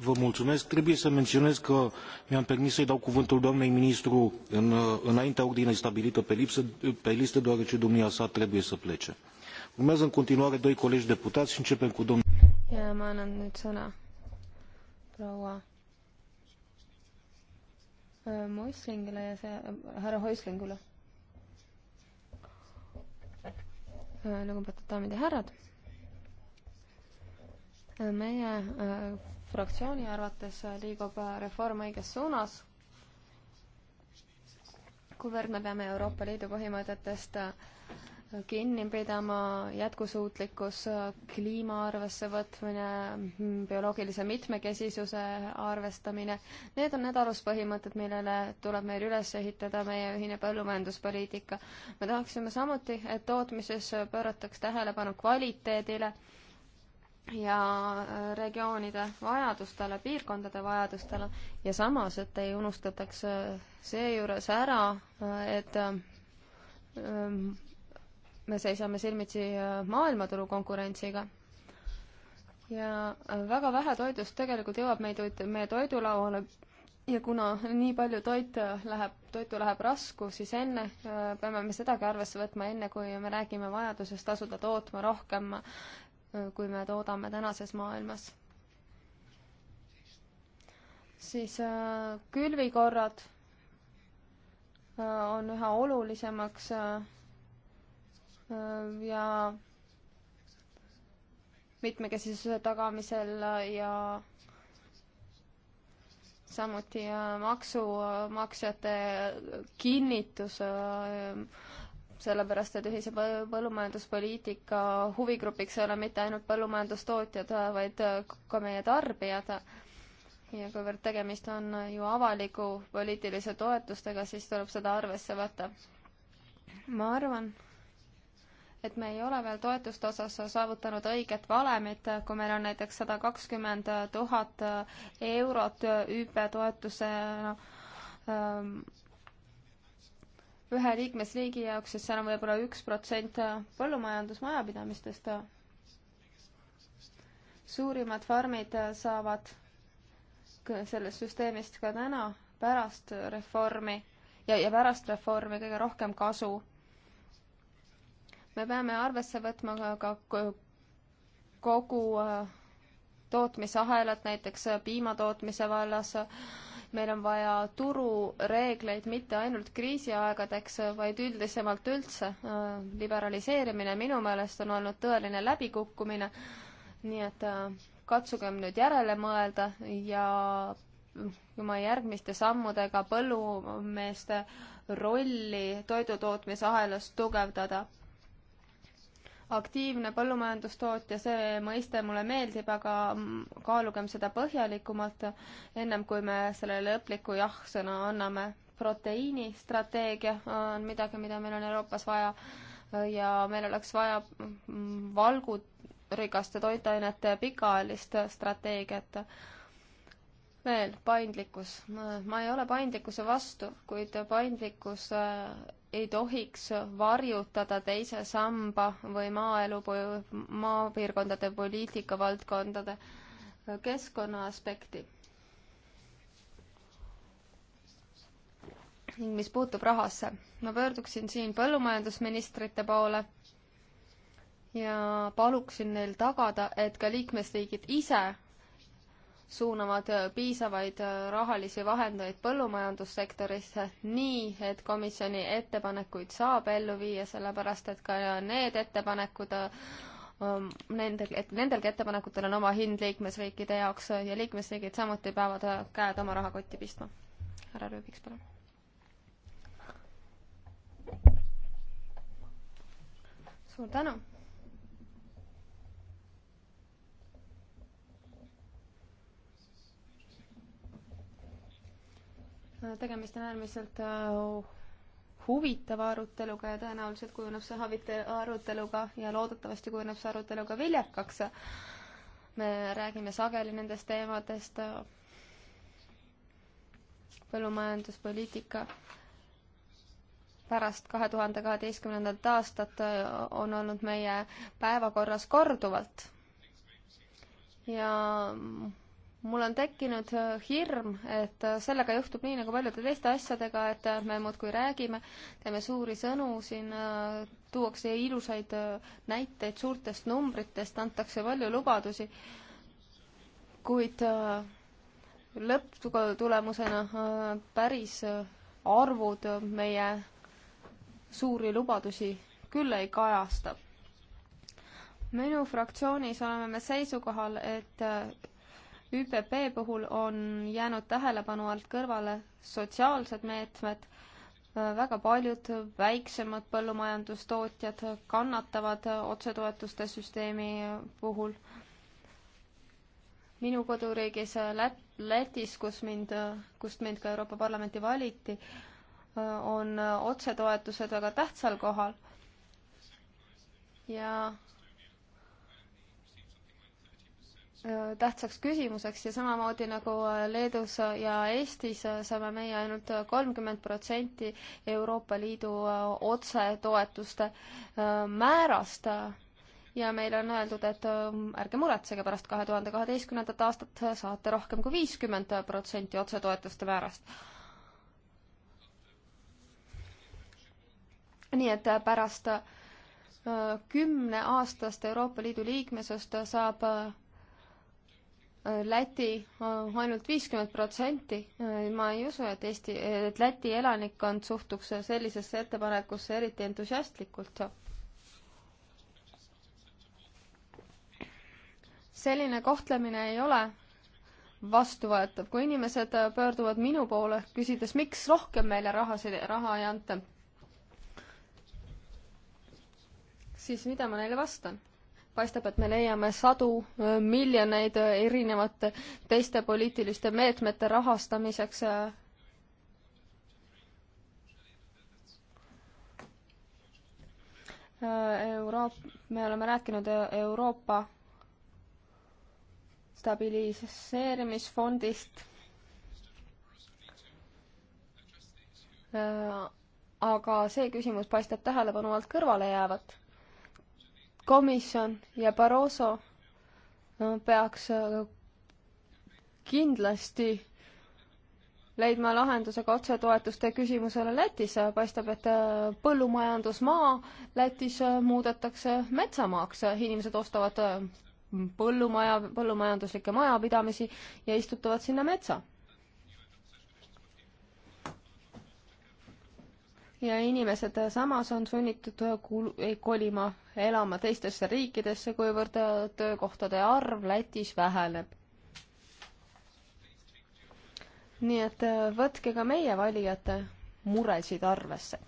Vă mulțumesc. Trebuie să menționez că mi-am permis să-i dau cuvântul doamnei ministru în, uh, înaintea ordinei stabilită pe, lipsă, pe listă, deoarece domnia sa trebuie să plece. Urmează în continuare doi colegi deputați și începem cu domnul. Ja, ma annan nüüd sõna proua Moislingile ja see, härra Hoislingule. lugupeetud nagu daamid ja härrad. meie äh, fraktsiooni arvates liigub reform õiges suunas. kuivõrd me peame Euroopa Liidu põhimõtetest äh, kinni pidama, jätkusuutlikkus, kliima arvesse võtmine, bioloogilise mitmekesisuse arvestamine. Need on need aluspõhimõtted, millele tuleb meil üles ehitada meie ühine põllumajanduspoliitika. me tahaksime samuti, et tootmises pöörataks tähelepanu kvaliteedile ja regioonide vajadustele, piirkondade vajadustele ja samas, et ei unustataks seejuures ära, et ähm, me seisame silmitsi äh, maailmaturu konkurentsiga ja äh, väga vähe toidust tegelikult jõuab meie toit, meie toidulauale ja kuna nii palju toit äh, läheb, toitu läheb rasku, siis enne peame me sedagi arvesse võtma, enne kui me räägime vajadusest asuda tootma rohkem, kui me toodame tänases maailmas. siis külvikorrad on üha olulisemaks Äh, ja mitmekesisuse tagamisel ja samuti äh, maksumaksjate kinnitus, äh, sellepärast et ühise põllumajanduspoliitika huvigrupiks ei ole mitte ainult põllumajandustootjad, vaid ka meie tarbijad. ja kuivõrd tegemist on ju avaliku poliitilise toetustega, siis tuleb seda arvesse võtta. ma arvan et me ei ole veel toetuste osas saavutanud õiget valemit, kui meil on näiteks sada kakskümmend tuhat eurot hüppetoetusena ähm, ühe liikmesriigi jaoks, siis seal on võib-olla üks protsent põllumajandusmajapidamistest. suurimad farmid saavad sellest süsteemist ka täna pärast reformi ja, ja pärast reformi kõige rohkem kasu me peame arvesse võtma ka kogu äh, tootmisahelat, näiteks äh, piimatootmise vallas. meil on vaja turureegleid mitte ainult kriisiaegadeks, äh, vaid üldisemalt üldse. liberaliseerimine minu meelest on olnud tõeline läbikukkumine. nii et katsugem nüüd järele mõelda ja oma järgmiste sammudega põllumeeste rolli toidutootmisahelas tugevdada aktiivne põllumajandustootja, see mõiste mulle meeldib, aga kaalugem seda põhjalikumalt, ennem kui me sellele lõpliku jah-sõna anname. proteiinistrateegia on midagi, mida meil on Euroopas vaja ja meil oleks vaja valgurikaste toitainete pikaajalist strateegiat veel paindlikkus. ma ei ole paindlikkuse vastu, kuid paindlikkus äh, ei tohiks varjutada teise samba või maaelu, maapiirkondade poliitikavaldkondade äh, keskkonna aspekti. ning mis puutub rahasse, ma pöörduksin siin põllumajandusministrite poole ja paluksin neil tagada, et ka liikmesriigid ise suunavad piisavaid äh, rahalisi vahendeid põllumajandussektorisse, nii et komisjoni ettepanekuid saab ellu viia, sellepärast et ka need ettepanekud äh, ähm, Nendel, et nendelgi ettepanekutel on oma hind liikmesriikide jaoks ja liikmesriigid samuti peavad äh, käed oma rahakotti pistma. härra Rüübiks, palun. suur tänu tegemist on äärmiselt äh, huvitava aruteluga ja tõenäoliselt kujuneb see havite aruteluga ja loodetavasti kujuneb see arutelu ka viljakaks. me räägime sageli nendest teemadest, äh, põllumajanduspoliitika pärast kahe tuhande kaheteistkümnendat aastat äh, on olnud meie päevakorras korduvalt ja mul on tekkinud äh, hirm, et äh, sellega juhtub nii nagu paljude teiste asjadega, et äh, me muudkui räägime, teeme suuri sõnu, siin tuuakse ilusaid näiteid suurtest numbritest, antakse palju lubadusi, kuid lõpptulemusena päris arvud meie suuri lubadusi küll ei kajasta. minu fraktsioonis oleme me seisukohal, et ÜPP puhul on jäänud tähelepanu alt kõrvale sotsiaalsed meetmed, väga paljud väiksemad põllumajandustootjad kannatavad otsetoetuste süsteemi puhul. minu koduriigis Lät-, Lätis, kus mind, kust mind ka Euroopa Parlamenti valiti, on otsetoetused väga tähtsal kohal ja Äh, tähtsaks küsimuseks ja samamoodi nagu äh, Leedus ja Eestis äh, saame meie ainult kolmkümmend protsenti Euroopa Liidu otsetoetuste määrast. ja meile on öeldud, et ärge muretsege, pärast kahe tuhande kaheteistkümnendat aastat saate rohkem kui viiskümmend protsenti otsetoetuste määrast. nii et pärast kümneaastast Euroopa Liidu liikmesust saab Äh, Läti äh, ainult viiskümmend protsenti, äh, ma ei usu, et Eesti, et Läti elanikkond suhtuks sellisesse ettepanekusse eriti entusiastlikult. selline kohtlemine ei ole vastuvõetav, kui inimesed pöörduvad minu poole, küsides, miks rohkem meile rahasid, raha ei anta, siis mida ma neile vastan? paistab, et me leiame sadu äh, miljoneid äh, erinevate teiste poliitiliste meetmete rahastamiseks. Äh. Euroop-, me oleme rääkinud Euroopa stabiliseerimisfondist. aga see küsimus paistab tähelepanu alt kõrvale jäävat komisjon ja Barroso peaks äh, kindlasti leidma lahenduse ka otsetoetuste küsimusele Lätis. paistab, et äh, põllumajandusmaa Lätis äh, muudetakse metsamaaks, inimesed ostavad põllumaja, põllumajanduslikke majapidamisi ja istutavad sinna metsa. ja inimesed samas on sunnitud kul-, kolima elama teistesse riikidesse, kuivõrd äh, töökohtade arv Lätis väheneb. nii et äh, võtke ka meie valijate muresid arvesse.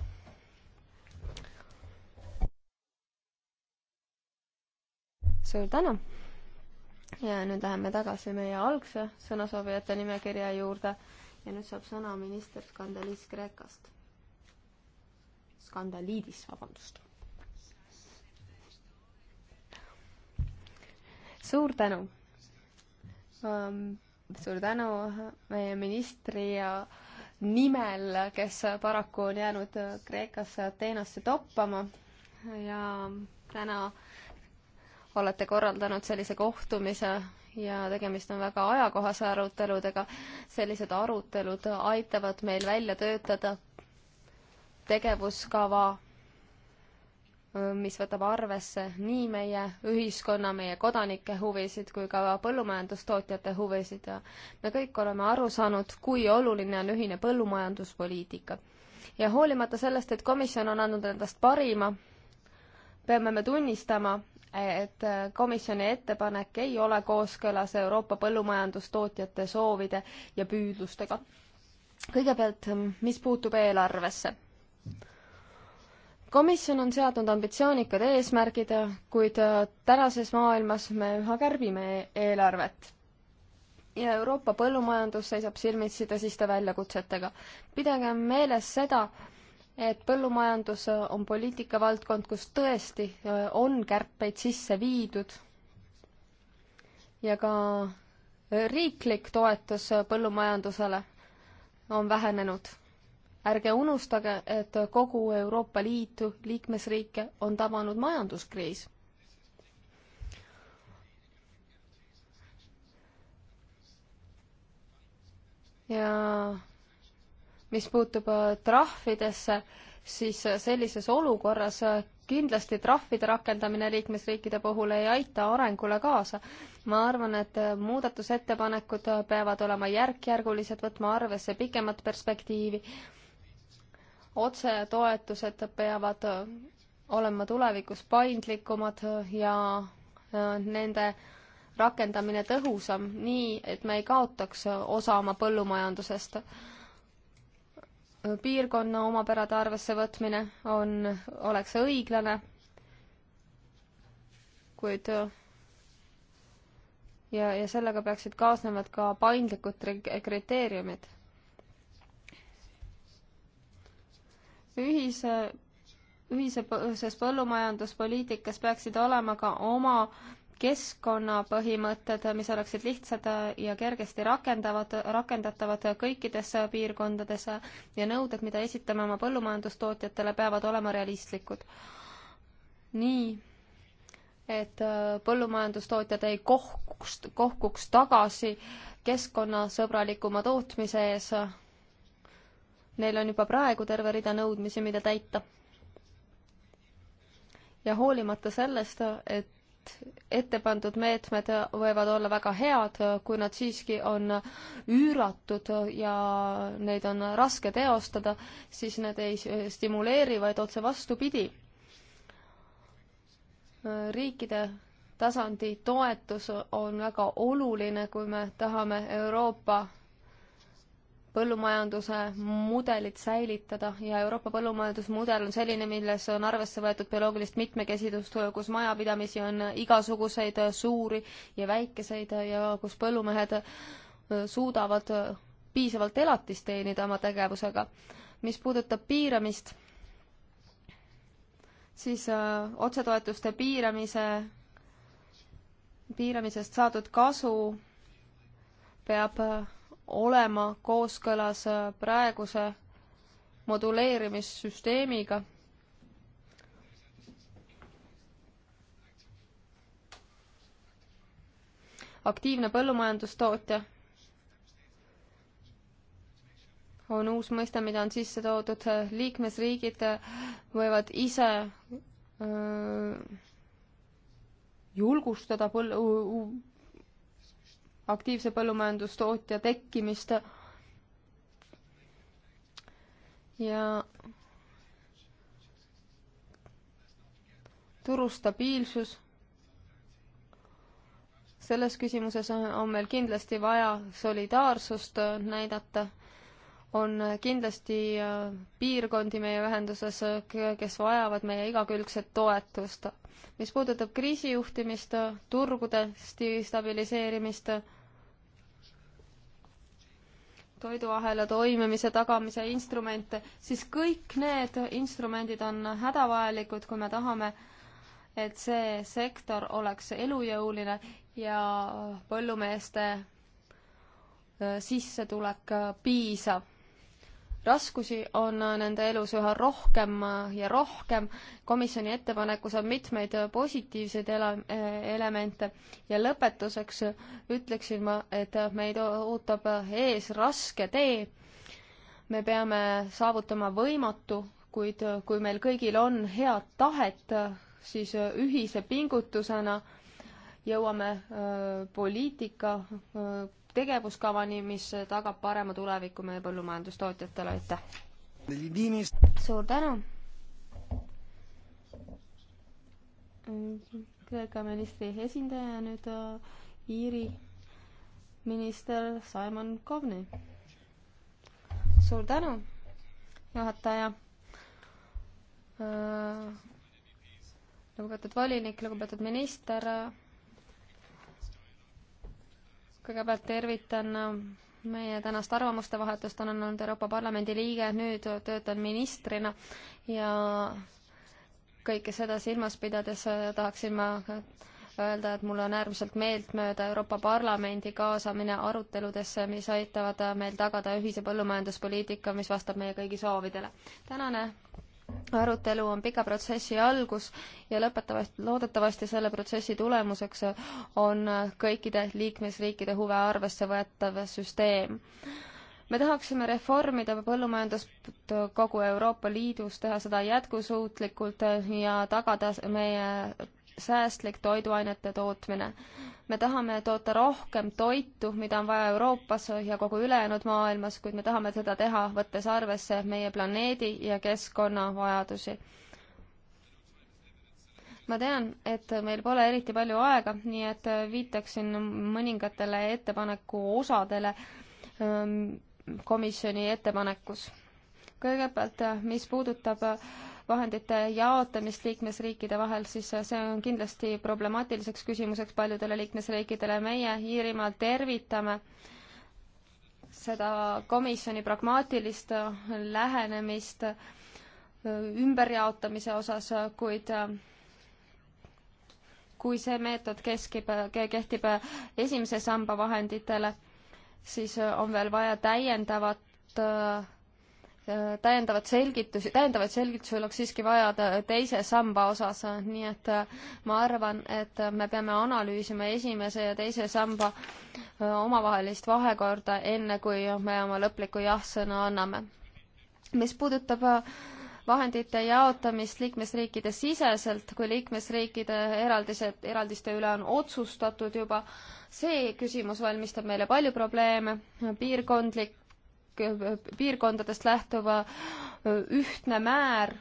suur tänu! ja nüüd läheme tagasi meie algse sõnasoovijate nimekirja juurde ja nüüd saab sõna minister Skandalis Kreekast. Skandaliidis, vabandust suur tänu um,! suur tänu meie ministri ja nimel, kes paraku on jäänud Kreekasse Ateenasse toppama ja täna olete korraldanud sellise kohtumise ja tegemist on väga ajakohase aruteludega. sellised arutelud aitavad meil välja töötada tegevuskava mis võtab arvesse nii meie ühiskonna, meie kodanike huvisid kui ka põllumajandustootjate huvisid ja me kõik oleme aru saanud, kui oluline on ühine põllumajanduspoliitika. ja hoolimata sellest, et komisjon on andnud endast parima, peame me tunnistama, et komisjoni ettepanek ei ole kooskõlas Euroopa põllumajandustootjate soovide ja püüdlustega. kõigepealt, mis puutub eelarvesse komisjon on seadnud ambitsioonikad eesmärgid, kuid äh, tänases maailmas me üha kärbime e-, eelarvet. ja Euroopa põllumajandus seisab silmitsi tõsiste väljakutsetega. pidage meeles seda, et põllumajandus äh, on poliitikavaldkond, kus tõesti äh, on kärpeid sisse viidud ja ka riiklik toetus põllumajandusele on vähenenud ärge unustage, et kogu Euroopa Liitu liikmesriike on tabanud majanduskriis. ja mis puutub äh, trahvidesse, siis äh, sellises olukorras äh, kindlasti trahvide rakendamine liikmesriikide puhul ei aita arengule kaasa. ma arvan, et muudatusettepanekud peavad olema järk-järgulised, võtma arvesse pikemat perspektiivi otsetoetused peavad äh, olema tulevikus paindlikumad äh, ja äh, nende rakendamine tõhusam, nii et me ei kaotaks osa oma põllumajandusest. piirkonna omapärade arvesse võtmine on, oleks õiglane, kuid ja, ja sellega peaksid kaasnevad ka paindlikud kriteeriumid ühise, ühise põhises põllumajanduspoliitikas peaksid olema ka oma keskkonnapõhimõtted, mis oleksid lihtsad ja kergesti rakendavad, rakendatavad kõikides piirkondades ja nõuded, mida esitame oma põllumajandustootjatele, peavad olema realistlikud. nii, et äh, põllumajandustootjad ei kohkuks, kohkuks tagasi keskkonnasõbralikuma tootmise ees Neil on juba praegu terve rida nõudmisi, mida täita. ja hoolimata sellest, et ette pandud meetmed võivad olla väga head, kui nad siiski on üüratud ja neid on raske teostada, siis need ei stimuleeri, vaid otse vastupidi. riikide tasandi toetus on väga oluline, kui me tahame Euroopa põllumajanduse mudelit säilitada ja Euroopa põllumajandusmudel on selline, milles on arvesse võetud bioloogilist mitmekesidust, kus majapidamisi on igasuguseid suuri ja väikeseid ja kus põllumehed suudavad piisavalt elatist teenida oma tegevusega. mis puudutab piiramist, siis öö, äh, otsetoetuste piiramise, piiramisest saadud kasu peab öö, äh, olema kooskõlas äh, praeguse moduleerimissüsteemiga. aktiivne põllumajandustootja on uus mõiste, mida on sisse toodud, liikmesriigid võivad ise öö, äh, julgustada põl-, aktiivse põllumajandustootja tekkimist. ja turu stabiilsus. selles küsimuses on meil kindlasti vaja solidaarsust näidata. on kindlasti äh, piirkondi meie ühenduses, kes vajavad meie igakülgset toetust. mis puudutab kriisijuhtimist, turgude stabiliseerimist toiduahela toimimise tagamise instrumente, siis kõik need instrumendid on hädavajalikud, kui me tahame, et see sektor oleks elujõuline ja põllumeeste äh, sissetulek äh, piisav raskusi on nende elus üha rohkem ja rohkem. komisjoni ettepanekus on mitmeid positiivseid ele-, elemente ja lõpetuseks ütleksin ma, et meid ootab ees raske tee. me peame saavutama võimatu, kuid kui meil kõigil on head tahet, siis ühise pingutusena jõuame öö, äh, poliitika öö, äh, tegevuskavani, mis tagab parema tuleviku meie põllumajandustootjatele, aitäh! suur tänu! Kreeka ministri esindaja ja nüüd äh, Iiri minister Simon Kovni. suur tänu, juhataja! Äh, lugupeetud volinik, lugupeetud minister, kõigepealt tervitan äh, meie tänast arvamuste vahetust, olen olnud Euroopa Parlamendi liige, nüüd töötan ministrina ja kõike seda silmas pidades äh, tahaksin ma öelda, et mulle on äärmiselt meeltmööda Euroopa Parlamendi kaasamine aruteludesse, mis aitavad äh, meil tagada ühise põllumajanduspoliitika, mis vastab meie kõigi soovidele. tänane arutelu on pika protsessi algus ja lõpetavasti, loodetavasti selle protsessi tulemuseks on kõikide liikmesriikide huve arvesse võetav süsteem. me tahaksime reformida põllumajandust kogu Euroopa Liidus, teha seda jätkusuutlikult ja tagada meie säästlik toiduainete tootmine me tahame toota rohkem toitu, mida on vaja Euroopas ja kogu ülejäänud maailmas, kuid me tahame seda teha, võttes arvesse meie planeedi ja keskkonna vajadusi. ma tean, et meil pole eriti palju aega, nii et viitaksin mõningatele ettepaneku osadele ähm, komisjoni ettepanekus. kõigepealt, mis puudutab äh, vahendite jaotamist liikmesriikide vahel, siis see on kindlasti problemaatiliseks küsimuseks paljudele liikmesriikidele. meie Iirimaal tervitame seda komisjoni pragmaatilist lähenemist äh, ümberjaotamise osas, kuid äh, kui see meetod keskib, kehtib esimese samba vahenditele, siis äh, on veel vaja täiendavat täiendavat selgitusi, täiendavaid selgitusi oleks siiski vaja teise samba osas, nii et äh, ma arvan, et me peame analüüsima esimese ja teise samba äh, omavahelist vahekorda, enne kui me oma lõpliku jah-sõna anname. mis puudutab äh, vahendite jaotamist liikmesriikide siseselt, kui liikmesriikide eraldised, eraldiste üle on otsustatud juba, see küsimus valmistab meile palju probleeme, piirkondlik piirkondadest lähtuva ühtne määr,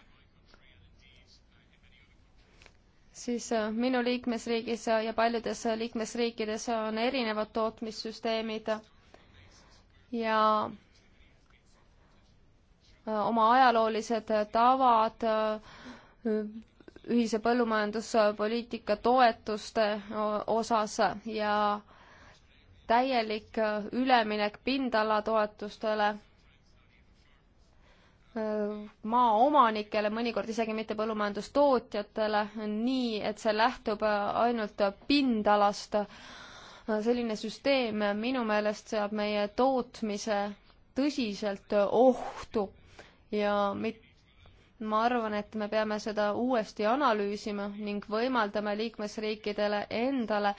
siis minu liikmesriigis ja paljudes liikmesriikides on erinevad tootmissüsteemid ja oma ajaloolised tavad, ühise põllumajanduspoliitika toetuste osas ja täielik äh, üleminek pindalatoetustele äh, maaomanikele, mõnikord isegi mitte põllumajandustootjatele, nii et see lähtub äh, ainult pindalast. selline süsteem minu meelest seab meie tootmise tõsiselt ohtu ja mit-, ma arvan, et me peame seda uuesti analüüsima ning võimaldame liikmesriikidele endale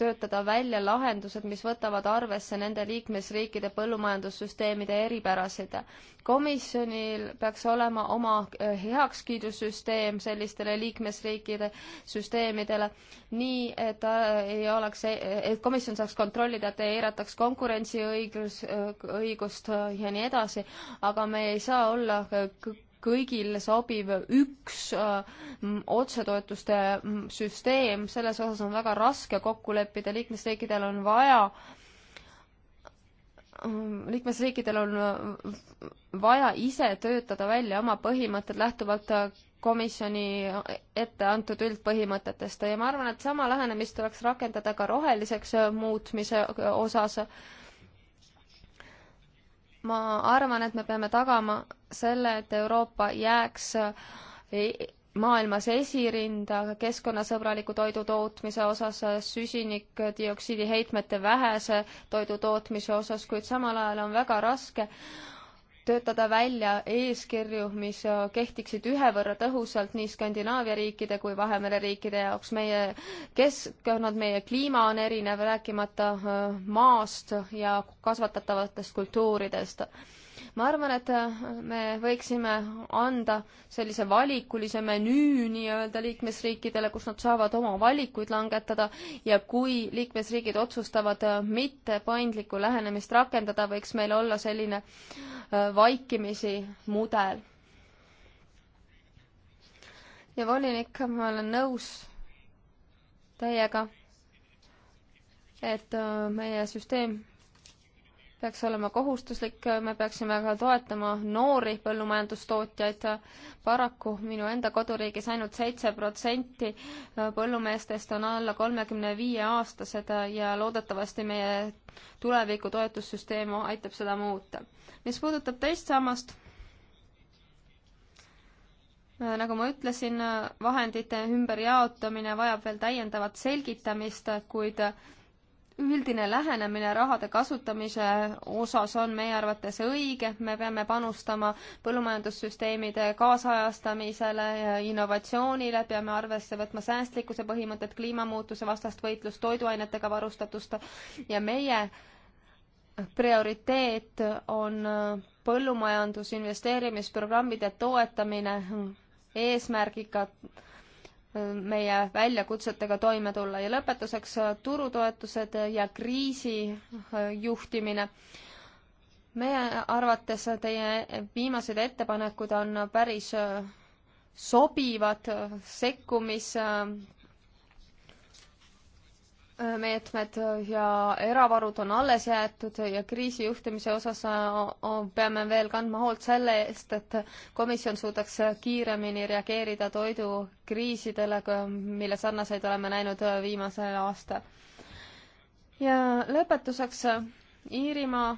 töötada välja lahendused, mis võtavad arvesse nende liikmesriikide põllumajandussüsteemide eripärasid. komisjonil peaks olema oma äh, heakskiidusüsteem sellistele liikmesriikide süsteemidele, nii et äh, ei oleks, e-, et komisjon saaks kontrollida, et ei eirataks konkurentsiõigus, õigust ja nii edasi, aga me ei saa olla kõigil sobiv üks äh, otsetoetuste süsteem, selles osas on väga raske kokku leppida, liikmesriikidel on vaja äh, liikmesriikidel on äh, vaja ise töötada välja oma põhimõtted lähtuvalt komisjoni ette antud üldpõhimõtetest ja ma arvan, et sama lähenemist tuleks rakendada ka roheliseks muutmise osas ma arvan, et me peame tagama selle, et Euroopa jääks e, maailmas esirinda keskkonnasõbraliku toidu tootmise osas, süsinikdioksiidi heitmete vähese toidu tootmise osas, kuid samal ajal on väga raske töötada välja eeskirju, mis äh, kehtiksid ühe võrra tõhusalt nii Skandinaavia riikide kui Vahemere riikide jaoks. meie keskkonnad, meie kliima on erinev, rääkimata äh, maast ja kasvatatavatest kultuuridest ma arvan, et äh, me võiksime anda sellise valikulise menüü nii-öelda liikmesriikidele, kus nad saavad oma valikuid langetada ja kui liikmesriigid otsustavad äh, mitte paindlikku lähenemist rakendada, võiks meil olla selline äh, vaikimisi mudel. ja volinik, ma olen nõus teiega, et meie süsteem peaks olema kohustuslik, me peaksime ka toetama noori põllumajandustootjaid. paraku minu enda koduriigis ainult seitse protsenti põllumeestest on alla kolmekümne viie aastased ja loodetavasti meie tuleviku toetussüsteem aitab seda muuta. mis puudutab teist sammast, nagu ma ütlesin, vahendite ümberjaotamine vajab veel täiendavat selgitamist, kuid üldine lähenemine rahade kasutamise osas on meie arvates õige, me peame panustama põllumajandussüsteemide kaasajastamisele ja innovatsioonile, peame arvesse võtma säästlikkuse põhimõtet, kliimamuutuse vastast võitlust, toiduainetega varustatust ja meie prioriteet on põllumajandusinvesteerimisprogrammide toetamine eesmärgiga meie väljakutsetega toime tulla ja lõpetuseks äh, turutoetused ja kriisijuhtimine. Äh, meie arvates teie viimased ettepanekud on päris äh, sobivad sekkumis meetmed ja eravarud on alles jäetud ja kriisijuhtimise osas äh, peame veel kandma hoolt selle eest, et komisjon suudaks kiiremini reageerida toidukriisidele, mille sarnaseid oleme näinud viimasel aastal. ja lõpetuseks Iirimaa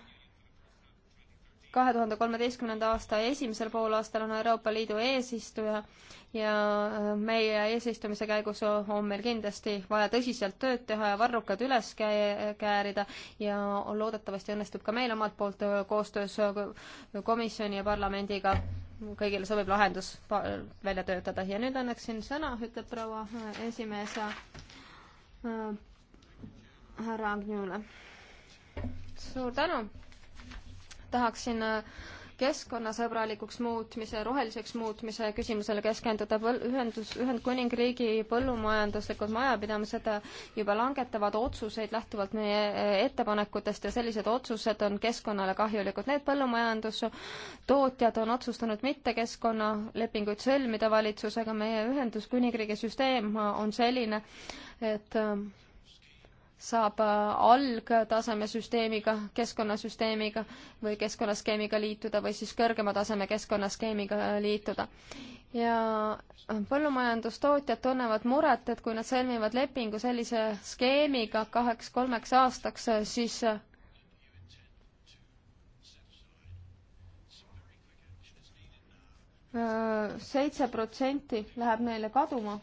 kahe tuhande kolmeteistkümnenda aasta esimesel poolaastal on Euroopa Liidu eesistuja ja äh, meie eesistumise käigus on meil kindlasti vaja tõsiselt tööd teha ja varrukad üles käe, käärida ja loodetavasti õnnestub ka meil omalt poolt äh, koostöös äh, komisjoni ja parlamendiga kõigile sobiv lahendus välja töötada. ja nüüd annaksin sõna, ütleb proua esimees härra Agnule. suur tänu! tahaksin äh, keskkonnasõbralikuks muutmise, roheliseks muutmise küsimusele keskenduda. ühendus, Ühendkuningriigi põllumajanduslikud majapidamised äh, juba langetavad otsuseid lähtuvalt meie äh, ettepanekutest ja sellised otsused on keskkonnale kahjulikud. Need põllumajandustootjad on otsustanud mitte keskkonnalepinguid sõlmida valitsusega. meie Ühendkuningriigi süsteem on selline, et saab äh, algtaseme süsteemiga, keskkonnasüsteemiga või keskkonnaskeemiga liituda või siis kõrgema taseme keskkonnaskeemiga äh, liituda. ja äh, põllumajandustootjad tunnevad muret, et kui nad sõlmivad lepingu sellise skeemiga kaheks-kolmeks aastaks, siis seitse protsenti läheb neile kaduma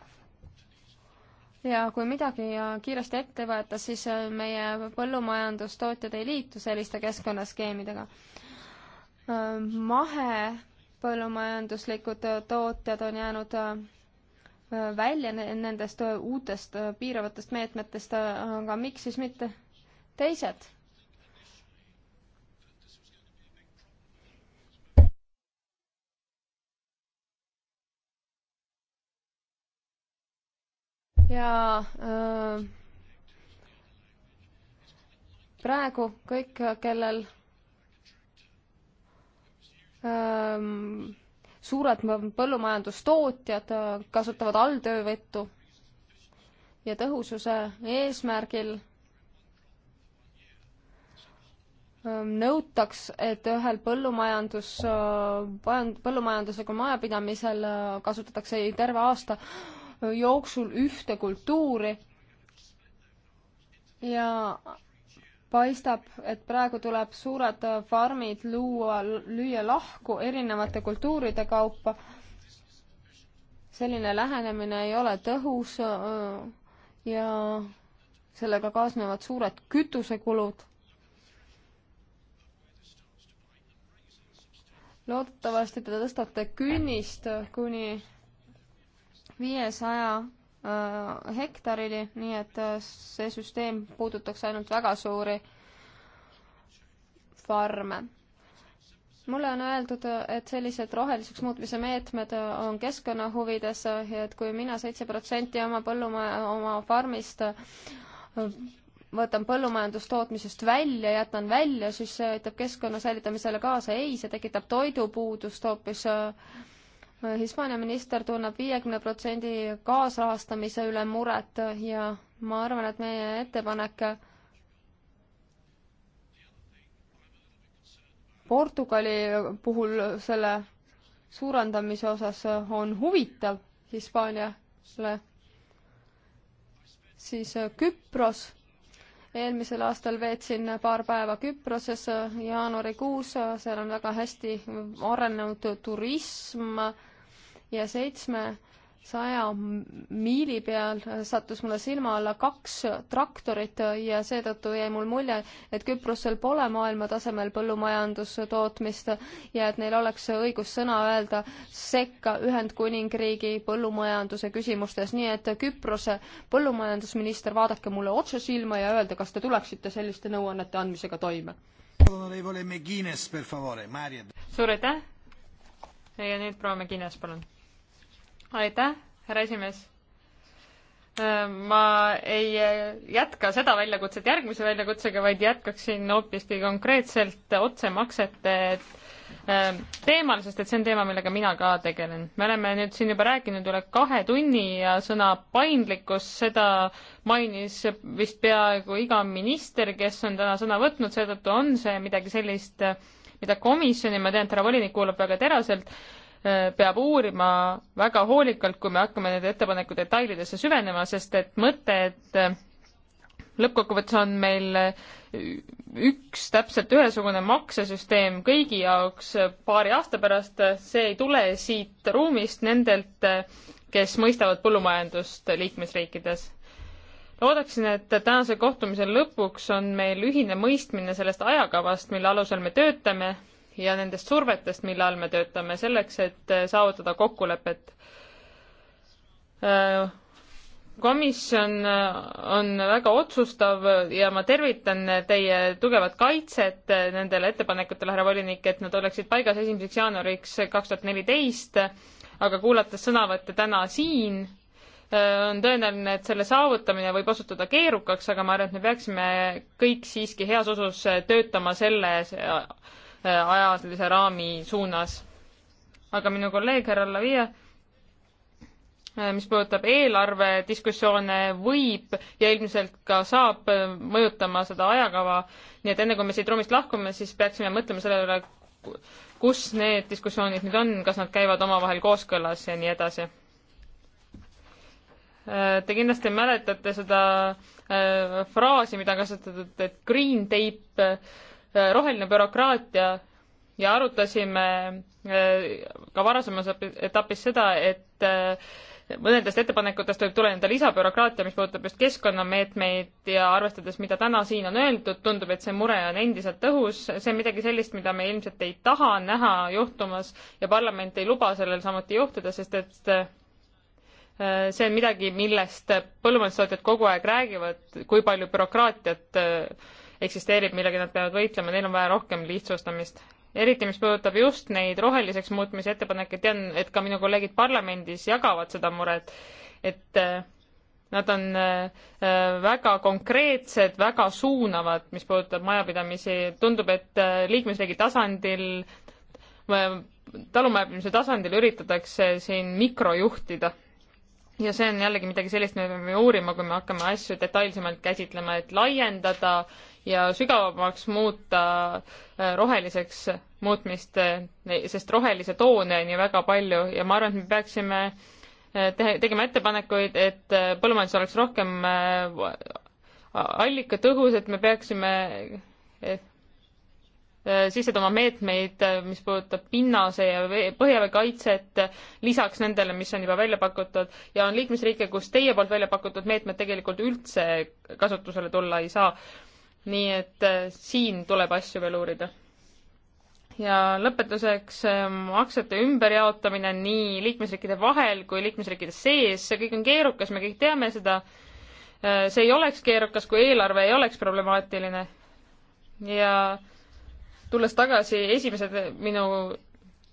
ja kui midagi äh, kiiresti ette võeta, siis äh, meie põllumajandustootjad ei liitu selliste keskkonnaskeemidega. Äh, mahepõllumajanduslikud tootjad on jäänud välja nendest uutest piiravatest meetmetest, aga miks siis mitte teised? ja öö, äh, praegu kõik, kellel öö, ähm, suured põllumajandustootjad äh, kasutavad alltöövõttu ja tõhususe eesmärgil ähm, nõutaks, et ühel põllumajandus, äh, põllumajanduse kui majapidamisel kasutatakse terve aasta jooksul ühte kultuuri ja paistab, et praegu tuleb suured farmid luua, lüüa lahku erinevate kultuuride kaupa. selline lähenemine ei ole tõhus äh, ja sellega kaasnevad suured kütusekulud. loodetavasti te tõstate künnist kuni viiesaja äh, hektarini, nii et äh, see süsteem puudutaks ainult väga suuri farme. mulle on öeldud, et sellised roheliseks muutmise meetmed on keskkonna huvides ja et kui mina seitse protsenti oma põllumaja, oma farmist äh, võtan põllumajandustootmisest välja, jätan välja, siis see aitab keskkonna säilitamisele kaasa. ei, see tekitab toidupuudust hoopis äh, Hispaania minister tunneb viiekümne protsendi kaasrahastamise üle muret ja ma arvan, et meie ettepanek Portugali puhul selle suurendamise osas on huvitav Hispaaniale, siis Küpros eelmisel aastal veetsin paar päeva Küproses jaanuarikuus, seal on väga hästi arenenud turism ja seitsmesaja miili peal sattus mulle silma alla kaks traktorit ja seetõttu jäi mul mulje, et Küprosel pole maailma tasemel põllumajandustootmist ja et neil oleks õigus sõna öelda sekka Ühendkuningriigi põllumajanduse küsimustes, nii et Küprose põllumajandusminister, vaadake mulle otse silma ja öelge, kas te tuleksite selliste nõuannete andmisega toime. suur aitäh! ja nüüd proua McGuinness, palun aitäh, härra esimees. Äh, ma ei äh, jätka seda väljakutset järgmise väljakutsega, vaid jätkaksin hoopiski konkreetselt otsemaksete äh, teemal, sest et see on teema, millega mina ka tegelen. me oleme nüüd siin juba rääkinud üle kahe tunni ja sõna paindlikkus, seda mainis vist peaaegu iga minister, kes on täna sõna võtnud, seetõttu on see midagi sellist, mida komisjoni, ma tean, et härra volinik kuulab väga teraselt, peab uurima väga hoolikalt, kui me hakkame neid ettepaneku detailidesse süvenema, sest et mõte, et lõppkokkuvõttes on meil üks täpselt ühesugune maksesüsteem kõigi jaoks paari aasta pärast, see ei tule siit ruumist nendelt, kes mõistavad põllumajandust liikmesriikides loodaksin, et tänase kohtumise lõpuks on meil ühine mõistmine sellest ajakavast, mille alusel me töötame ja nendest survetest, mille all me töötame, selleks, et äh, saavutada kokkulepet. Äh, komisjon äh, on väga otsustav ja ma tervitan teie tugevat kaitset nendele ettepanekutele, härra volinik, et nad oleksid paigas esimeseks jaanuariks kaks tuhat neliteist, aga kuulates sõnavõtte täna siin, on tõenäoline, et selle saavutamine võib osutuda keerukaks, aga ma arvan, et me peaksime kõik siiski heas usus töötama selle Äh, ajalise raami suunas. aga minu kolleeg härra Lavia, äh, mis puudutab eelarve diskussioone, võib ja ilmselt ka saab äh, mõjutama seda ajakava, nii et enne kui me siit ruumist lahkume, siis peaksime mõtlema selle üle, kus need diskussioonid nüüd on, kas nad käivad omavahel kooskõlas ja nii edasi. Te kindlasti mäletate seda fraasi, mida on kasutatud, et green tape Äh, roheline bürokraatia ja arutasime äh, ka varasemas etapis seda, et äh, mõnedest ettepanekutest võib tuleneda lisabürokraatia, mis puudutab just keskkonnameetmeid ja arvestades, mida täna siin on öeldud, tundub, et see mure on endiselt õhus, see on midagi sellist, mida me ilmselt ei taha näha juhtumas ja parlament ei luba sellel samuti juhtuda, sest et see on midagi, millest põllumajandustootjad kogu aeg räägivad, kui palju bürokraatiat eksisteerib, millega nad peavad võitlema, neil on vaja rohkem lihtsustamist. eriti, mis puudutab just neid roheliseks muutmise ettepanekuid, tean, et ka minu kolleegid parlamendis jagavad seda muret, et äh, nad on äh, äh, väga konkreetsed, väga suunavad, mis puudutab majapidamisi, tundub, et liikmesriigi tasandil talumajapidamise tasandil üritatakse siin mikrojuhtida. ja see on jällegi midagi sellist, mida me peame uurima, kui me hakkame asju detailsemalt käsitlema, et laiendada ja sügavamaks muuta äh, roheliseks muutmist, äh, sest rohelise toone on ju väga palju ja ma arvan, et me peaksime äh, tehe, tegema ettepanekuid, et põllumajandus oleks rohkem allikatõhus, et me peaksime sisse tooma meetmeid, mis puudutab pinnase ja põhjavee kaitset, lisaks nendele, mis on juba välja pakutud ja on liikmesriike, kus teie poolt välja pakutud meetmed tegelikult üldse kasutusele tulla ei saa nii et äh, siin tuleb asju veel uurida. ja lõpetuseks maksete ähm, ümberjaotamine nii liikmesriikide vahel kui liikmesriikide sees, see kõik on keerukas, me kõik teame seda. Äh, see ei oleks keerukas, kui eelarve ei oleks problemaatiline. ja tulles tagasi esimese, minu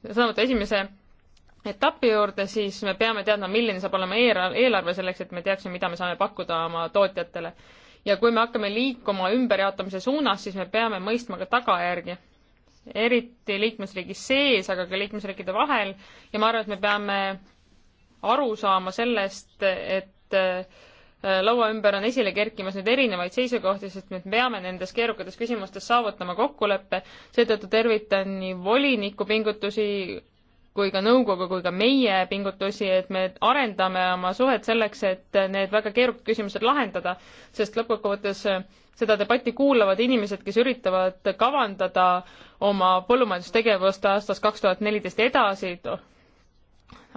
sõnavõtu esimese etapi juurde, siis me peame teadma, milline saab olema eelarve selleks, et me teaksime, mida me saame pakkuda oma tootjatele ja kui me hakkame liikuma ümberjaotamise suunas, siis me peame mõistma ka tagajärgi. eriti liikmesriigi sees, aga ka liikmesriikide vahel ja ma arvan, et me peame aru saama sellest, et äh, laua ümber on esile kerkimas nüüd erinevaid seisukohti, sest me peame nendes keerukates küsimustes saavutama kokkuleppe, seetõttu tervitan nii voliniku pingutusi kui ka nõukogu kui ka meie pingutusi, et me arendame oma suhet selleks, et need väga keerukad küsimused lahendada, sest lõppkokkuvõttes äh, seda debatti kuulavad inimesed, kes üritavad kavandada oma põllumajandustegevust aastast kaks tuhat neliteist edasi,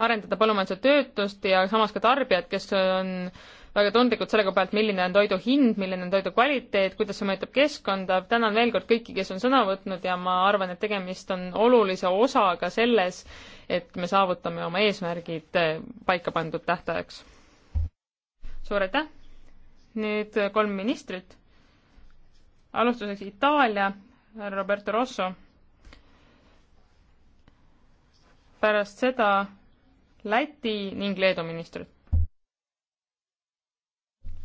arendada põllumajanduse töötust ja samas ka tarbijad, kes on äh, väga tundlikud selle koha pealt, milline on toidu hind, milline on toidu kvaliteet, kuidas see mõjutab keskkonda. tänan veel kord kõiki, kes on sõna võtnud ja ma arvan, et tegemist on olulise osaga selles, et me saavutame oma eesmärgid eh, paika pandud tähtajaks. suur aitäh! nüüd kolm ministrit. alustuseks Itaalia, härra Roberto Rosso. pärast seda Läti ning Leedu ministrit.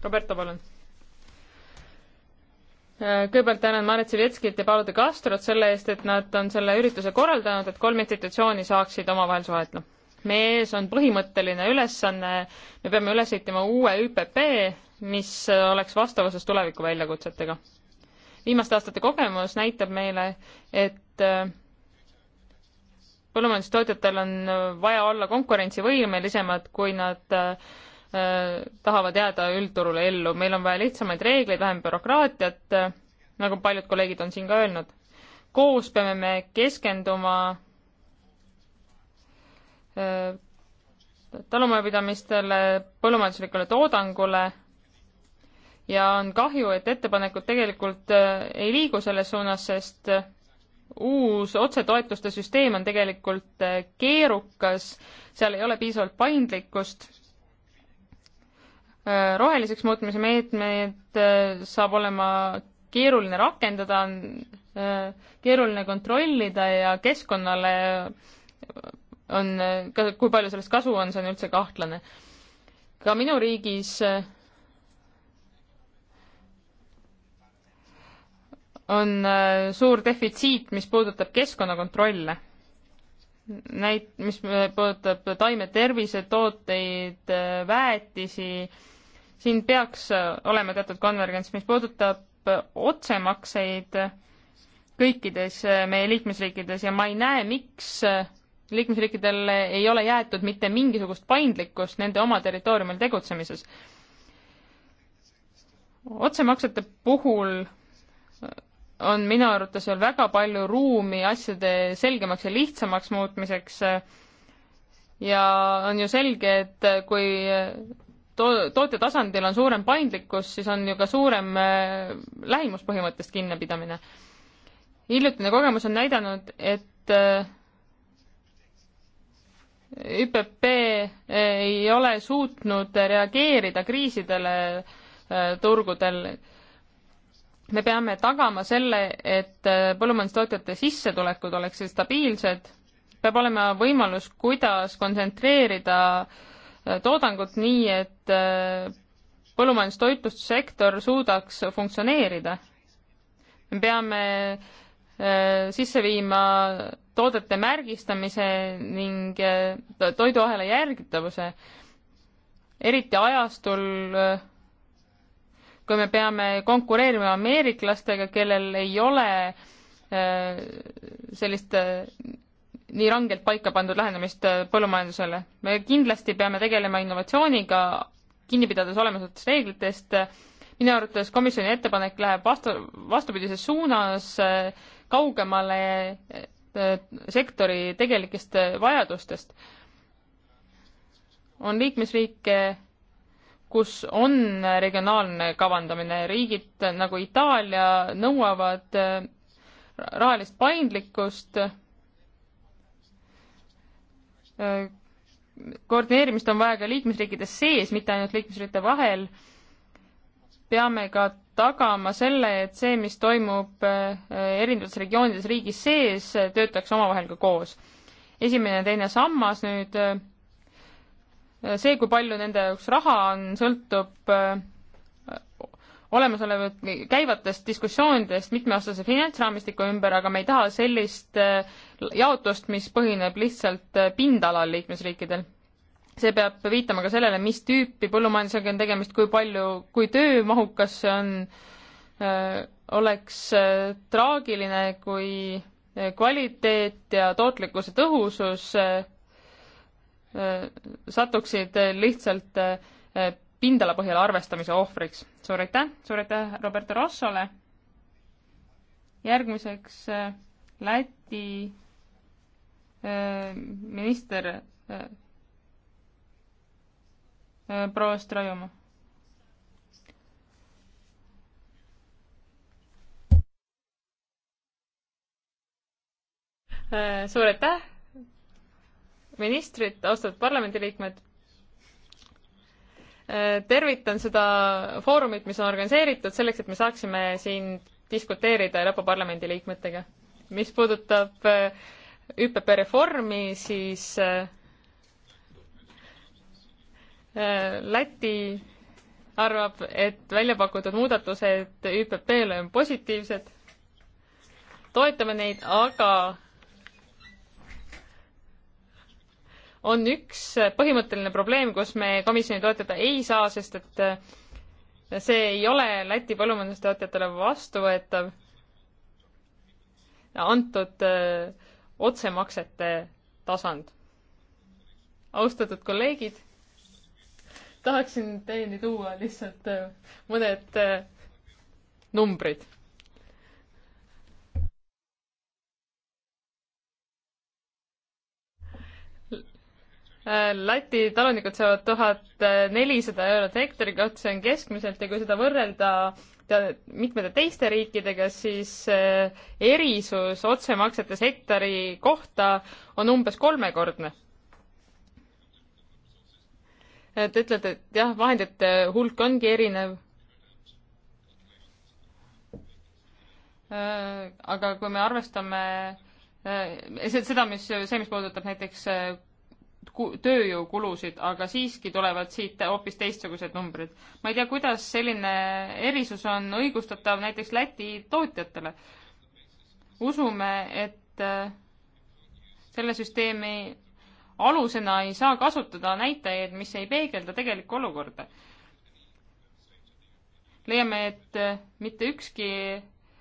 Roberto, palun. kõigepealt tänan Maret Sivetskit ja Paolo de Castrot selle eest, et nad on selle ürituse korraldanud, et kolm institutsiooni saaksid omavahel suhetleda. meie ees on põhimõtteline ülesanne, me peame üles ehitama uue ÜPP, mis oleks vastavuses tuleviku väljakutsetega. viimaste aastate kogemus näitab meile, et äh, põllumajandustootjatel on vaja olla konkurentsivõimelisemad, kui nad äh, Äh, tahavad jääda üldturule ellu, meil on vaja lihtsamaid reegleid, vähem bürokraatiat, äh, nagu paljud kolleegid on siin ka öelnud. koos peame me keskenduma äh, talumajapidamistele, põllumajanduslikule toodangule ja on kahju, et ettepanekud tegelikult ei liigu selles suunas, sest uus otsetoetuste süsteem on tegelikult keerukas, seal ei ole piisavalt paindlikkust Äh, roheliseks muutmise meetmeid äh, saab olema keeruline rakendada, on äh, keeruline kontrollida ja keskkonnale on, kui palju sellest kasu on, see on üldse kahtlane. ka minu riigis on suur defitsiit, mis puudutab keskkonnakontrolle näit-, mis puudutab taimetervisetooteid, väetisi, siin peaks olema teatud konvergents, mis puudutab otsemakseid kõikides meie liikmesriikides ja ma ei näe, miks liikmesriikidel ei ole jäetud mitte mingisugust paindlikkust nende oma territooriumil tegutsemises. otsemaksete puhul on minu arvates veel väga palju ruumi asjade selgemaks ja lihtsamaks muutmiseks. ja on ju selge, et kui to-, toote tasandil on suurem paindlikkus, siis on ju ka suurem äh, lähimuspõhimõttest kinnipidamine. hiljutine kogemus on näidanud, et äh, ÜPP äh, ei ole suutnud reageerida kriisidele turgudel me peame tagama selle, et äh, põllumajandustootjate sissetulekud oleksid stabiilsed, peab olema võimalus, kuidas kontsentreerida äh, toodangut nii, et äh, põllumajandustoitlustussektor suudaks funktsioneerida. me peame sisse viima toodete märgistamise ning toiduahela järgitavuse, eriti ajastul, kui me peame konkureerima ameeriklastega, kellel ei ole äh, sellist äh, nii rangelt paika pandud lähenemist äh, põllumajandusele. me kindlasti peame tegelema innovatsiooniga, kinni pidades olemasolevatest reeglitest, minu arvates komisjoni ettepanek läheb vastu, vastupidises suunas, kaugemale sektori tegelikest vajadustest. on liikmesriike, kus on regionaalne kavandamine, riigid nagu Itaalia nõuavad äh, rahalist paindlikkust. Äh, koordineerimist on vaja ka liikmesriikide sees, mitte ainult liikmesriikide vahel. peame ka tagama selle, et see, mis toimub äh, erinevates regioonides riigi sees, töötaks omavahel ka koos. esimene ja teine sammas nüüd see, kui palju nende jaoks raha on, sõltub äh, olemasolevat, käivatest diskussioonidest mitmeaastase finantsraamistiku ümber, aga me ei taha sellist äh, jaotust, mis põhineb lihtsalt äh, pindalal liikmesriikidel. see peab viitama ka sellele, mis tüüpi põllumajandusega on tegemist, kui palju, kui töömahukas see on, oleks traagiline, kui kvaliteet ja tootlikkuse tõhusus Äh, satuksid äh, lihtsalt äh, pindala põhjal arvestamise ohvriks. suur aitäh, suur aitäh Roberto Rossole. järgmiseks Läti minister proua Strajumaa. suur aitäh ministrit, austatud parlamendiliikmed. Äh, tervitan seda foorumit, mis on organiseeritud selleks, et me saaksime siin diskuteerida Euroopa Parlamendi liikmetega. mis puudutab äh, ÜPP reformi, siis äh, Läti arvab, et välja pakutud muudatused ÜPP-le on positiivsed. toetame neid, aga on üks põhimõtteline probleem, kus me komisjoni toetada ei saa, sest et äh, see ei ole Läti põllumajandustootjatele vastuvõetav antud äh, otsemaksete tasand. austatud kolleegid, tahaksin teieni tuua lihtsalt äh, mõned numbrid Läti talunikud saavad tuhat nelisada eurot hektari kohta, see on keskmiselt ja kui seda võrrelda mitmete teiste riikidega, siis eh, erisus otsemaksetes hektari kohta on umbes kolmekordne. Te ütlete, et jah, vahendite hulk ongi erinev eh, aga kui me arvestame eh, seda, mis, see, mis puudutab näiteks tööjõukulusid, aga siiski tulevad siit hoopis teistsugused numbrid. ma ei tea, kuidas selline erisus on õigustatav näiteks Läti tootjatele. usume, et äh, selle süsteemi alusena ei saa kasutada näitajaid, mis ei peegelda tegelikku olukorda. leiame, et äh, mitte ükski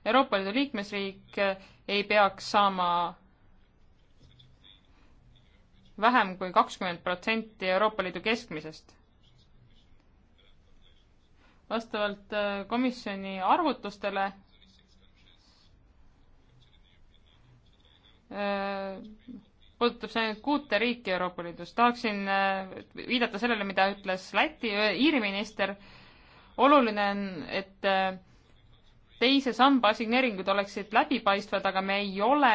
Euroopa Liidu liikmesriik äh, ei peaks saama vähem kui kakskümmend protsenti Euroopa Liidu keskmisest. vastavalt äh, komisjoni arvutustele äh, puudutab see ainult kuute riiki Euroopa Liidus. tahaksin äh, viidata sellele, mida ütles Läti, Iiri minister. oluline on, et teise samba assigneeringud oleksid läbipaistvad, aga me ei ole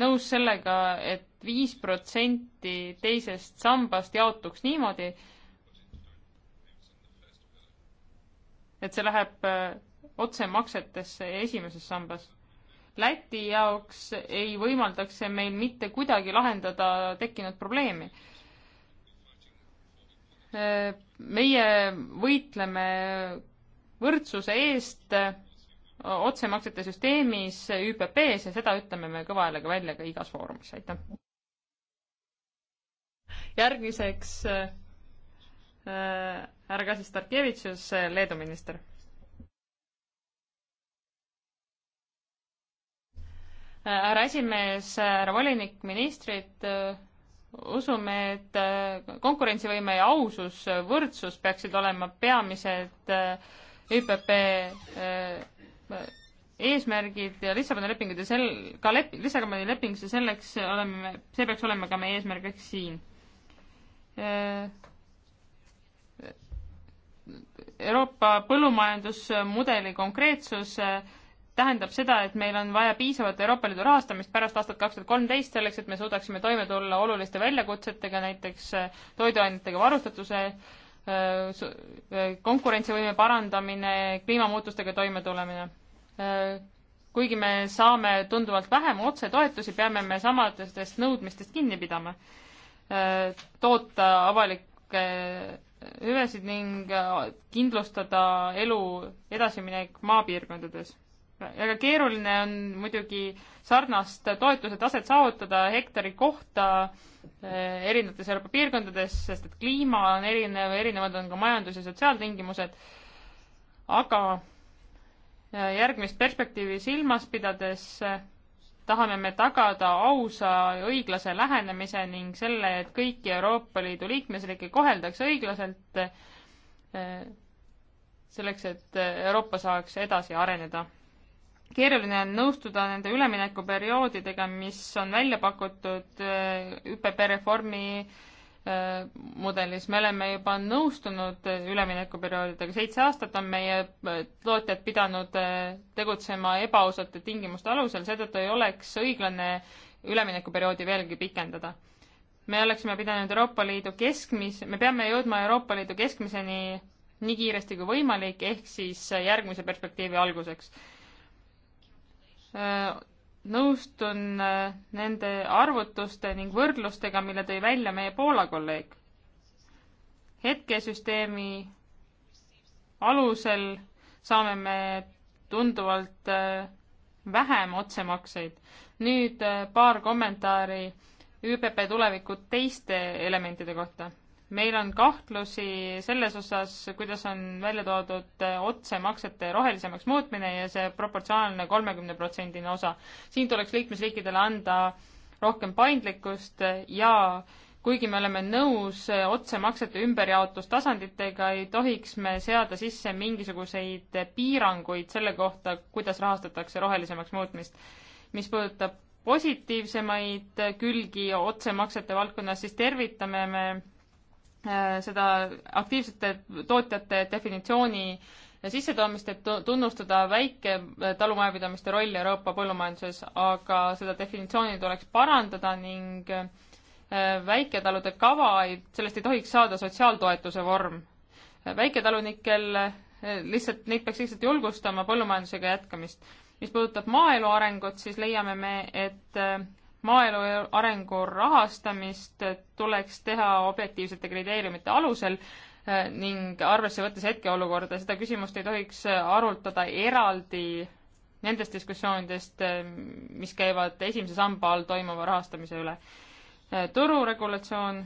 nõus sellega et, et viis protsenti teisest sambast jaotuks niimoodi, et see läheb äh, otsemaksetesse esimeses sambas. Läti jaoks ei võimaldaks see meil mitte kuidagi lahendada tekkinud probleemi äh, meie võitleme võrdsuse eest otsemaksete süsteemis ÜPP-s ja seda ütleme me kõva häälega välja ka igas foorumis, aitäh. järgmiseks äh, härra Kasis Starkevitšus, äh, Leedu minister. Äh, härra esimees, härra volinik, ministrid, usume, et konkurentsivõime ja ausus, võrdsus peaksid olema peamised ÜPP eesmärgid ja Lissaboni lepingud ja sel, ka lep-, Lissaboni leping, see selleks oleme, see peaks olema ka meie eesmärgiks siin. Euroopa põllumajandusmudeli konkreetsus tähendab seda, et meil on vaja piisavat Euroopa Liidu rahastamist pärast aastat kaks tuhat kolmteist selleks, et me suudaksime toime tulla oluliste väljakutsetega, näiteks toiduainetega varustatuse äh, Äh, äh, konkurentsivõime parandamine, kliimamuutustega toimetulemine. Äh, kuigi me saame tunduvalt vähem otsetoetusi, peame me samadest nõudmistest kinni pidama. toota avalikke hüvesid ning kindlustada elu edasiminek maapiirkondades väga keeruline on muidugi sarnast toetuse taset saavutada hektari kohta eh, erinevates Euroopa piirkondades, sest et kliima on erinev, erinevad on ka majandus- ja sotsiaaltingimused, aga eh, järgmist perspektiivi silmas pidades eh, tahame me tagada ausa ja õiglase lähenemise ning selle, et kõiki Euroopa Liidu liikmesriike koheldakse õiglaselt, selleks et Euroopa saaks edasi areneda keeruline on nõustuda nende üleminekuperioodidega, mis on välja pakutud äh, ÜPP reformi äh, mudelis, me oleme juba nõustunud äh, üleminekuperioodidega, seitse aastat on meie tootjad pidanud tegutsema ebaausate tingimuste alusel, seetõttu ei oleks õiglane üleminekuperioodi veelgi pikendada. me oleksime pidanud Euroopa Liidu keskmis, me peame jõudma Euroopa Liidu keskmiseni nii kiiresti kui võimalik, ehk siis järgmise perspektiivi alguseks Äh, nõustun äh, nende arvutuste ning võrdlustega, mille tõi välja meie Poola kolleeg. hetkesüsteemi alusel saame me tunduvalt äh, vähem otsemakseid. nüüd paar kommentaari ÜPP tuleviku teiste elementide kohta meil on kahtlusi selles osas, kuidas on välja toodud eh, otsemaksete rohelisemaks muutmine ja see proportsionaalne kolmekümne protsendine osa. siin tuleks liikmesriikidele anda rohkem paindlikkust ja kuigi me oleme nõus eh, otsemaksete ümberjaotustasanditega, ei tohiks me seada sisse mingisuguseid piiranguid selle kohta, kuidas rahastatakse rohelisemaks muutmist. mis puudutab positiivsemaid külgi otsemaksete valdkonnas, siis tervitame me Äh, seda aktiivsete tootjate definitsiooni sissetoomist, et tunnustada väiketalumajapidamiste äh, rolli Euroopa põllumajanduses, aga seda definitsiooni tuleks parandada ning äh, väiketalude kava ei, sellest ei tohiks saada sotsiaaltoetuse vorm. väiketalunikel lihtsalt, neid peaks lihtsalt julgustama põllumajandusega jätkamist. mis puudutab maaelu arengut, siis leiame me, et maaelu arengu rahastamist tuleks teha objektiivsete kriteeriumite alusel eh, ning arvesse võttes hetkeolukorda, seda küsimust ei tohiks arutada eraldi nendest diskussioonidest, eh, mis käivad esimese samba all toimuva rahastamise üle. Eh, tururegulatsioon,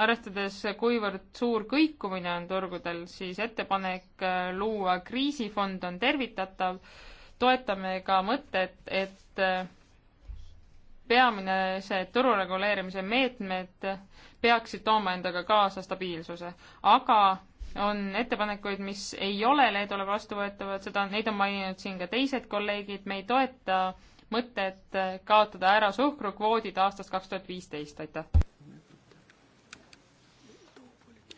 arvestades, kuivõrd suur kõikumine on turgudel, siis ettepanek luua kriisifond on tervitatav, toetame ka mõtet, et peamised turureguleerimise meetmed peaksid tooma endaga kaasa stabiilsuse, aga on ettepanekuid, mis ei ole Leedule vastuvõetavad, seda, neid on maininud siin ka teised kolleegid, me ei toeta mõtet kaotada ära suhkrukvoodid aastast kaks tuhat viisteist, aitäh.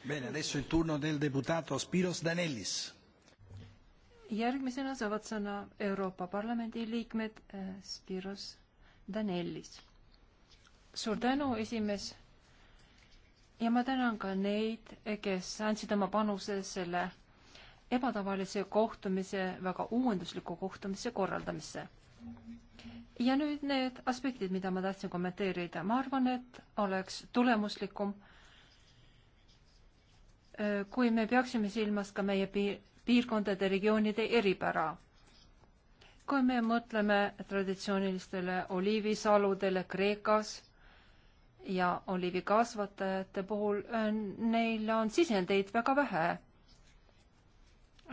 Bene, adesso il turno del deputato Spiros Danellis. järgmisena saavad sõna Euroopa Parlamendi liikmed eh, Spiros Danellis. suur tänu, esimees. ja ma tänan ka neid, kes andsid oma panuse selle ebatavalise kohtumise, väga uuendusliku kohtumise korraldamisse. ja nüüd need aspektid, mida ma tahtsin kommenteerida. ma arvan, et oleks tulemuslikum, äh, kui me peaksime silmas ka meie piir piirkondade, regioonide eripära kui me mõtleme traditsioonilistele oliivisaludele Kreekas ja oliivikasvatajate puhul, äh, neil on sisendeid väga vähe,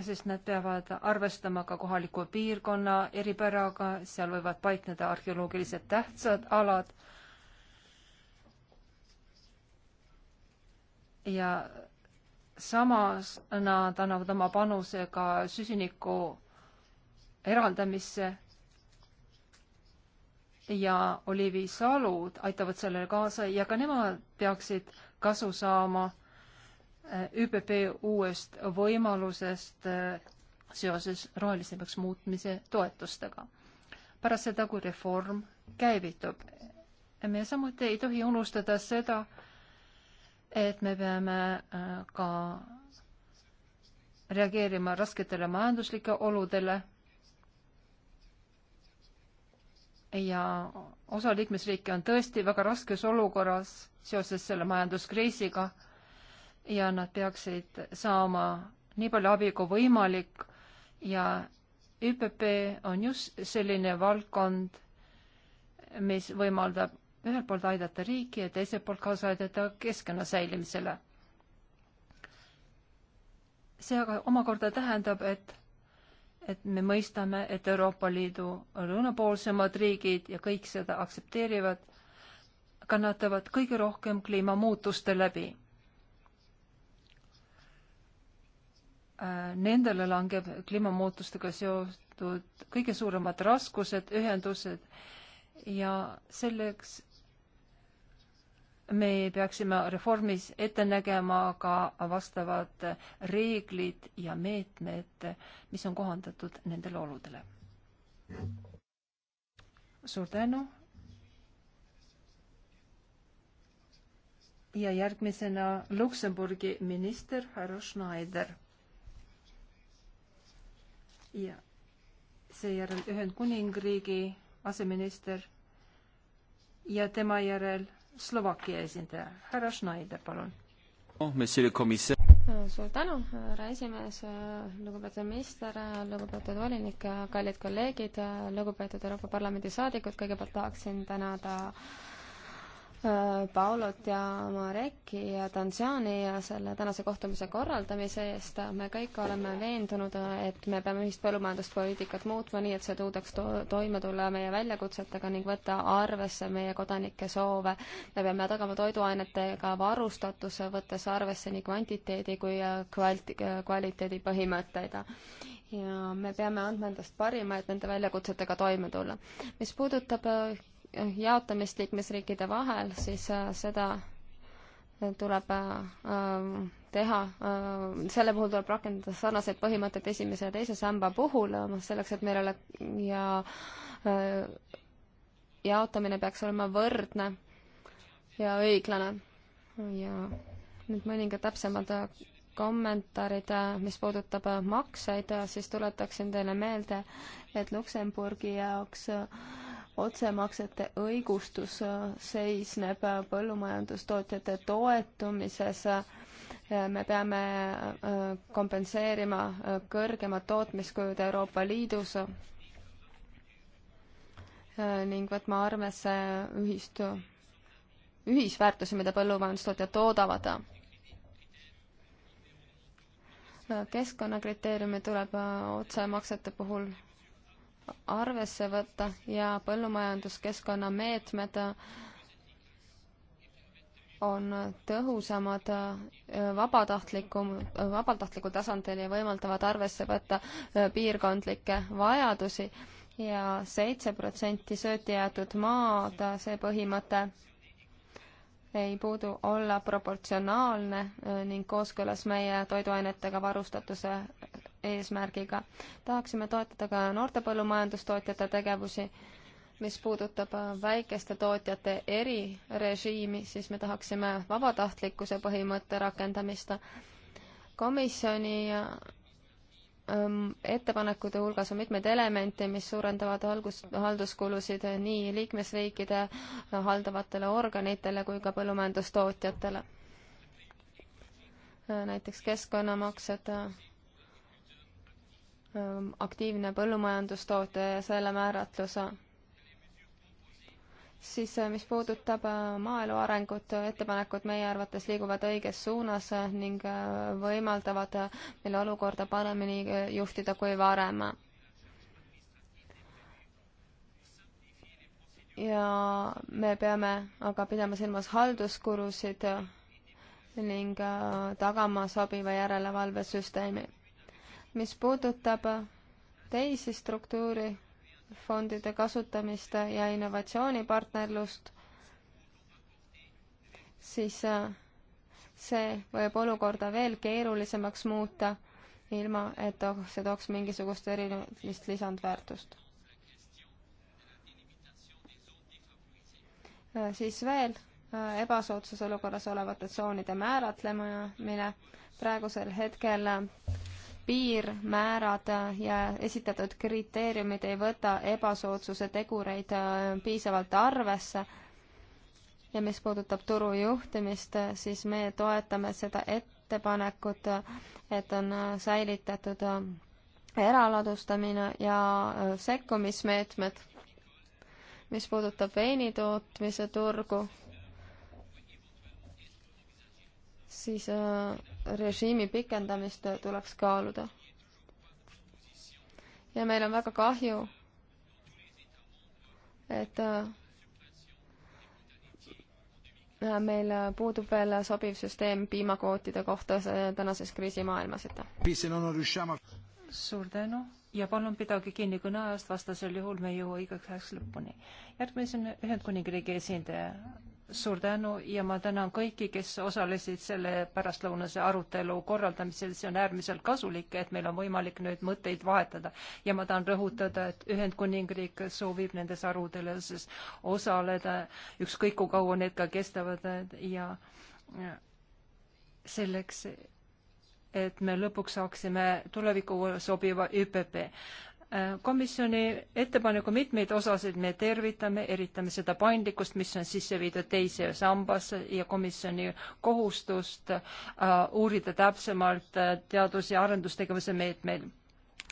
sest nad peavad arvestama ka kohaliku piirkonna eripäraga, seal võivad paikneda arheoloogiliselt tähtsad alad ja samas nad annavad oma panuse ka süsiniku eraldamisse ja Olivi Salud aitavad sellele kaasa ja ka nemad peaksid kasu saama eh, ÜPP uuest võimalusest eh, seoses rohelisemaks muutmise toetustega. pärast seda, kui reform käivitub, eh, me samuti ei tohi unustada seda, et me peame ka reageerima rasketele majanduslike oludele ja osa liikmesriike on tõesti väga raskes olukorras seoses selle majanduskriisiga ja nad peaksid saama nii palju abi kui võimalik ja ÜPP on just selline valdkond, mis võimaldab ühelt poolt aidata riiki ja teiselt poolt kaasa aidata keskkonna säilimisele. see aga omakorda tähendab, et et me mõistame, et Euroopa Liidu lõunapoolsemad riigid ja kõik seda aktsepteerivad, kannatavad kõige rohkem kliimamuutuste läbi. Äh, nendele langeb kliimamuutustega seotud kõige suuremad raskused, ühendused ja selleks me peaksime reformis ette nägema ka vastavad reeglid ja meetmed, mis on kohandatud nendele oludele. suur tänu. ja järgmisena Luksemburgi minister härra Schneider. ja seejärel Ühendkuningriigi aseminister ja tema järel Slovakkia esindaja, härra Schneider, palun oh,. Äh, suur tänu, härra esimees, äh, lugupeetud minister, äh, lugupeetud volinik, kallid kolleegid, lugupeetud Euroopa Parlamendi saadikud, kõigepealt tahaksin tänada ta Äh, Paulot ja Mareki ja Tansiani ja selle tänase kohtumise korraldamise eest. me kõik oleme veendunud, et me peame ühist põllumajanduspoliitikat muutma nii, et see suudaks to toime tulla meie väljakutsetega ning võtta arvesse meie kodanike soove. me peame tagama toiduainetega varustatuse, võttes arvesse nii kvantiteedi kui äh, kvalti-, äh, kvaliteedi põhimõtteid ja me peame andma endast parima, et nende väljakutsetega toime tulla. mis puudutab jaotamist liikmesriikide vahel, siis äh, seda äh, tuleb äh, ähm, teha, selle puhul tuleb rakendada sarnaseid põhimõtteid esimese ja teise samba puhul, noh, selleks et meil ole- ja jaotamine peaks olema võrdne ja õiglane. ja nüüd mõningad täpsemad kommentaarid, mis puudutab makseid, siis tuletaksin teile meelde, et Luksemburgi jaoks äh, otsemaksete õigustus äh, seisneb äh, põllumajandustootjate toetumises. Äh, me peame kompenseerima kõrgemad tootmiskujud Euroopa Liidus ning võtma arvesse ühist, ühisväärtusi, mida põllumajandustootjad toodavad. keskkonnakriteeriumi tuleb otsemaksete puhul arvesse võtta ja põllumajanduskeskkonna meetmed on tõhusamad vabatahtliku, vabatahtlikul tasandil ja võimaldavad arvesse võtta piirkondlikke vajadusi ja seitse protsenti sööti jäetud maad, see põhimõte ei puudu olla proportsionaalne ning kooskõlas meie toiduainetega varustatuse eesmärgiga. tahaksime toetada ka noorte põllumajandustootjate tegevusi, mis puudutab äh, väikeste tootjate erirežiimi, siis me tahaksime vabatahtlikkuse põhimõtte rakendamist. komisjoni äh, ähm, ettepanekute hulgas on mitmeid elemente, mis suurendavad algus, halduskulusid nii liikmesriikide äh, haldavatele organitele kui ka põllumajandustootjatele. näiteks keskkonnamaksed aktiivne põllumajandustoote ja selle määratluse. siis mis puudutab maaelu arengut, ettepanekud meie arvates liiguvad õiges suunas ning võimaldavad meil olukorda paremini juhtida kui varem. ja me peame aga pidama silmas halduskulusid ning tagama sobiva järelevalvesüsteemi mis puudutab teisi struktuurifondide kasutamist ja innovatsioonipartnerlust, siis äh, see võib olukorda veel keerulisemaks muuta, ilma et see tooks mingisugust erilist lisandväärtust. Äh, siis veel äh, ebasoodsas olukorras olevate tsoonide määratlemine, praegusel hetkel piirmäärad ja esitatud kriteeriumid ei võta ebasoodsuse tegureid äh, piisavalt arvesse ja mis puudutab turu juhtimist, siis me toetame seda ettepanekut, et on äh, säilitatud äh, eraladustamine ja sekkumismeetmed. mis puudutab veinitootmise turgu, siis äh, režiimi pikendamist tuleks kaaluda. ja meil on väga kahju, et äh, meil puudub veel sobiv süsteem piimakvootide kohta tänases kriisimaailmas, et suur tänu ja palun pidage kinni kõneajast, vastasel juhul me ei jõua igaks ajaks lõpuni. järgmisena Ühendkuningriigi esindaja suur tänu ja ma tänan kõiki, kes osalesid selle pärastlõunase arutelu korraldamisel, see on äärmiselt kasulik, et meil on võimalik nüüd mõtteid vahetada. ja ma tahan rõhutada, et Ühendkuningriik soovib nendes aruteludes osaleda, ükskõik kui kaua need ka kestavad ja, ja selleks, et me lõpuks saaksime tulevikku sobiva ÜPP. Äh, komisjoni ettepaneku mitmeid osasid me tervitame, eritame seda paindlikkust, mis on sisse viidud teise sambasse ja komisjoni kohustust uh, uurida täpsemalt äh, teadus- ja arendustegevuse meetmeid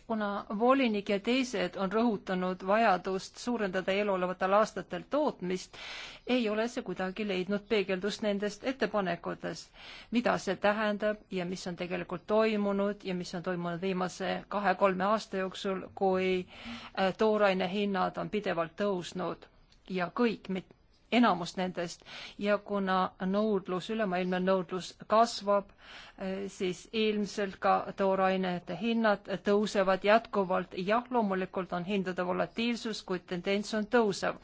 kuna volinik ja teised on rõhutanud vajadust suurendada eelolevatel aastatel tootmist, ei ole see kuidagi leidnud peegeldust nendest ettepanekutes, mida see tähendab ja mis on tegelikult toimunud ja mis on toimunud viimase kahe-kolme aasta jooksul, kui äh, tooraine hinnad on pidevalt tõusnud ja kõik, enamust nendest ja kuna nõudlus, ülemaailmne nõudlus kasvab, eh, siis ilmselt ka toorainete hinnad tõusevad jätkuvalt. jah, loomulikult on hindade volatiilsus, kuid tendents on tõusev.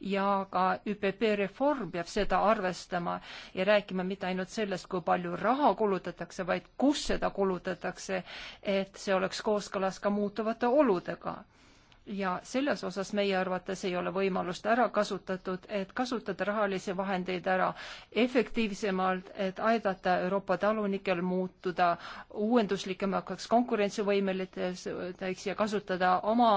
ja ka ÜPP reform peab seda arvestama ja rääkima mitte ainult sellest, kui palju raha kulutatakse, vaid kus seda kulutatakse, et see oleks kooskõlas ka muutuvate oludega ja selles osas meie arvates ei ole võimalust ära kasutatud, et kasutada rahalisi vahendeid ära efektiivsemalt, et aidata Euroopa talunikel muutuda uuenduslikemaks konkurentsivõimeliteks ja kasutada oma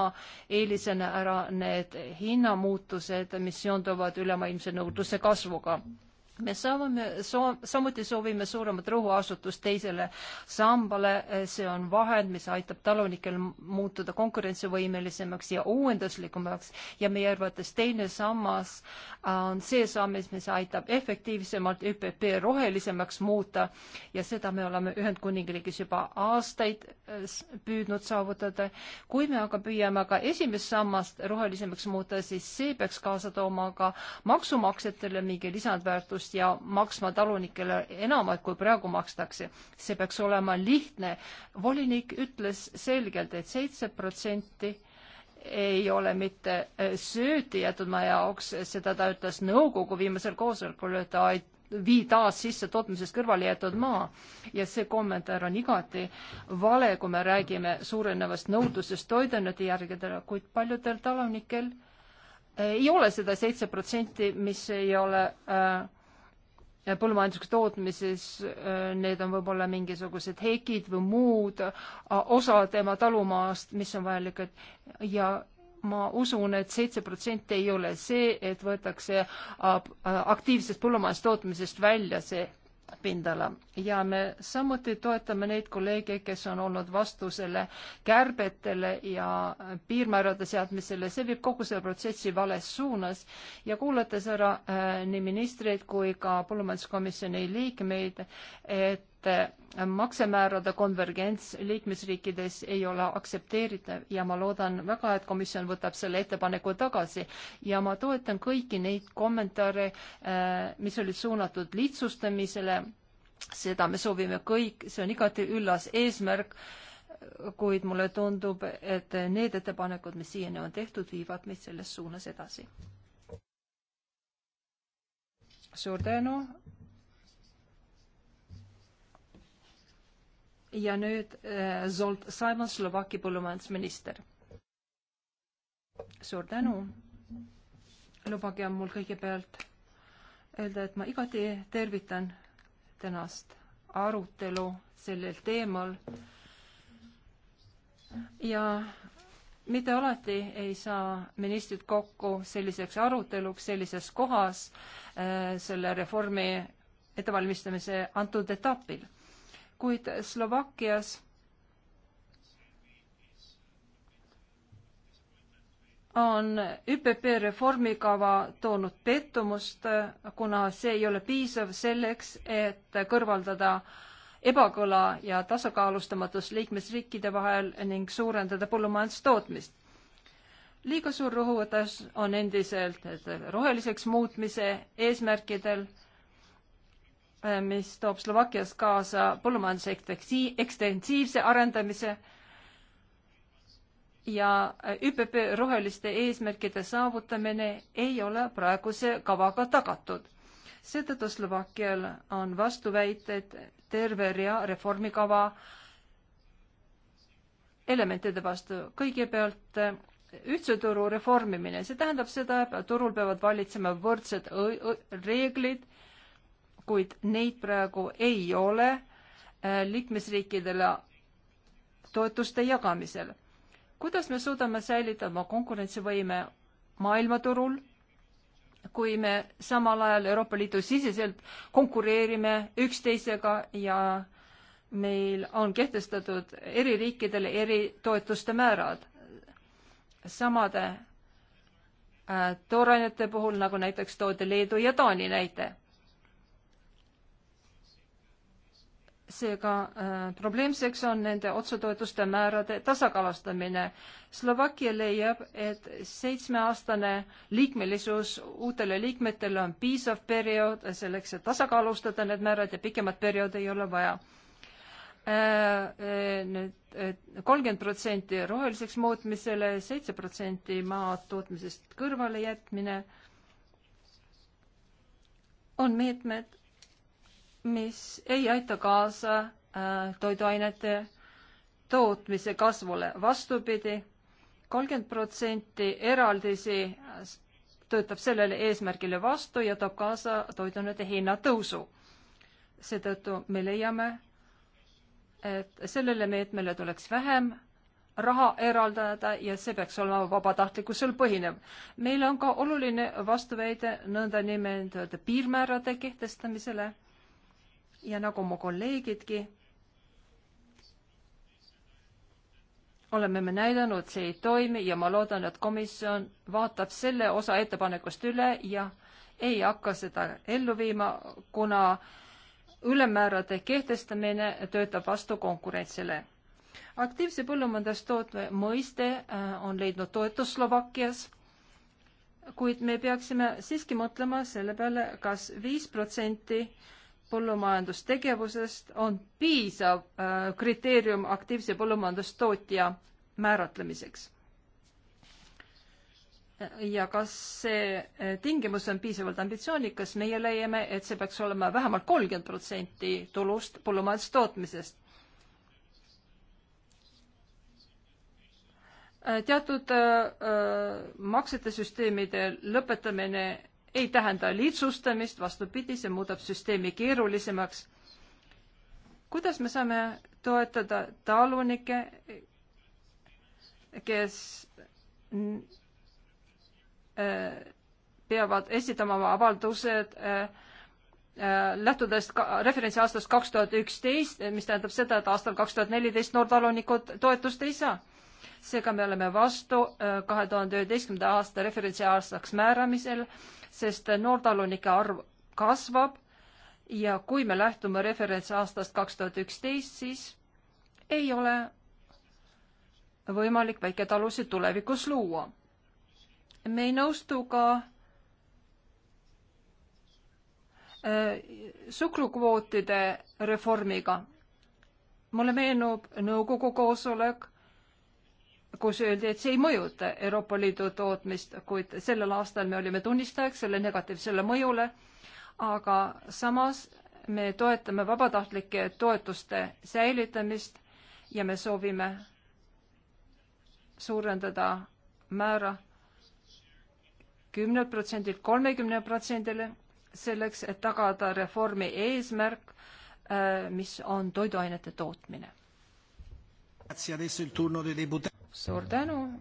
eelisena ära need hinnamuutused, mis seonduvad ülemaailmse nõudluse kasvuga me saame soo,, samuti soovime suuremat rõhuasutust teisele sambale, see on vahend, mis aitab talunikel muutuda konkurentsivõimelisemaks ja uuenduslikumaks ja meie arvates teine sammas äh, on see sammas, mis aitab efektiivsemalt ÜPP rohelisemaks muuta ja seda me oleme Ühendkuningriigis juba aastaid äh, püüdnud saavutada. kui me aga püüame ka esimest sammast rohelisemaks muuta, siis see peaks kaasa tooma ka maksumaksjatele mingi lisandväärtust toetust ja maksma talunikele enamaid, kui praegu makstakse. see peaks olema lihtne. volinik ütles selgelt et, et seitse protsenti ei ole mitte äh, sööti jäetud ma jaoks, seda ta ütles nõukogu viimasel koosolekul, et ta ei vii taas sisse tootmisest kõrvale jäetud maa. ja see kommentaar on igati vale, kui me räägime suurenevast nõudlusest toiduainete järgedele, kuid paljudel talunikel ei ole seda seitse protsenti, mis ei ole äh, põllumajanduslikuks tootmises, äh, need on võib-olla mingisugused hekid või muud äh, osad tema talumaast, mis on vajalikud ja ma usun et, et seitse protsenti ei ole see, et võetakse äh, aktiivsest põllumajandustootmisest välja see pindala ja me samuti toetame neid kolleege, kes on olnud vastu selle kärbetele ja piirmäärade seadmisele, see viib kogu selle protsessi vales suunas ja kuulates ära äh, nii ministreid kui ka põllumajanduskomisjoni liikmeid, et et eh, maksemäärade konvergents liikmesriikides ei ole aktsepteeritav ja ma loodan väga, et komisjon võtab selle ettepaneku tagasi ja ma toetan kõiki neid kommentaare, eh, mis olid suunatud lihtsustamisele. seda me soovime kõik, see on igati üllas eesmärk, kuid mulle tundub, et need ettepanekud, mis siiani on tehtud, viivad meid selles suunas edasi. suur tänu ja nüüd äh, Zolt Simon, Slovakkia põllumajandusminister. suur tänu. lubage mul kõigepealt öelda, et ma igati tervitan tänast arutelu sellel teemal. ja mitte alati ei saa ministrid kokku selliseks aruteluks sellises kohas äh, selle reformi ettevalmistamise antud etapil kuid Slovakkias on ÜPP reformikava toonud pettumust, kuna see ei ole piisav selleks, et kõrvaldada ebakõla ja tasakaalustamatus liikmesriikide vahel ning suurendada põllumajandustootmist. liiga suur rõhuasetus on endiselt roheliseks muutmise eesmärkidel Äh, mis toob Slovakkias kaasa põllumajanduse ekstensiivse arendamise ja äh, ÜPP roheliste eesmärkide saavutamine ei ole praeguse kavaga tagatud. seetõttu Slovakkial on vastuväited terve rea reformikava elementide vastu. kõigepealt äh, ühtse turu reformimine, see tähendab seda, et turul peavad valitsema võrdsed reeglid kuid neid praegu ei ole äh, liikmesriikidele toetuste jagamisel. kuidas me suudame säilitada konkurentsivõime maailmaturul, kui me samal ajal Euroopa Liidu siseselt konkureerime üksteisega ja meil on kehtestatud eri riikidele eri toetuste määrad samade äh, toorainete puhul, nagu näiteks toodi Leedu ja Taani näide seega äh, probleemseks on nende otsetoetuste määrade tasakaalustamine. Slovakkia leiab, et seitsmeaastane liikmelisus uutele liikmetele on piisav periood selleks, et tasakaalustada need määrad ja pikemat perioodi ei ole vaja äh,. äh nüüd äh, kolmkümmend protsenti roheliseks muutmisele, seitse protsenti maa tootmisest kõrvalejätmine on meetmed, mis ei aita kaasa äh, toiduainete tootmise kasvule. vastupidi, kolmkümmend protsenti eraldisi äh, töötab sellele eesmärgile vastu ja toob kaasa toiduainete hinna tõusu. seetõttu me leiame, et sellele meetmele tuleks vähem raha eraldada ja see peaks olema vabatahtlikkusel põhinev. meil on ka oluline vastuväide nõndanimetatud piirmäärade kehtestamisele ja nagu mu kolleegidki, oleme me näidanud, see ei toimi ja ma loodan, et komisjon vaatab selle osa ettepanekust üle ja ei hakka seda ellu viima, kuna ülemäärade kehtestamine töötab vastu konkurentsile. aktiivse põllumajandustootme mõiste äh, on leidnud toetust Slovakkias, kuid me peaksime siiski mõtlema selle peale kas, kas viis protsenti põllumajandustegevusest on piisav äh, kriteerium aktiivse põllumajandustootja määratlemiseks. ja kas see äh, tingimus on piisavalt ambitsioonikas, meie leiame, et see peaks olema vähemalt kolmkümmend protsenti tulust põllumajandustootmisest äh, teatud öö, maksete süsteemide lõpetamine ei tähenda lihtsustamist, vastupidi, see muudab süsteemi keerulisemaks. kuidas me saame toetada talunikke, kes äh, peavad esitama oma avaldused äh, äh, lähtudes ka referentsi aastast kaks tuhat üksteist, mis tähendab seda, et aastal kaks tuhat neliteist noortalunikud toetust ei saa. seega me oleme vastu äh, kahe tuhande üheteistkümnenda aasta referentsi aastaks määramisel äh, sest noortalunike arv kasvab ja kui me lähtume referentsaastast kaks tuhat üksteist, siis ei ole võimalik väiketalusid tulevikus luua. me ei nõustu ka äh, suhkrukvootide reformiga. mulle meenub nõukogu koosolek kus öeldi, et see ei mõjuta Euroopa Liidu tootmist, kuid sellel aastal me olime tunnistajaks selle negatiivsele mõjule, aga samas me toetame vabatahtlike toetuste säilitamist ja me soovime suurendada määra kümnelt protsendilt kolmekümne protsendile, selleks et tagada reformi eesmärk, äh, mis on toiduainete tootmine suur tänu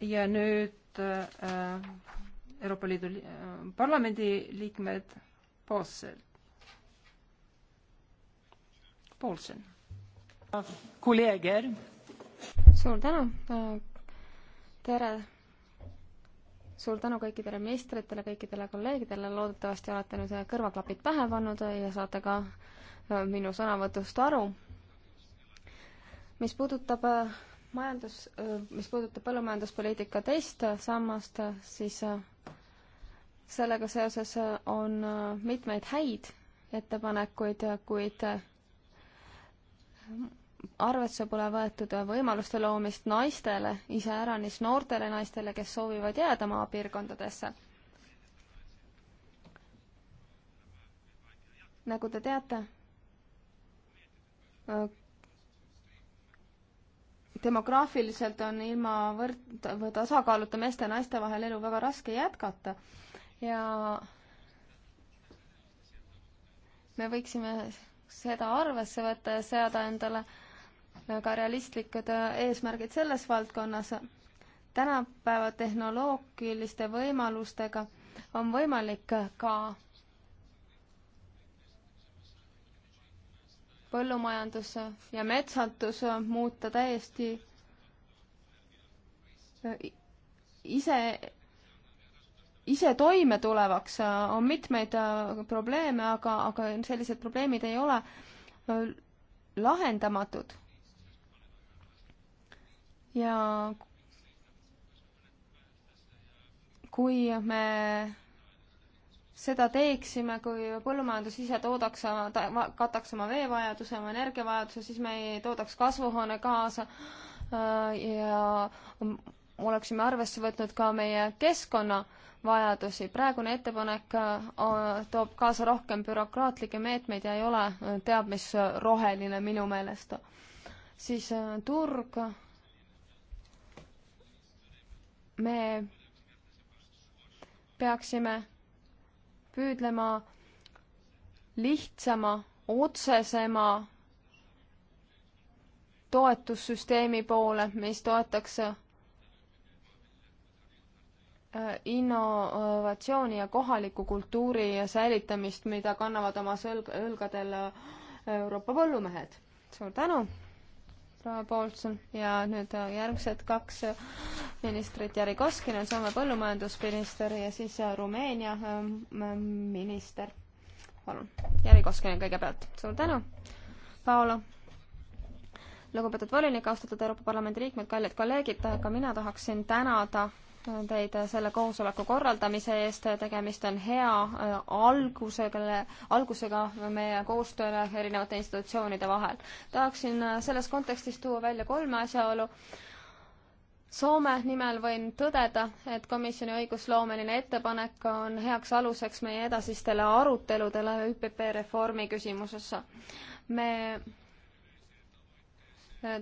ja nüüd äh, Euroopa Liidu li äh, Parlamendi liikmed Poolsel. Poolsen. kolleeger. suur tänu äh,. tere. suur tänu kõikidele ministritele, kõikidele kolleegidele, loodetavasti olete nüüd kõrvaklapid pähe pannud ja saate ka äh, minu sõnavõtust aru. mis puudutab äh, majandus, mis puudutab põllumajanduspoliitika teist sammast, siis sellega seoses on mitmeid häid ettepanekuid, kuid arvesse pole võetud võimaluste loomist naistele, iseäranis noortele naistele, kes soovivad jääda maapiirkondadesse. nagu te teate, demograafiliselt on ilma võrd-, või tasakaaluta meeste ja naiste vahel elu väga raske jätkata ja me võiksime seda arvesse võtta ja seada endale ka realistlikud eesmärgid selles valdkonnas. tänapäeva tehnoloogiliste võimalustega on võimalik ka põllumajandus ja metsandus muuta täiesti äh, ise, ise toime tulevaks, on mitmeid äh, probleeme, aga, aga sellised probleemid ei ole äh, lahendamatud. ja kui me seda teeksime, kui põllumajandus ise toodaks, kataks oma veevajaduse, oma energiavajaduse, siis me ei toodaks kasvuhoonegaase äh, ja oleksime arvesse võtnud ka meie keskkonnavajadusi. praegune ettepanek äh, toob kaasa rohkem bürokraatlikke meetmeid ja ei ole äh, teab mis roheline minu meelest. siis turg. me peaksime püüdlema lihtsama, otsesema toetussüsteemi poole, mis toetaks äh, innovatsiooni ja kohaliku kultuuri säilitamist, mida kannavad oma sõlg-, õlgadel äh, Euroopa põllumehed. suur tänu! proua Paulson ja nüüd äh, järgmised kaks äh, ministrit, Jari Koskin on Soome põllumajandusminister ja siis äh, Rumeenia ähm, ähm, minister. palun, Jari Koskin kõigepealt, suur tänu, Paolo lugupeetud volinik, austatud Euroopa Parlamendi liikmed, kallid kolleegid, ka mina tahaksin tänada teid selle koosoleku korraldamise eest, tegemist on hea äh, algusega, algusega meie koostööle erinevate institutsioonide vahel. tahaksin äh, selles kontekstis tuua välja kolme asjaolu. Soome nimel võin tõdeda, et komisjoni õigusloomeline ettepanek on heaks aluseks meie edasistele aruteludele ÜPP reformi küsimuses. me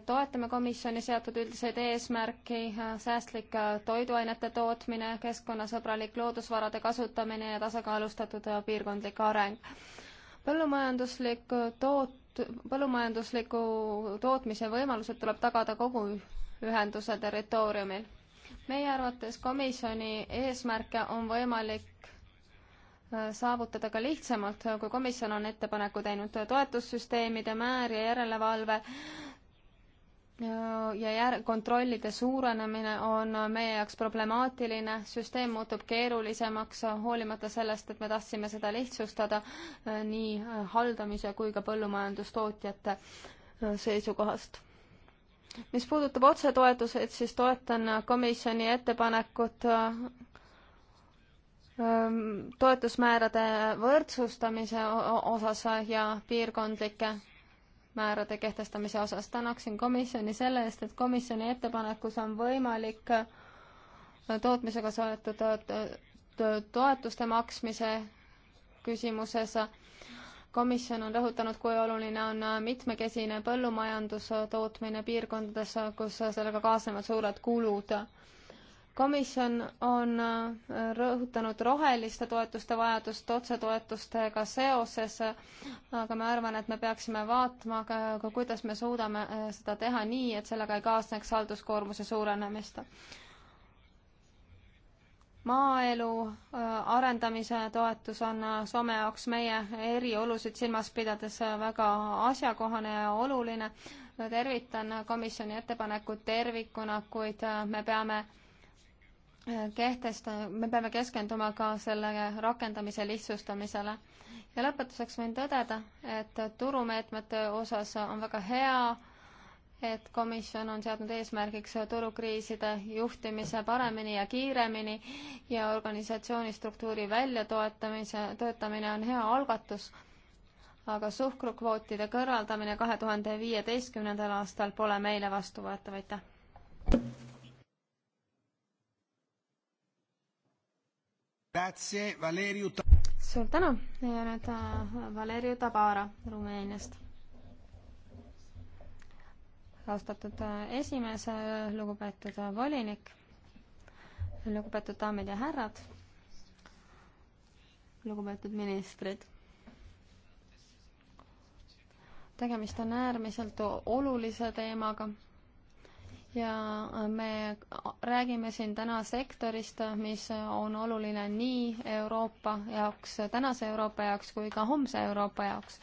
toetame komisjoni seatud üldiseid eesmärki, säästlik toiduainete tootmine, keskkonnasõbralik loodusvarade kasutamine ja tasakaalustatud piirkondlik areng. põllumajanduslik toot-, põllumajandusliku tootmise võimalused tuleb tagada kogu ühenduse territooriumil. meie arvates komisjoni eesmärke on võimalik äh, saavutada ka lihtsamalt, kui komisjon on ettepaneku teinud toetussüsteemide määr ja järelevalve ja jär-, kontrollide suurenemine on meie jaoks problemaatiline, süsteem muutub keerulisemaks, hoolimata sellest, et me tahtsime seda lihtsustada äh, nii äh, haldamise kui ka põllumajandustootjate äh, seisukohast. mis puudutab otsetoetuseid, siis toetan komisjoni ettepanekut ähm, toetusmäärade võrdsustamise osas ja piirkondlike määrade kehtestamise osas. tänaksin komisjoni selle eest, et komisjoni ettepanekus on võimalik äh, tootmisega seotud äh, toetuste maksmise küsimuses. komisjon on rõhutanud, kui oluline on äh, mitmekesine põllumajandustootmine piirkondades, kus sellega kaasnevad suured kulud komisjon on äh, rõhutanud roheliste toetuste vajadust otsetoetustega seoses, aga ma arvan, et me peaksime vaatama ka, ka kuidas me suudame äh, seda teha nii, et sellega ei kaasneks halduskoormuse suurenemist. maaelu äh, arendamise toetus on Soome jaoks meie eriolusid silmas pidades väga asjakohane ja oluline. tervitan komisjoni ettepanekut tervikuna, kuid me peame kehtesta-, me peame keskenduma ka selle rakendamise lihtsustamisele. ja lõpetuseks võin tõdeda, et turumeetmete osas on väga hea, et komisjon on seadnud eesmärgiks turukriiside juhtimise paremini ja kiiremini ja organisatsiooni struktuuri väljatoetamise, töötamine on hea algatus, aga suhkrukvootide kõrvaldamine kahe tuhande viieteistkümnendal aastal pole meile vastuvõetav, aitäh! suur tänu ja nüüd äh, Valeriu Tabara Rumeeniast. austatud äh, esimees, äh, lugupeetud volinik, lugupeetud daamid ja härrad, lugupeetud ministrid tegemist on äärmiselt olulise teemaga ja me räägime siin täna sektorist, mis on oluline nii Euroopa jaoks, tänase Euroopa jaoks kui ka homse Euroopa jaoks.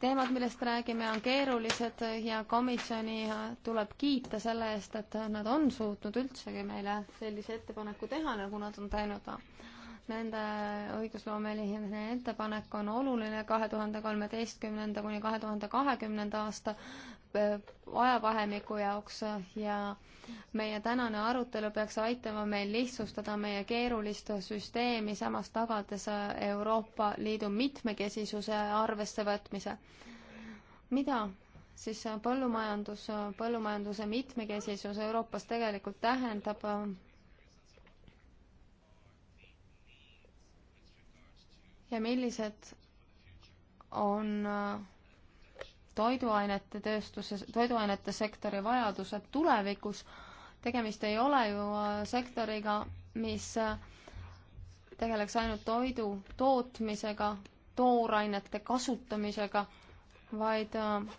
teemad, millest räägime, on keerulised ja komisjoni tuleb kiita selle eest, et nad on suutnud üldsegi meile sellise ettepaneku teha, nagu nad on teinud nende õigusloomeline ettepanek on oluline kahe tuhande kolmeteistkümnenda kuni kahe tuhande kahekümnenda aasta ajavahemiku jaoks ja meie tänane arutelu peaks aitama meil lihtsustada meie keerulist süsteemi, samas tagades Euroopa Liidu mitmekesisuse arvessevõtmise. mida siis põllumajandus, põllumajanduse mitmekesisus Euroopas tegelikult tähendab, ja millised on toiduainete tööstuse, toiduainete sektori vajadused tulevikus. tegemist ei ole ju äh, sektoriga, mis äh, tegeleks ainult toidu tootmisega, toorainete kasutamisega, vaid äh,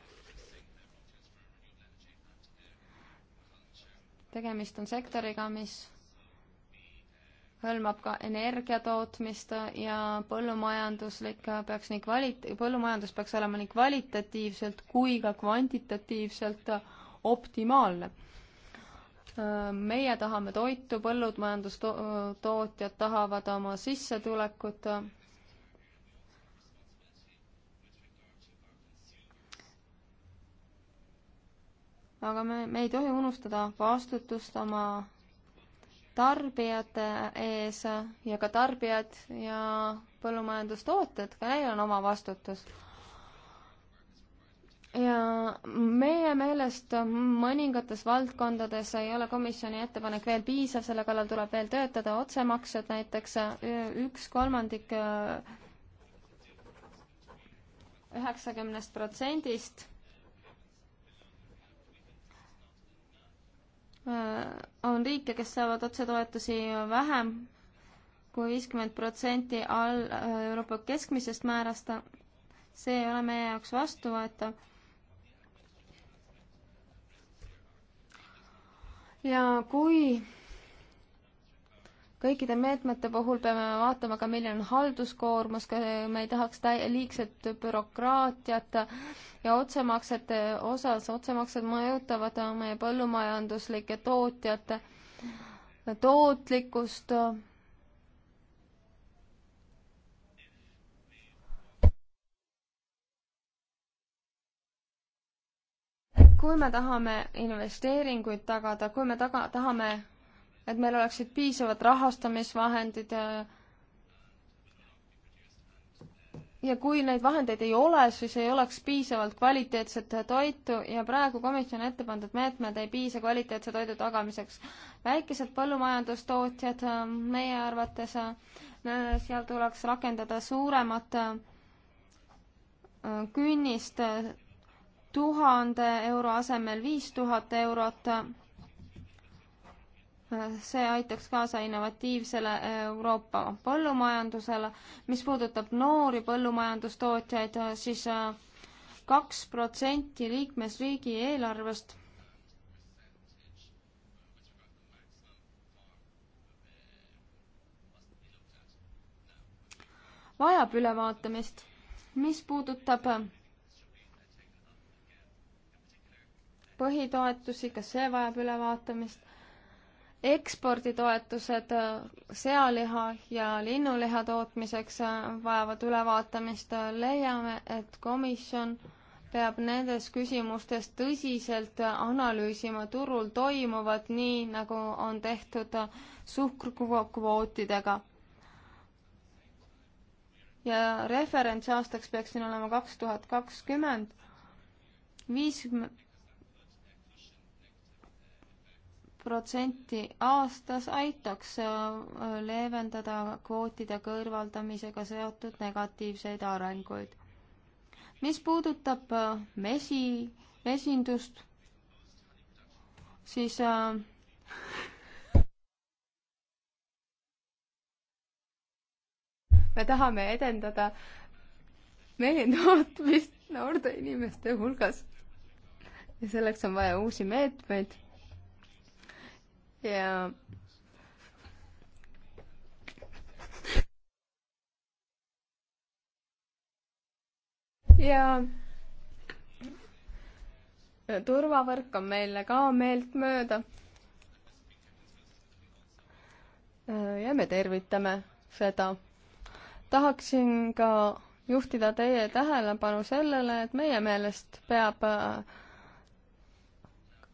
tegemist on sektoriga, mis hõlmab ka energiatootmist ja põllumajanduslik peaks nii kvalit-, põllumajandus peaks olema nii kvalitatiivselt kui ka kvantitatiivselt optimaalne. meie tahame toitu, põllumajandustootjad tahavad oma sissetulekut aga me, me ei tohi unustada vastutust oma tarbijate ees ja ka tarbijad ja põllumajandustootjad, ka neil on oma vastutus. ja meie meelest mõningates valdkondades ei ole komisjoni ettepanek veel piisav, selle kallal tuleb veel töötada, otsemaksed näiteks üks kolmandik üheksakümnest protsendist Äh, on riike, kes saavad otsetoetusi vähem kui viiskümmend protsenti all äh, Euroopa keskmisest määrast. see ei ole meie jaoks vastuvõetav. ja kui kõikide meetmete puhul peame vaatama ka, milline on halduskoormus, me ei tahaks täi-, liigset bürokraatiat ja otsemaksete osas, otsemaksed mõjutavad meie põllumajanduslike tootjate tootlikkust. kui me tahame investeeringuid tagada, kui me taga, tahame et meil oleksid piisavad rahastamisvahendid äh, ja kui neid vahendeid ei ole, siis ei oleks piisavalt kvaliteetset toitu ja praegu komisjoni ette pandud meetmed ei piisa kvaliteetse toidu tagamiseks. väikesed põllumajandustootjad äh, meie arvates, äh, seal tuleks rakendada suuremat künnist tuhande euro asemel viis tuhat eurot see aitaks kaasa innovatiivsele äh, Euroopa põllumajandusele. mis puudutab noori põllumajandustootjaid siis, siis äh, kaks protsenti liikmesriigi eelarvest vajab ülevaatamist. mis puudutab äh, põhitoetusi, kas see vajab ülevaatamist? eksporditoetused sealiha ja linnuliha tootmiseks äh, vajavad ülevaatamist, leiame, et komisjon peab nendes küsimustes tõsiselt analüüsima turul toimuvat, nii nagu on tehtud suhkrukvootidega. ja referentsaastaks peaks siin olema kaks tuhat kakskümmend viis protsenti aastas aitaks äh, leevendada kvootide kõrvaldamisega seotud negatiivseid arenguid. mis puudutab äh, mesi, mesindust, siis äh, me tahame edendada meetootmist noorte inimeste hulgas. ja selleks on vaja uusi meetmeid ja ja turvavõrk on meile ka meeltmööda. ja me tervitame seda. tahaksin ka juhtida teie tähelepanu sellele, et meie meelest peab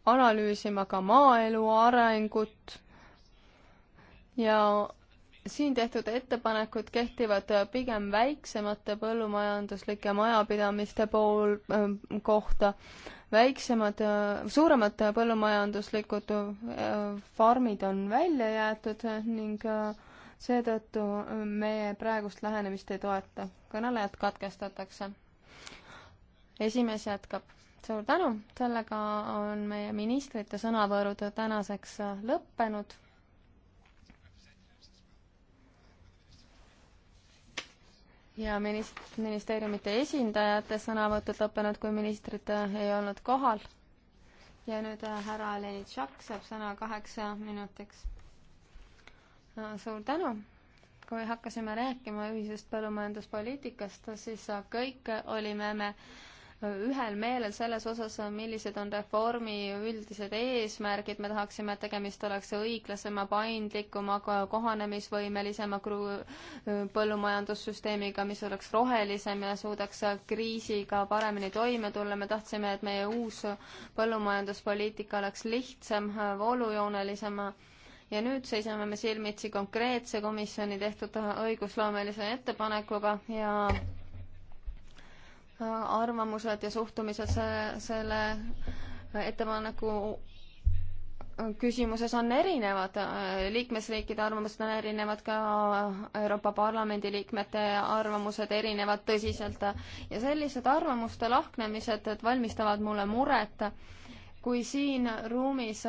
analüüsima ka maaelu arengut ja siin tehtud ettepanekud kehtivad pigem väiksemate põllumajanduslike majapidamiste pool äh, kohta. väiksemad äh,, suuremad põllumajanduslikud äh, farmid on välja jäetud ning äh, seetõttu meie praegust lähenemist ei toeta. kõnelejad katkestatakse. esimees jätkab suur tänu, sellega on meie ministrite sõnavõõrud tänaseks äh, lõppenud. ja minist-, ministeeriumite esindajate sõnavõtud lõppenud, kui ministrid äh, ei olnud kohal. ja nüüd äh, härra Lenitšak saab sõna kaheksa minutiks no,. suur tänu kui hakkasime rääkima ühisest põllumajanduspoliitikast, siis kõik olime me ühel meelel selles osas, millised on reformi üldised eesmärgid, me tahaksime, et tegemist oleks õiglasema, paindlikuma, kohanemisvõimelisema põllumajandussüsteemiga, mis oleks rohelisem ja suudaks kriisiga paremini toime tulla, me tahtsime, et meie uus põllumajanduspoliitika oleks lihtsam, voolujoonelisem ja nüüd seisame me silmitsi konkreetse komisjoni tehtud õigusloomelise ettepanekuga ja arvamused ja suhtumised selle, selle ettepaneku küsimuses on erinevad, liikmesriikide arvamused on erinevad, ka Euroopa Parlamendi liikmete arvamused erinevad tõsiselt ja sellised arvamuste lahknemised valmistavad mulle muret, kui siin ruumis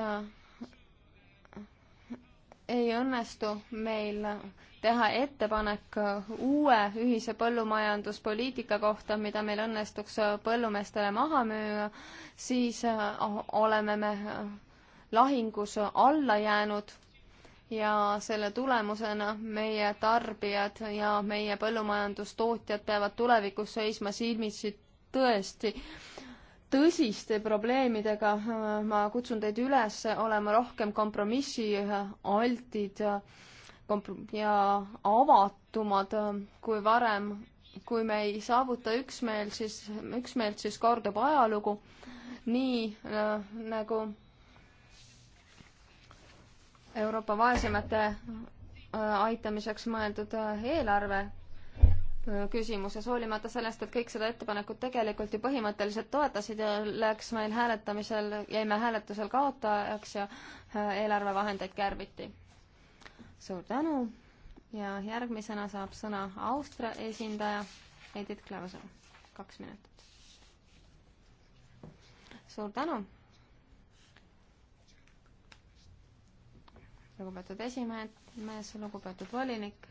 ei õnnestu meil teha ettepanek uue ühise põllumajanduspoliitika kohta, mida meil õnnestuks põllumeestele maha müüa, siis äh, oleme me lahingus alla jäänud ja selle tulemusena meie tarbijad ja meie põllumajandustootjad peavad tulevikus seisma silmitsi tõesti tõsiste probleemidega, ma kutsun teid üles olema rohkem kompromissialtid ja avatumad kui varem. kui me ei saavuta üksmeelt, siis, üksmeelt, siis kordub ajalugu, nii äh, nagu Euroopa vaesemate äh, aitamiseks mõeldud äh, eelarve äh, küsimuses, hoolimata sellest, et kõik seda ettepanekut tegelikult ju põhimõtteliselt toetasid ja läks meil hääletamisel, jäime hääletusel kaotajaks ja eelarvevahendeid kärbiti suur tänu ja järgmisena saab sõna Austria esindaja Edith Klauso, kaks minutit. suur tänu. lugupeetud esimees, lugupeetud volinik,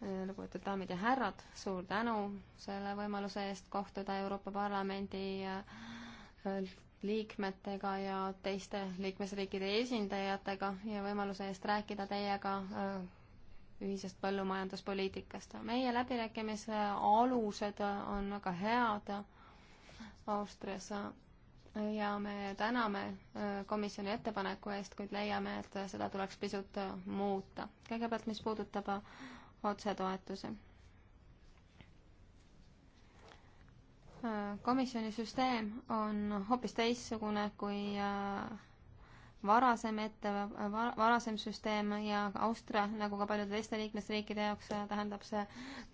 lugupeetud daamid ja härrad, suur tänu selle võimaluse eest kohtuda Euroopa Parlamendi liikmetega ja teiste liikmesriikide esindajatega ja võimaluse eest rääkida teiega äh, ühisest põllumajanduspoliitikast. meie läbirääkimise alused on väga head Austrias ja me täname äh, komisjoni ettepaneku eest, kuid leiame, et seda tuleks pisut muuta. kõigepealt, mis puudutab otsetoetusi Äh, komisjoni süsteem on hoopis teistsugune kui äh, varasem ette, varasem süsteem ja Austria, nagu ka paljude teiste liikmesriikide jaoks, äh, tähendab see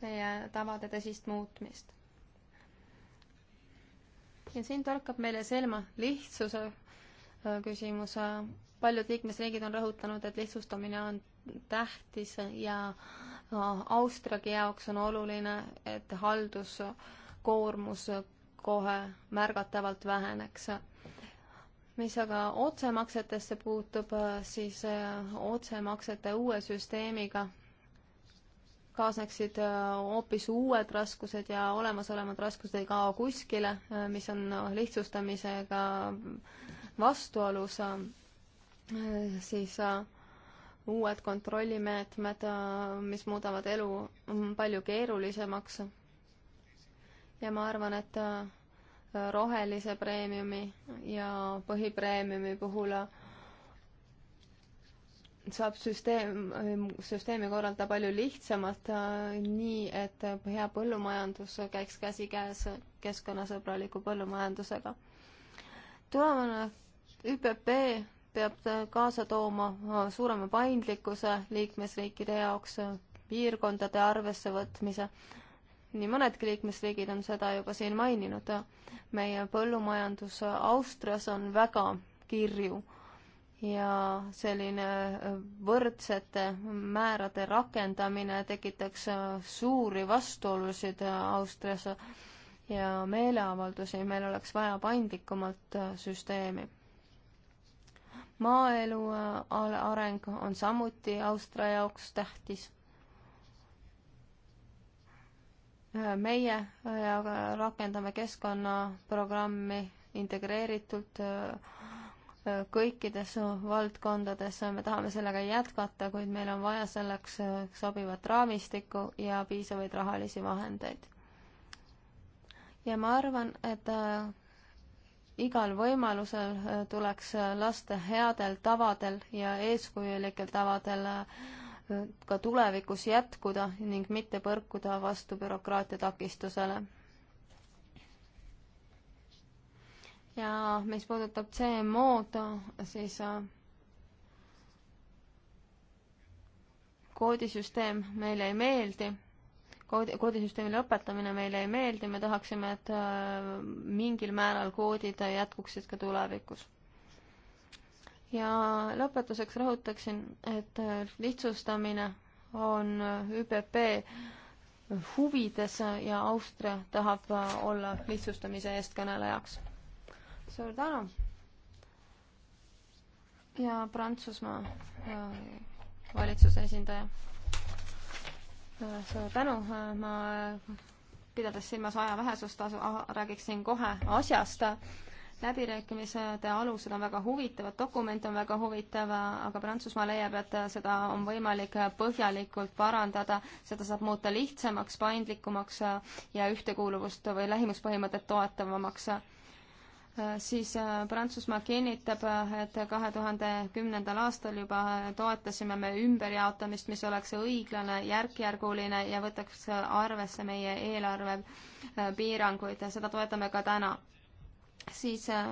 meie tavade tõsist muutmist. ja siin torkab meile silma lihtsuse küsimus. paljud liikmesriigid on rõhutanud, et lihtsustamine on tähtis ja Austriagi jaoks on oluline, et haldus äh, koormus kohe märgatavalt väheneks. mis aga otsemaksetesse puutub, siis äh, otsemaksete uue süsteemiga kaasneksid äh, hoopis uued raskused ja olemasolevad raskused ei kao kuskile, äh, mis on lihtsustamisega vastuolus, siis uued kontrollimeetmed, mis muudavad elu mm, palju keerulisemaks ja ma arvan, et äh, rohelise preemiumi ja põhipreemiumi puhul äh, saab süsteem, ähm, süsteemi korraldada palju lihtsamalt, äh, nii et hea põllumajandus käiks käsikäes keskkonnasõbraliku põllumajandusega. tulevane ÜPP peab kaasa tooma suurema paindlikkuse liikmesriikide jaoks, piirkondade arvesse võtmise nii mõnedki liikmesriigid on seda juba siin maininud. meie põllumajandus Austrias on väga kirju ja selline võrdsete määrade rakendamine tekitaks suuri vastuolusid Austrias ja meeleavaldusi, meil oleks vaja paindlikumalt süsteemi maaelu areng on samuti Austria jaoks tähtis. meie äh, rakendame keskkonnaprogrammi integreeritult äh, äh, kõikides valdkondades, me tahame sellega jätkata, kuid meil on vaja selleks sobivat raamistikku ja piisavaid rahalisi vahendeid. ja ma arvan, et igal võimalusel tuleks laste headel tavadel ja eeskujulikel tavadel äh, ka tulevikus jätkuda ning mitte põrkuda vastu bürokraatia takistusele. ja mis puudutab CMO-d, siis äh, koodisüsteem meile ei meeldi koodi, koodisüsteemi lõpetamine meile ei meeldi, me tahaksime, et äh, mingil määral koodid jätkuksid ka tulevikus ja lõpetuseks rõhutaksin, et lihtsustamine on ÜPP huvides ja Austria tahab olla lihtsustamise eestkõnelejaks. suur tänu! ja Prantsusmaa äh, valitsuse esindaja. Äh, suur tänu, äh, ma pidades silmas aja vähesust, räägiksin kohe asjast läbirääkimised, alused on väga huvitavad, dokument on väga huvitav, aga Prantsusmaa leiab, et seda on võimalik põhjalikult parandada, seda saab muuta lihtsamaks, paindlikumaks ja ühtekuuluvust või lähimuspõhimõtet toetavamaks. siis Prantsusmaa kinnitab, et kahe tuhande kümnendal aastal juba toetasime me ümberjaotamist, mis oleks õiglane, järk-järguline ja võtaks arvesse meie eelarve piiranguid ja seda toetame ka täna siis äh,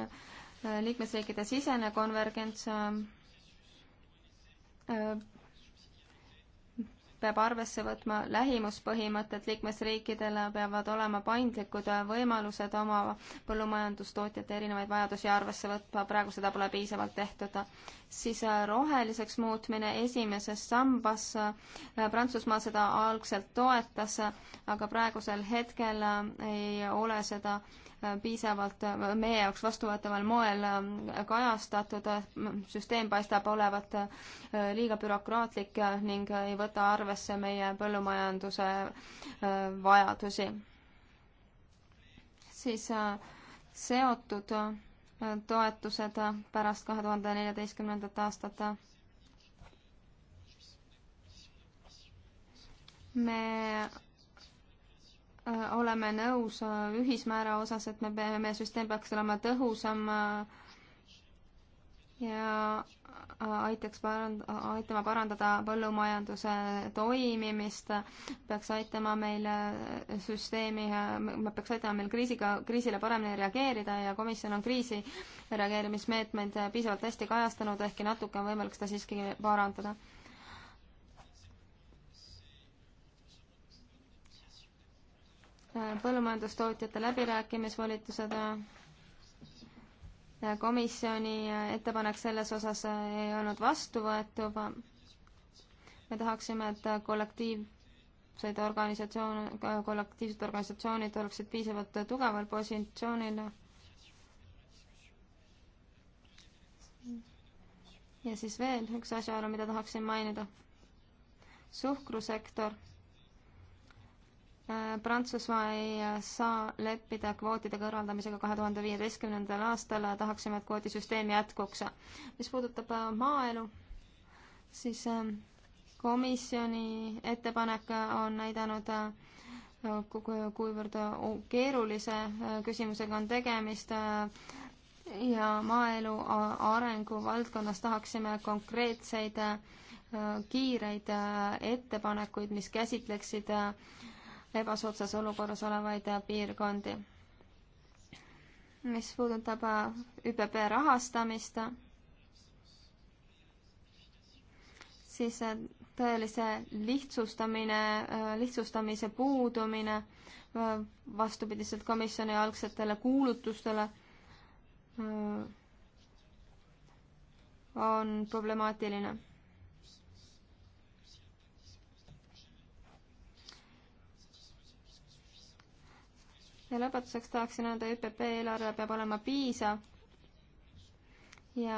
liikmesriikide sisene konvergents äh, äh, peab arvesse võtma lähimuspõhimõtet, liikmesriikidel peavad olema paindlikud võimalused oma põllumajandustootjate erinevaid vajadusi arvesse võtma, praegu seda pole piisavalt tehtud. siis roheliseks muutmine esimeses sambas, Prantsusmaa seda algselt toetas, aga praegusel hetkel ei ole seda äh, piisavalt meie jaoks vastuvõetaval moel äh, kajastatud. süsteem paistab olevat äh, liiga bürokraatlik ning äh, ei võta arvesse meie põllumajanduse vajadusi. siis seotud toetused pärast kahe tuhande neljateistkümnendat aastat me Äh, oleme nõus äh, ühismäära osas, et me peame, meie süsteem peaks olema tõhusam äh, ja aitaks parand-, aitama parandada põllumajanduse toimimist, peaks aitama meil süsteemi, peaks aitama meil kriisiga, kriisile paremini reageerida ja komisjon on kriisi reageerimismeetmeid piisavalt hästi kajastanud, ehkki natuke on võimalik seda siiski parandada põllumajandustootjate läbirääkimisvolitused. komisjoni ettepanek selles osas ei olnud vastuvõetav. me tahaksime, et kollektiivseid organisatsioone, kollektiivsed organisatsioonid oleksid piisavalt tugeval positsioonil. ja siis veel üks asjaolu, mida tahaksin mainida. suhkrusektor Äh, Prantsusmaa ei äh, saa leppida kvootide kõrvaldamisega kahe tuhande viieteistkümnendal aastal, äh, tahaksime, et kvoodisüsteem jätkuks. mis puudutab maaelu, siis ähm, komisjoni ettepanek on näidanud, kuivõrd keerulise küsimusega on tegemist ja maaelu arengu valdkonnas tahaksime konkreetseid kiireid ettepanekuid, mis käsitleksid ebasoodsas olukorras olevaid äh, piirkondi. mis puudutab äh, ÜPP rahastamist, siis äh, tõelise lihtsustamine, lihtsustamise puudumine vastupidiselt komisjoni algsetele kuulutustele on problemaatiline ja lõpetuseks tahaksin öelda, ÜPP e eelarve peab olema piisav ja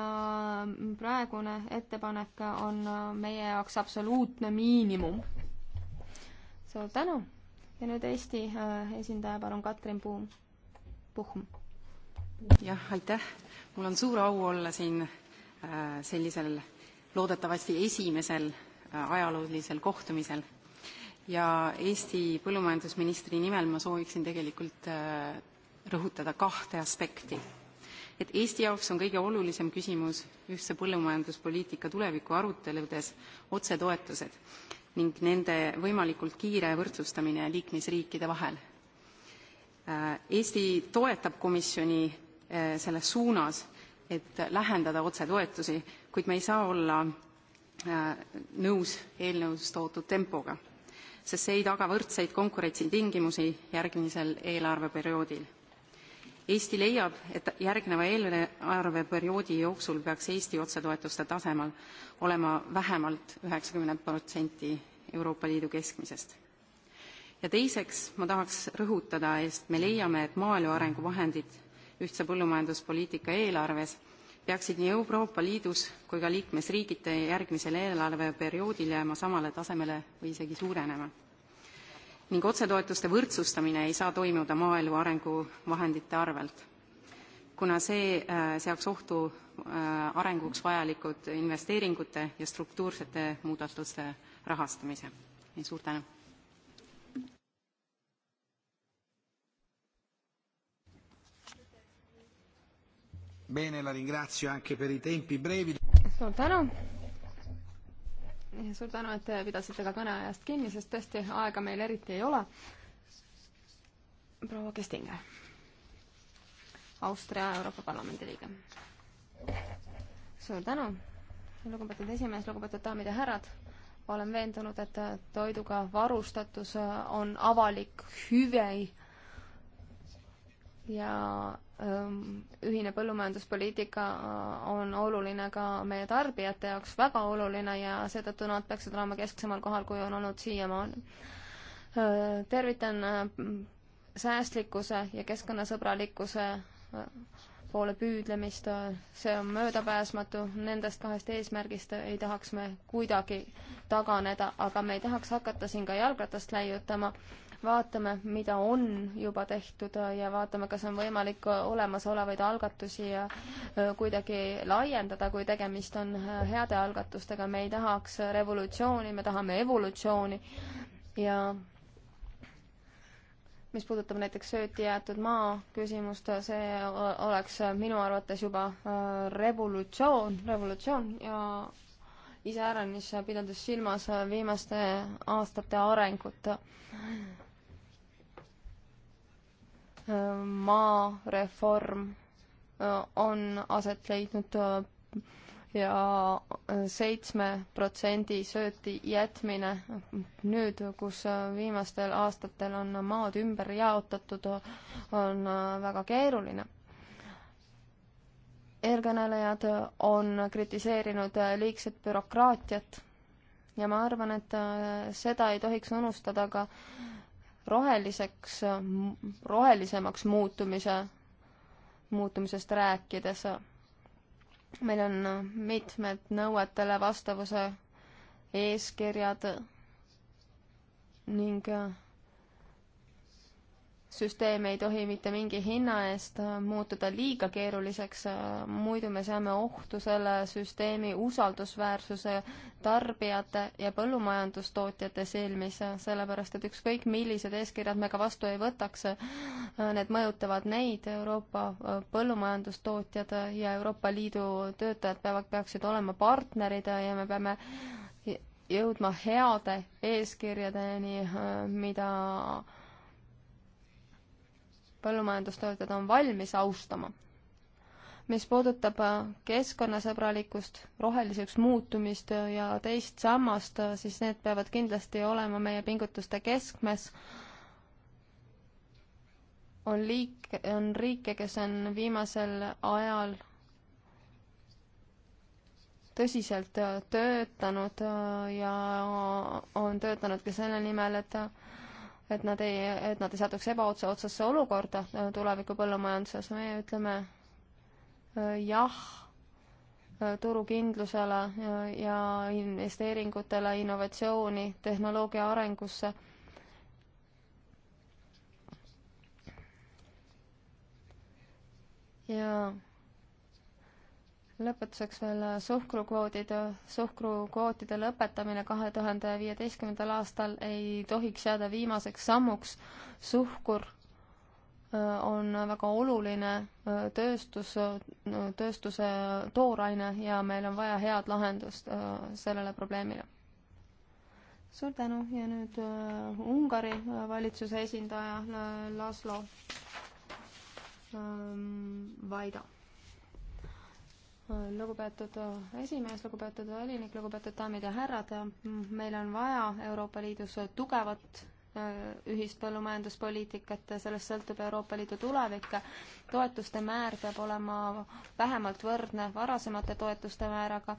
praegune ettepanek on meie jaoks absoluutne miinimum. suur tänu ja nüüd Eesti äh, esindaja, palun, Katrin Puum, Puhm. jah, aitäh, mul on suur au olla siin äh, sellisel loodetavasti esimesel äh, ajaloolisel kohtumisel ja Eesti põllumajandusministri nimel ma sooviksin tegelikult äh, rõhutada kahte aspekti. et Eesti jaoks on kõige olulisem küsimus ühtse põllumajanduspoliitika tuleviku aruteludes otsetoetused ning nende võimalikult kiire võrdsustamine liikmesriikide vahel. Äh, Eesti toetab komisjoni äh, selles suunas, et lähendada otsetoetusi, kuid me ei saa olla nõus eelnõus toodud tempoga sest see ei taga võrdseid konkurentsitingimusi järgmisel eelarveperioodil. Eesti leiab, et järgneva eelarveperioodi jooksul peaks Eesti otsetoetuste tasemel olema vähemalt üheksakümmend protsenti Euroopa Liidu keskmisest. ja teiseks ma tahaks rõhutada, et me leiame, et maaelu arengu vahendid ühtse põllumajanduspoliitika eelarves peaksid nii Euroopa Liidus kui ka liikmesriigiti järgmisel eelarveperioodil jääma samale tasemele või isegi suurenema. ning otsetoetuste võrdsustamine ei saa toimuda maaelu arenguvahendite arvelt, kuna see äh, seaks ohtu äh, arenguks vajalikud investeeringute ja struktuursete muudatuste rahastamise. suur tänu! Bene, la ringrazio anche per i tempi brevi. suur tänu. suur tänu, et te pidasite ka kõneajast kinni, sest tõesti aega meil eriti ei ole. proua Kestinger, Austria Euroopa Parlamendi liige. suur tänu, lugupeetud esimees, lugupeetud daamid ja härrad olen veendunud, et toiduga varustatus on avalik hüve ja ühine põllumajanduspoliitika äh, on oluline ka meie tarbijate jaoks, väga oluline ja seetõttu nad peaksid olema kesksemal kohal, kui on olnud siiamaani. tervitan äh, säästlikkuse ja keskkonnasõbralikkuse äh, poole püüdlemist, see on möödapääsmatu, nendest kahest eesmärgist ei tahaks me kuidagi taganeda, aga me ei tahaks hakata siin ka jalgratast läiutama vaatame, mida on juba tehtud ja vaatame, kas on võimalik olemasolevaid algatusi kuidagi laiendada, kui tegemist on heade algatustega. me ei tahaks revolutsiooni, me tahame evolutsiooni ja mis puudutab näiteks sööti jäetud maa küsimust, see oleks minu arvates juba revolutsioon, revolutsioon ja iseäranis pidades silmas viimaste aastate arengut maareform äh, on aset leidnud äh, ja seitsme protsendi sööti jätmine nüüd, kus äh, viimastel aastatel on maad ümber jaotatud, on väga keeruline eelkõnelejad on kritiseerinud liigset bürokraatiat ja ma arvan, et seda ei tohiks unustada ka roheliseks, rohelisemaks muutumise, muutumisest rääkides. meil on mitmed nõuetele vastavuse eeskirjad ning süsteem ei tohi mitte mingi hinna eest äh, muutuda liiga keeruliseks, äh, muidu me seame ohtu selle süsteemi usaldusväärsuse tarbijate ja põllumajandustootjate silmis, äh, sellepärast et ükskõik, millised eeskirjad me ka vastu ei võtaks, need mõjutavad neid, Euroopa põllumajandustootjad ja Euroopa Liidu töötajad peavad, peaksid olema partnerid ja me peame jõudma heade eeskirjadeni, mida põllumajandustootjad on valmis austama. mis puudutab äh, keskkonnasõbralikkust, roheliseks muutumist äh, ja teist sammast, äh, siis need peavad kindlasti olema meie pingutuste keskmes on liik, on riike, kes on viimasel ajal tõsiselt töötanud ja on töötanudki selle nimel, et et nad ei, et nad ei satuks ebaotsa otsasse olukorda äh, tuleviku põllumajanduses, me ütleme äh, jah äh, turukindlusele ja investeeringutele, innovatsiooni, tehnoloogia arengusse jaa lõpetuseks veel äh, suhkrukvoodid, suhkrukvootide lõpetamine kahe tuhande viieteistkümnendal aastal ei tohiks jääda viimaseks sammuks. suhkur äh, on väga oluline äh, tööstus, tööstuse tooraine ja meil on vaja head lahendust sellele probleemile. suur tänu ja nüüd Ungari valitsuse esindaja Laslo ähm, Vaida lugupeetud äh, esimees, lugupeetud volinik, lugupeetud daamid ja härrad, meil on vaja Euroopa Liidus tugevat Äh, ühist põllumajanduspoliitikat, sellest sõltub Euroopa Liidu tulevik. toetuste määr peab olema vähemalt võrdne varasemate toetuste määraga.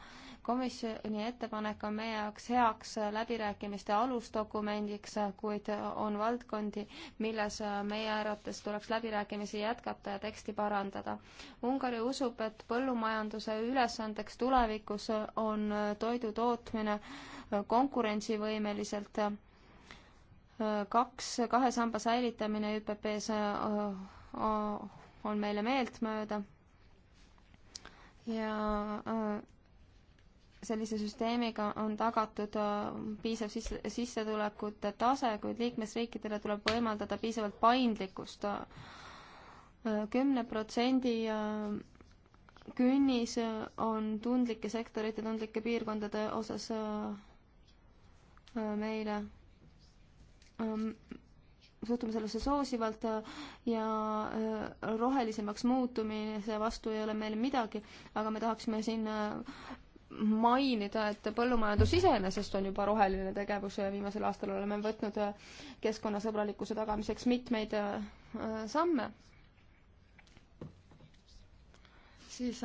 komisjoni ettepanek on meie jaoks heaks läbirääkimiste alusdokumendiks, kuid on valdkondi, milles meie arvates tuleks läbirääkimisi jätkata ja teksti parandada. Ungari usub, et põllumajanduse ülesandeks tulevikus on toidu tootmine konkurentsivõimeliselt kaks, kahe samba säilitamine ÜPP-s äh, äh, on meile meeltmööda ja äh, sellise süsteemiga on tagatud piisav sisse, sissetulekute tase, kuid liikmesriikidele tuleb võimaldada piisavalt paindlikkust. kümne protsendi künnis on tundlike sektorite, tundlike piirkondade osas meile Ähm, suhtume sellesse soosivalt äh, ja äh, rohelisemaks muutumise vastu ei ole meil midagi, aga me tahaksime siin äh, mainida, et põllumajandus iseenesest on juba roheline tegevus ja viimasel aastal oleme võtnud keskkonnasõbralikkuse tagamiseks mitmeid samme. siis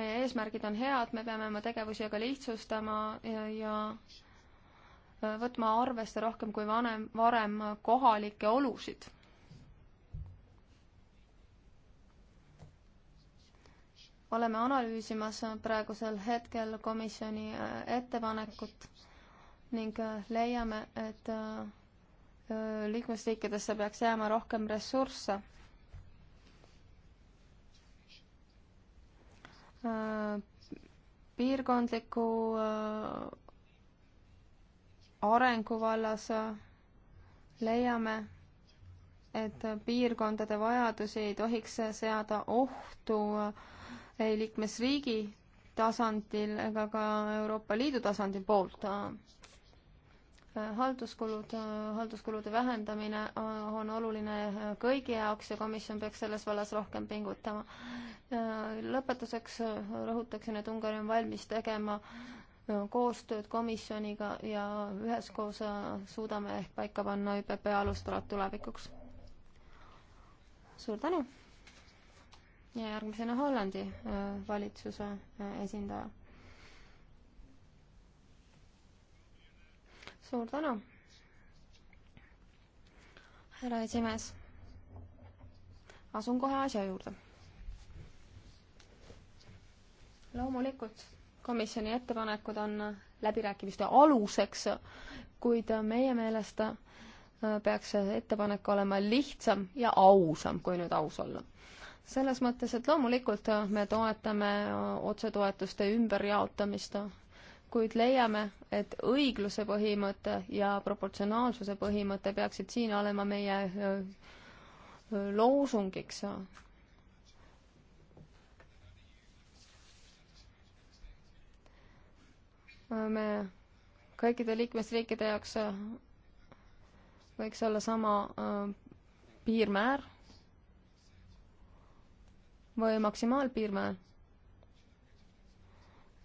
meie eesmärgid on head, me peame oma tegevusi aga lihtsustama ja, ja Äh, võtma arvesse rohkem kui vanem, varem kohalikke olusid. oleme analüüsimas praegusel hetkel komisjoni äh, ettepanekut ning äh, leiame, et liikmesriikidesse peaks jääma rohkem ressursse. piirkondliku arengu vallas leiame, et piirkondade vajadusi ei tohiks seada ohtu ei liikmesriigi tasandil ega ka Euroopa Liidu tasandi poolt. halduskulud, halduskulude vähendamine on oluline kõigi jaoks ja komisjon peaks selles vallas rohkem pingutama. lõpetuseks rõhutaksin, et Ungari on valmis tegema äh, koostööd komisjoniga ja üheskoos äh, suudame ehk paika panna ÜPP alustalad tulevikuks. suur tänu! ja järgmisena Hollandi äh, valitsuse äh, esindaja. suur tänu, härra esimees. asun kohe asja juurde. loomulikult komisjoni ettepanekud on läbirääkimiste aluseks, kuid meie meelest äh, peaks see ettepanek olema lihtsam ja ausam, kui nüüd aus olla. selles mõttes, et loomulikult me toetame äh, otsetoetuste ümberjaotamist, kuid leiame, et õigluse põhimõte ja proportsionaalsuse põhimõte peaksid siin olema meie äh, loosungiks me kõikide liikmesriikide jaoks äh, võiks olla sama äh, piirmäär või maksimaalpiirmäär.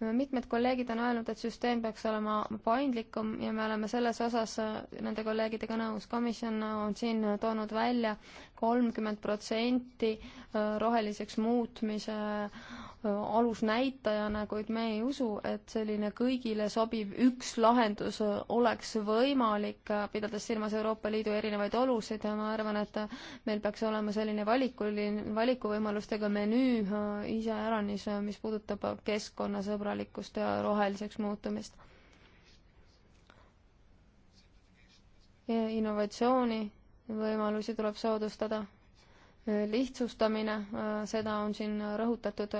Äh, mitmed kolleegid on öelnud, et süsteem peaks olema paindlikum ja me oleme selles osas nende kolleegidega nõus. komisjon on siin toonud välja kolmkümmend protsenti roheliseks muutmise Äh, alusnäitajana, kuid me ei usu, et selline kõigile sobiv üks lahendus äh, oleks võimalik, äh, pidades silmas Euroopa Liidu erinevaid olusid ja ma arvan, et meil peaks olema selline valikuline, valikuvõimalustega menüü iseäranis, mis puudutab keskkonnasõbralikkust ja roheliseks muutumist. innovatsiooni võimalusi tuleb soodustada lihtsustamine, seda on siin rõhutatud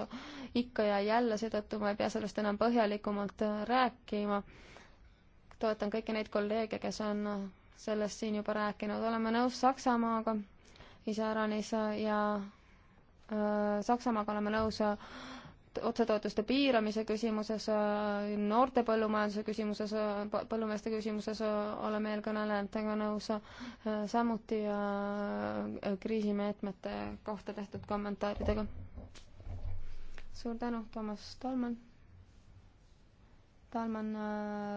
ikka ja jälle, seetõttu ma ei pea sellest enam põhjalikumalt rääkima. toetan kõiki neid kolleege, kes on sellest siin juba rääkinud, oleme nõus Saksamaaga iseäranis ja äh, Saksamaaga oleme nõus äh, otsetoetuste piiramise küsimuses, äh, noorte põllumajanduse küsimuses, äh, põllumeeste küsimuses äh, oleme eelkõnelejatega nõus, samuti kriisimeetmete kohta tehtud kommentaaridega. suur tänu, Toomas Talman. Talman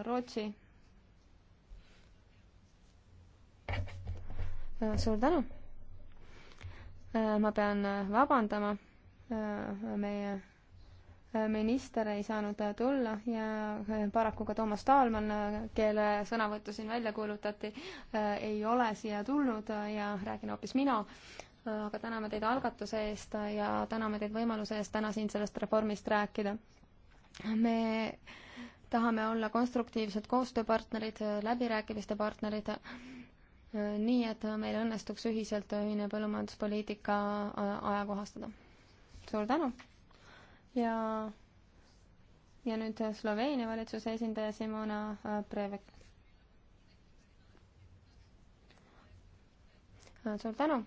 Rootsi. suur tänu. ma pean vabandama meie minister ei saanud tulla ja paraku ka Toomas Taalmann, kelle sõnavõttu siin välja kuulutati, ei ole siia tulnud ja räägin hoopis mina. aga täname teid algatuse eest ja täname teid võimaluse eest täna siin sellest reformist rääkida. me tahame olla konstruktiivsed koostööpartnerid, läbirääkimiste partnerid nii, et meil õnnestuks ühiselt ühine põllumajanduspoliitika ajakohastada. suur tänu! ja ja nüüd Sloveenia valitsuse esindaja Simona äh, Prevek. Äh, suur tänu.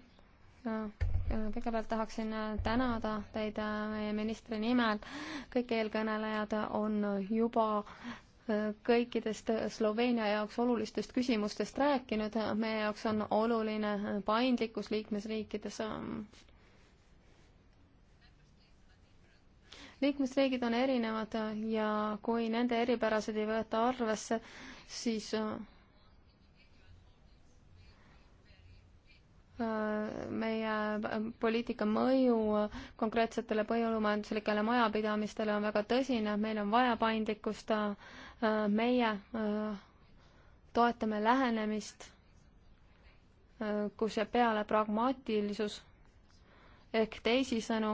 Äh, kõigepealt tahaksin tänada teid meie ministri nimel. kõik eelkõnelejad on juba kõikidest Sloveenia jaoks olulistest küsimustest rääkinud. meie jaoks on oluline paindlikkus liikmesriikides liikmesriigid on erinevad ja kui nende eripärased ei võeta arvesse, siis äh, meie poliitika mõju konkreetsetele põllumajanduslikele majapidamistele on väga tõsine, meil on vaja paindlikkust, äh, meie äh, toetame lähenemist, kus jääb peale pragmaatilisus ehk teisisõnu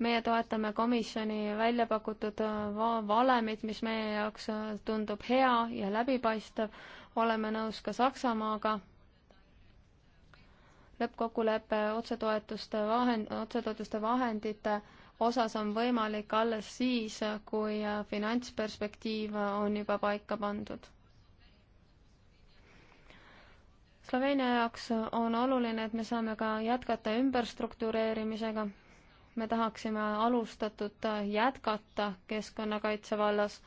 meie toetame komisjoni välja pakutud äh, valemit, mis meie jaoks äh, tundub hea ja läbipaistev. oleme nõus ka Saksamaaga. lõppkokkulepe otsetoetuste vahend, otsetoetuste vahendite osas on võimalik alles siis, kui äh, finantsperspektiiv on juba paika pandud. Sloveenia jaoks on oluline, et me saame ka jätkata ümberstruktureerimisega me tahaksime alustatut jätkata keskkonnakaitse vallas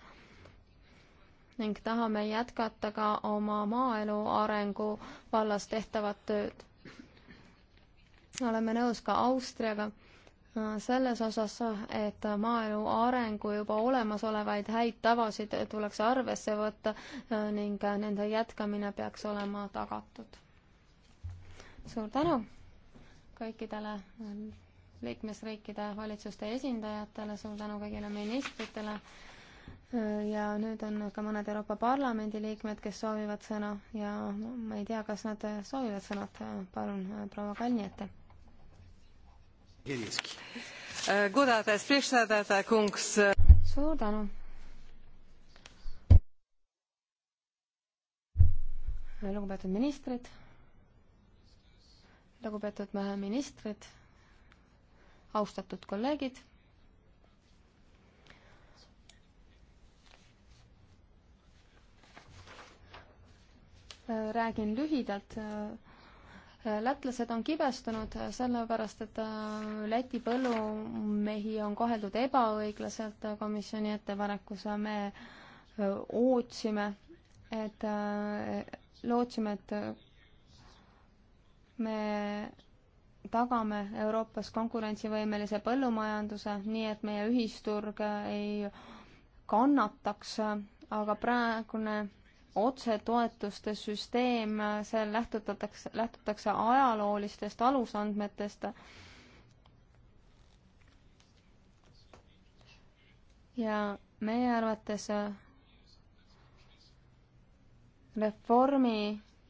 ning tahame jätkata ka oma maaelu arengu vallas tehtavat tööd. oleme nõus ka Austriaga äh, selles osas, et maaelu arengu juba olemasolevaid häid tavasid tuleks arvesse võtta äh, ning nende jätkamine peaks olema tagatud. suur tänu kõikidele äh, liikmesriikide valitsuste esindajatele, suur tänu kõigile ministritele ja nüüd on ka mõned Euroopa Parlamendi liikmed, kes soovivad sõna ja ma ei tea, kas nad soovivad sõna, palun, proua Kalniete. suur tänu. lugupeetud ministrid, lugupeetud ministrid austatud kolleegid. räägin lühidalt. lätlased on kibestunud sellepärast, et äh, Läti põllumehi on koheldud ebaõiglaselt komisjoni ettepanekus. me äh, ootsime, et äh, lootsime, et me tagame Euroopas konkurentsivõimelise põllumajanduse, nii et meie ühisturg ei kannataks, aga praegune otsetoetuste süsteem, seal lähtutatakse, lähtutakse ajaloolistest alusandmetest. ja meie arvates reformi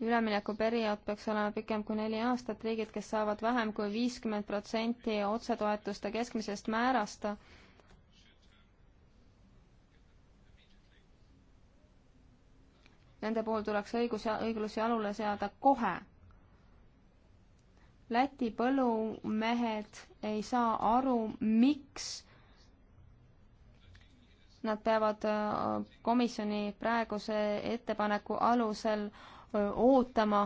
üleminekuperiood peaks olema pikem kui neli aastat, riigid, kes saavad vähem kui viiskümmend protsenti otsetoetuste keskmisest määrast, nende puhul tuleks õigus, õiglus jalule seada kohe. Läti põllumehed ei saa aru, miks nad peavad äh, komisjoni praeguse ettepaneku alusel äh, ootama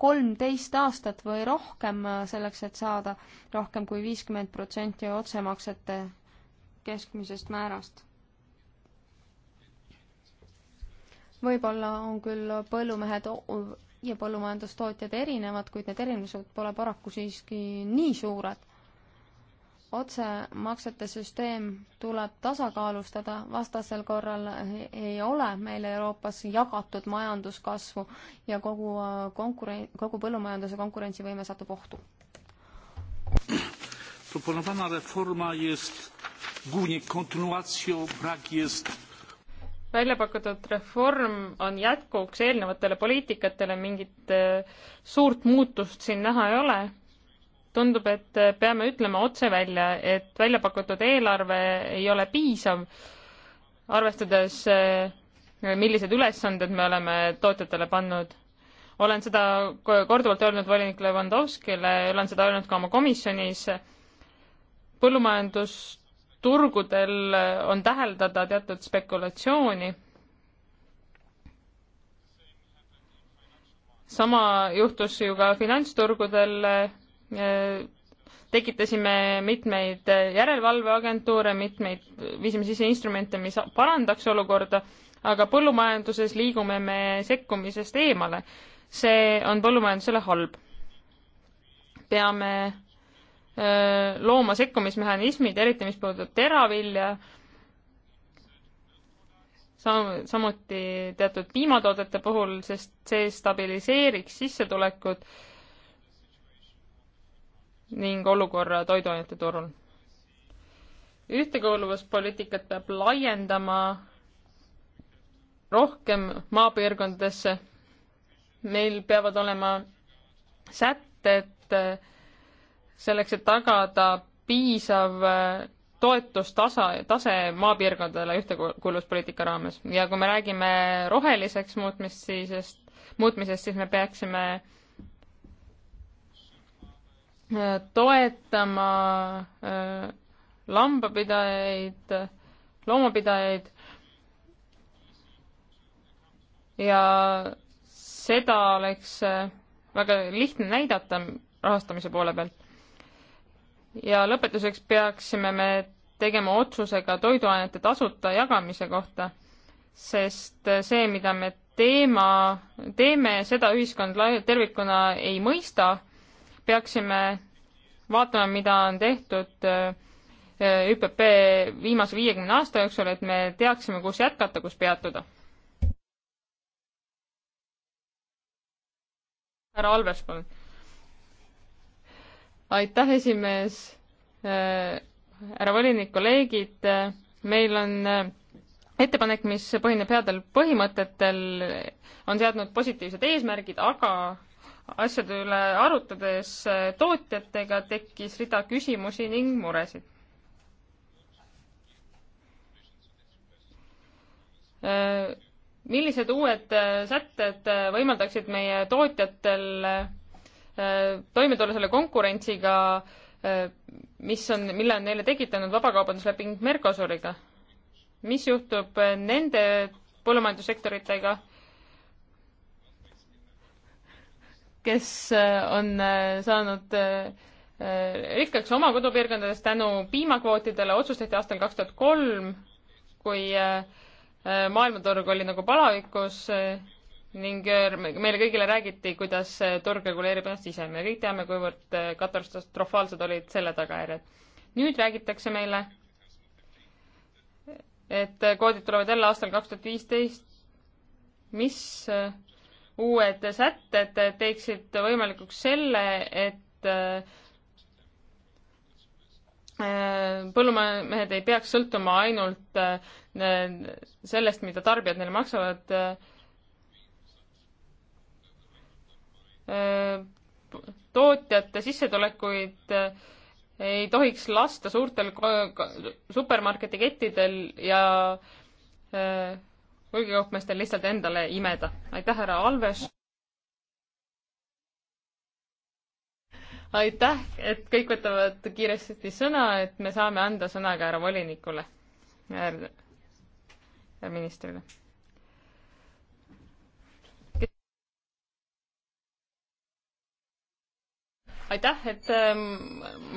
kolmteist aastat või rohkem selleks, et saada rohkem kui viiskümmend protsenti otsemaksete keskmisest määrast. võib-olla on küll põllumehed ja põllumajandustootjad erinevad, kuid need erinevused pole paraku siiski nii suured otsemaksete süsteem tuleb tasakaalustada, vastasel korral ei ole meil Euroopas jagatud majanduskasvu ja kogu äh, konkuren-, kogu põllumajanduse konkurentsivõime satub ohtu. Proponowana reforma jest głównie kontynuacją, brak jest välja pakutud reform on jätkuks eelnevatele poliitikatele, mingit äh, suurt muutust siin näha ei ole tundub, et peame ütlema otse välja, et välja pakutud eelarve ei ole piisav, arvestades eh, millised ülesanded me oleme tootjatele pannud. olen seda korduvalt öelnud volinik Levandovskile, olen seda öelnud ka oma komisjonis, põllumajandusturgudel on täheldada teatud spekulatsiooni, sama juhtus ju ka finantsturgudel tekitasime mitmeid järelevalveagentuure, mitmeid, viisime sisse instrumente, mis parandaks olukorda, aga põllumajanduses liigume me sekkumisest eemale. see on põllumajandusele halb. peame öö, looma sekkumismehhanismid, eriti mis puudutab teravilja, sam-, samuti teatud piimatoodete puhul, sest see stabiliseeriks sissetulekut ning olukorra toiduainete turul. ühtekuuluvuspoliitikat peab laiendama rohkem maapiirkondadesse. meil peavad olema sätted äh, selleks, et tagada piisav äh, toetustasa, tase maapiirkondadele ühtekuuluvuspoliitika raames ja kui me räägime roheliseks muutmist, siis, muutmisest, siis me peaksime toetama äh, lambapidajaid, loomapidajaid ja seda oleks äh, väga lihtne näidata rahastamise poole pealt. ja lõpetuseks peaksime me tegema otsuse ka toiduainete tasuta jagamise kohta, sest äh, see, mida me teema, teeme, seda ühiskond tervikuna ei mõista peaksime vaatama, mida on tehtud äh, ÜPP viimase viiekümne aasta jooksul, et me teaksime, kus jätkata, kus peatuda. härra Alves, palun. aitäh, esimees, äh, härra volinik, kolleegid, meil on äh, ettepanek, mis põhineb headel põhimõtetel, on seadnud positiivsed eesmärgid, aga asjade üle arutades tootjatega tekkis rida küsimusi ning muresid. millised uued sätted võimaldaksid meie tootjatel eh, toime tulla selle konkurentsiga, eh, mis on, mille on neile tekitanud vabakaubandusleping Mercosuriga? mis juhtub nende põllumajandussektoritega, kes eh, on eh, saanud eh, rikkaks oma kodupiirkondades tänu piimakvootidele, otsustati aastal kaks tuhat kolm, kui maailmaturg oli nagu palavikus ning meile kõigile räägiti, kuidas turg reguleerib ennast ise. me kõik teame, kuivõrd katastrofaalsed olid selle tagajärjed. nüüd räägitakse meile, et koodid tulevad jälle aastal kaks tuhat viisteist, mis uued sätted teeksid võimalikuks selle, et äh, põllumehed ei peaks sõltuma ainult äh, sellest, mida tarbijad neile maksavad. Äh, tootjate sissetulekuid ei tohiks lasta suurtel supermarketi kettidel ja hulgikaupmeestel lihtsalt endale imeda. aitäh, härra Alves! aitäh, et kõik võtavad kiiresti sõna, et me saame anda sõna ka härra volinikule, härra ministrile. aitäh, et ähm,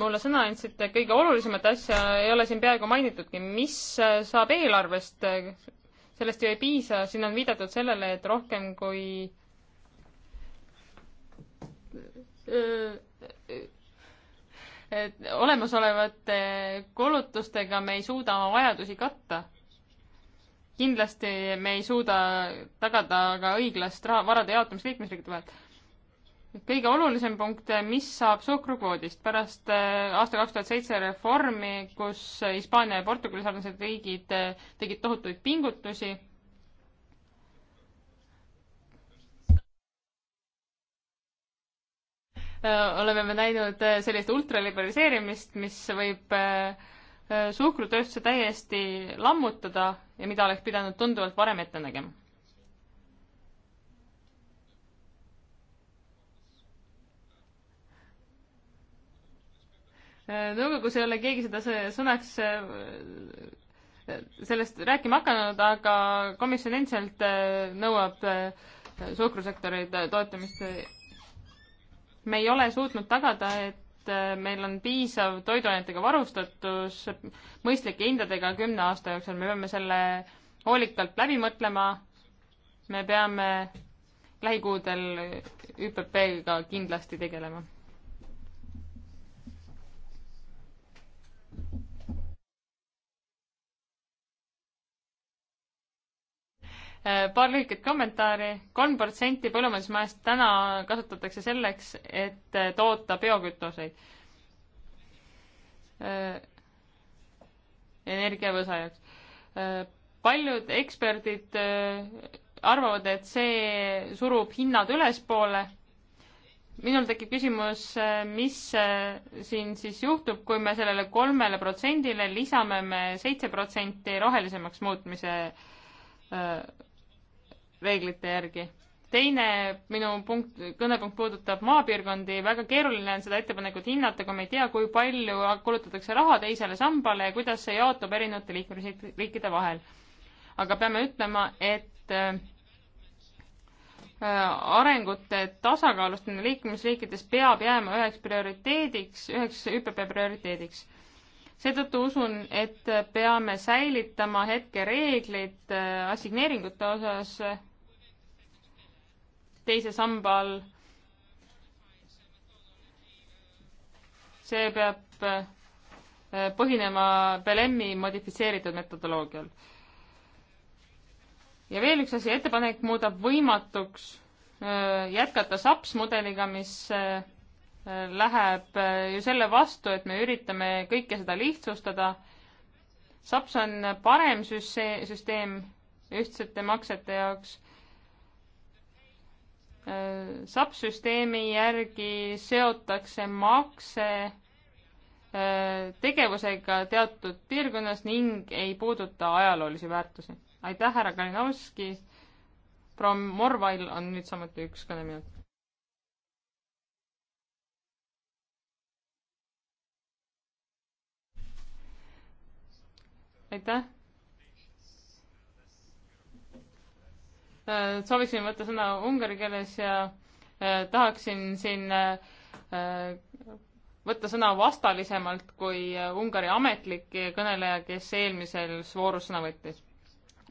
mulle sõna andsite, kõige olulisemat asja ei ole siin peaaegu mainitudki, mis äh, saab eelarvest sellest ju ei piisa, siin on viidatud sellele, et rohkem kui et olemasolevate kulutustega me ei suuda oma vajadusi katta. kindlasti me ei suuda tagada ka õiglast raha, varade jaotamist liikmesriikide vahel kõige olulisem punkt, mis saab suhkrukvoodist pärast äh, aasta kaks tuhat seitse reformi, kus Hispaania ja Portugali sarnased riigid äh, tegid tohutuid pingutusi. Äh, oleme me näinud sellist ultraliberaliseerimist, mis võib suhkrutööstuse täiesti lammutada ja mida oleks pidanud tunduvalt varem ette nägema nõukogus ei ole keegi seda sõnaks äh, sellest rääkima hakanud, aga komisjon endiselt äh, nõuab äh, suhkrusektori toetamist. me ei ole suutnud tagada, et meil on piisav toiduainetega varustatus mõistlike hindadega kümne aasta jooksul, me peame selle hoolikalt läbi mõtlema. me peame lähikuudel ÜPP-ga kindlasti tegelema Äh, paar lühikest kommentaari. kolm protsenti põllumajandusmaast täna kasutatakse selleks, et äh, toota biokütuseid. Äh, energiavõsa jaoks. paljud eksperdid arvavad, et see surub hinnad ülespoole. minul tekib küsimus, mis siin siis juhtub, kui me sellele kolmele protsendile lisame me seitse protsenti rohelisemaks muutmise reeglite järgi. teine minu punkt, kõnepunkt puudutab maapiirkondi, väga keeruline on seda ettepanekut hinnata, kui me ei tea, kui palju kulutatakse raha teisele sambale ja kuidas see jaotub erinevate liikmesriikide vahel. aga peame ütlema, et äh, arengute tasakaalustamine liikmesriikides peab jääma üheks prioriteediks, üheks ÜPP prioriteediks seetõttu usun, et peame säilitama hetkereeglid äh, assigneeringute osas teise samba all. see peab äh, põhinema Belemi modifitseeritud metodoloogial. ja veel üks asi, ettepanek muudab võimatuks äh, jätkata SAPS mudeliga, mis äh, läheb ju selle vastu, et me üritame kõike seda lihtsustada. SAPS on parem süsteem ühtsete maksete jaoks SAP-süsteemi järgi seotakse makse äh, tegevusega teatud piirkonnas ning ei puuduta ajaloolisi väärtusi. aitäh, härra Kalinovski. proua Morvail on nüüd samuti üks kõneminut. aitäh Äh, sooviksin võtta sõna ungari keeles ja äh, tahaksin siin äh, võtta sõna vastalisemalt kui Ungari ametlik kõneleja, kes eelmisel voorus sõna võttis.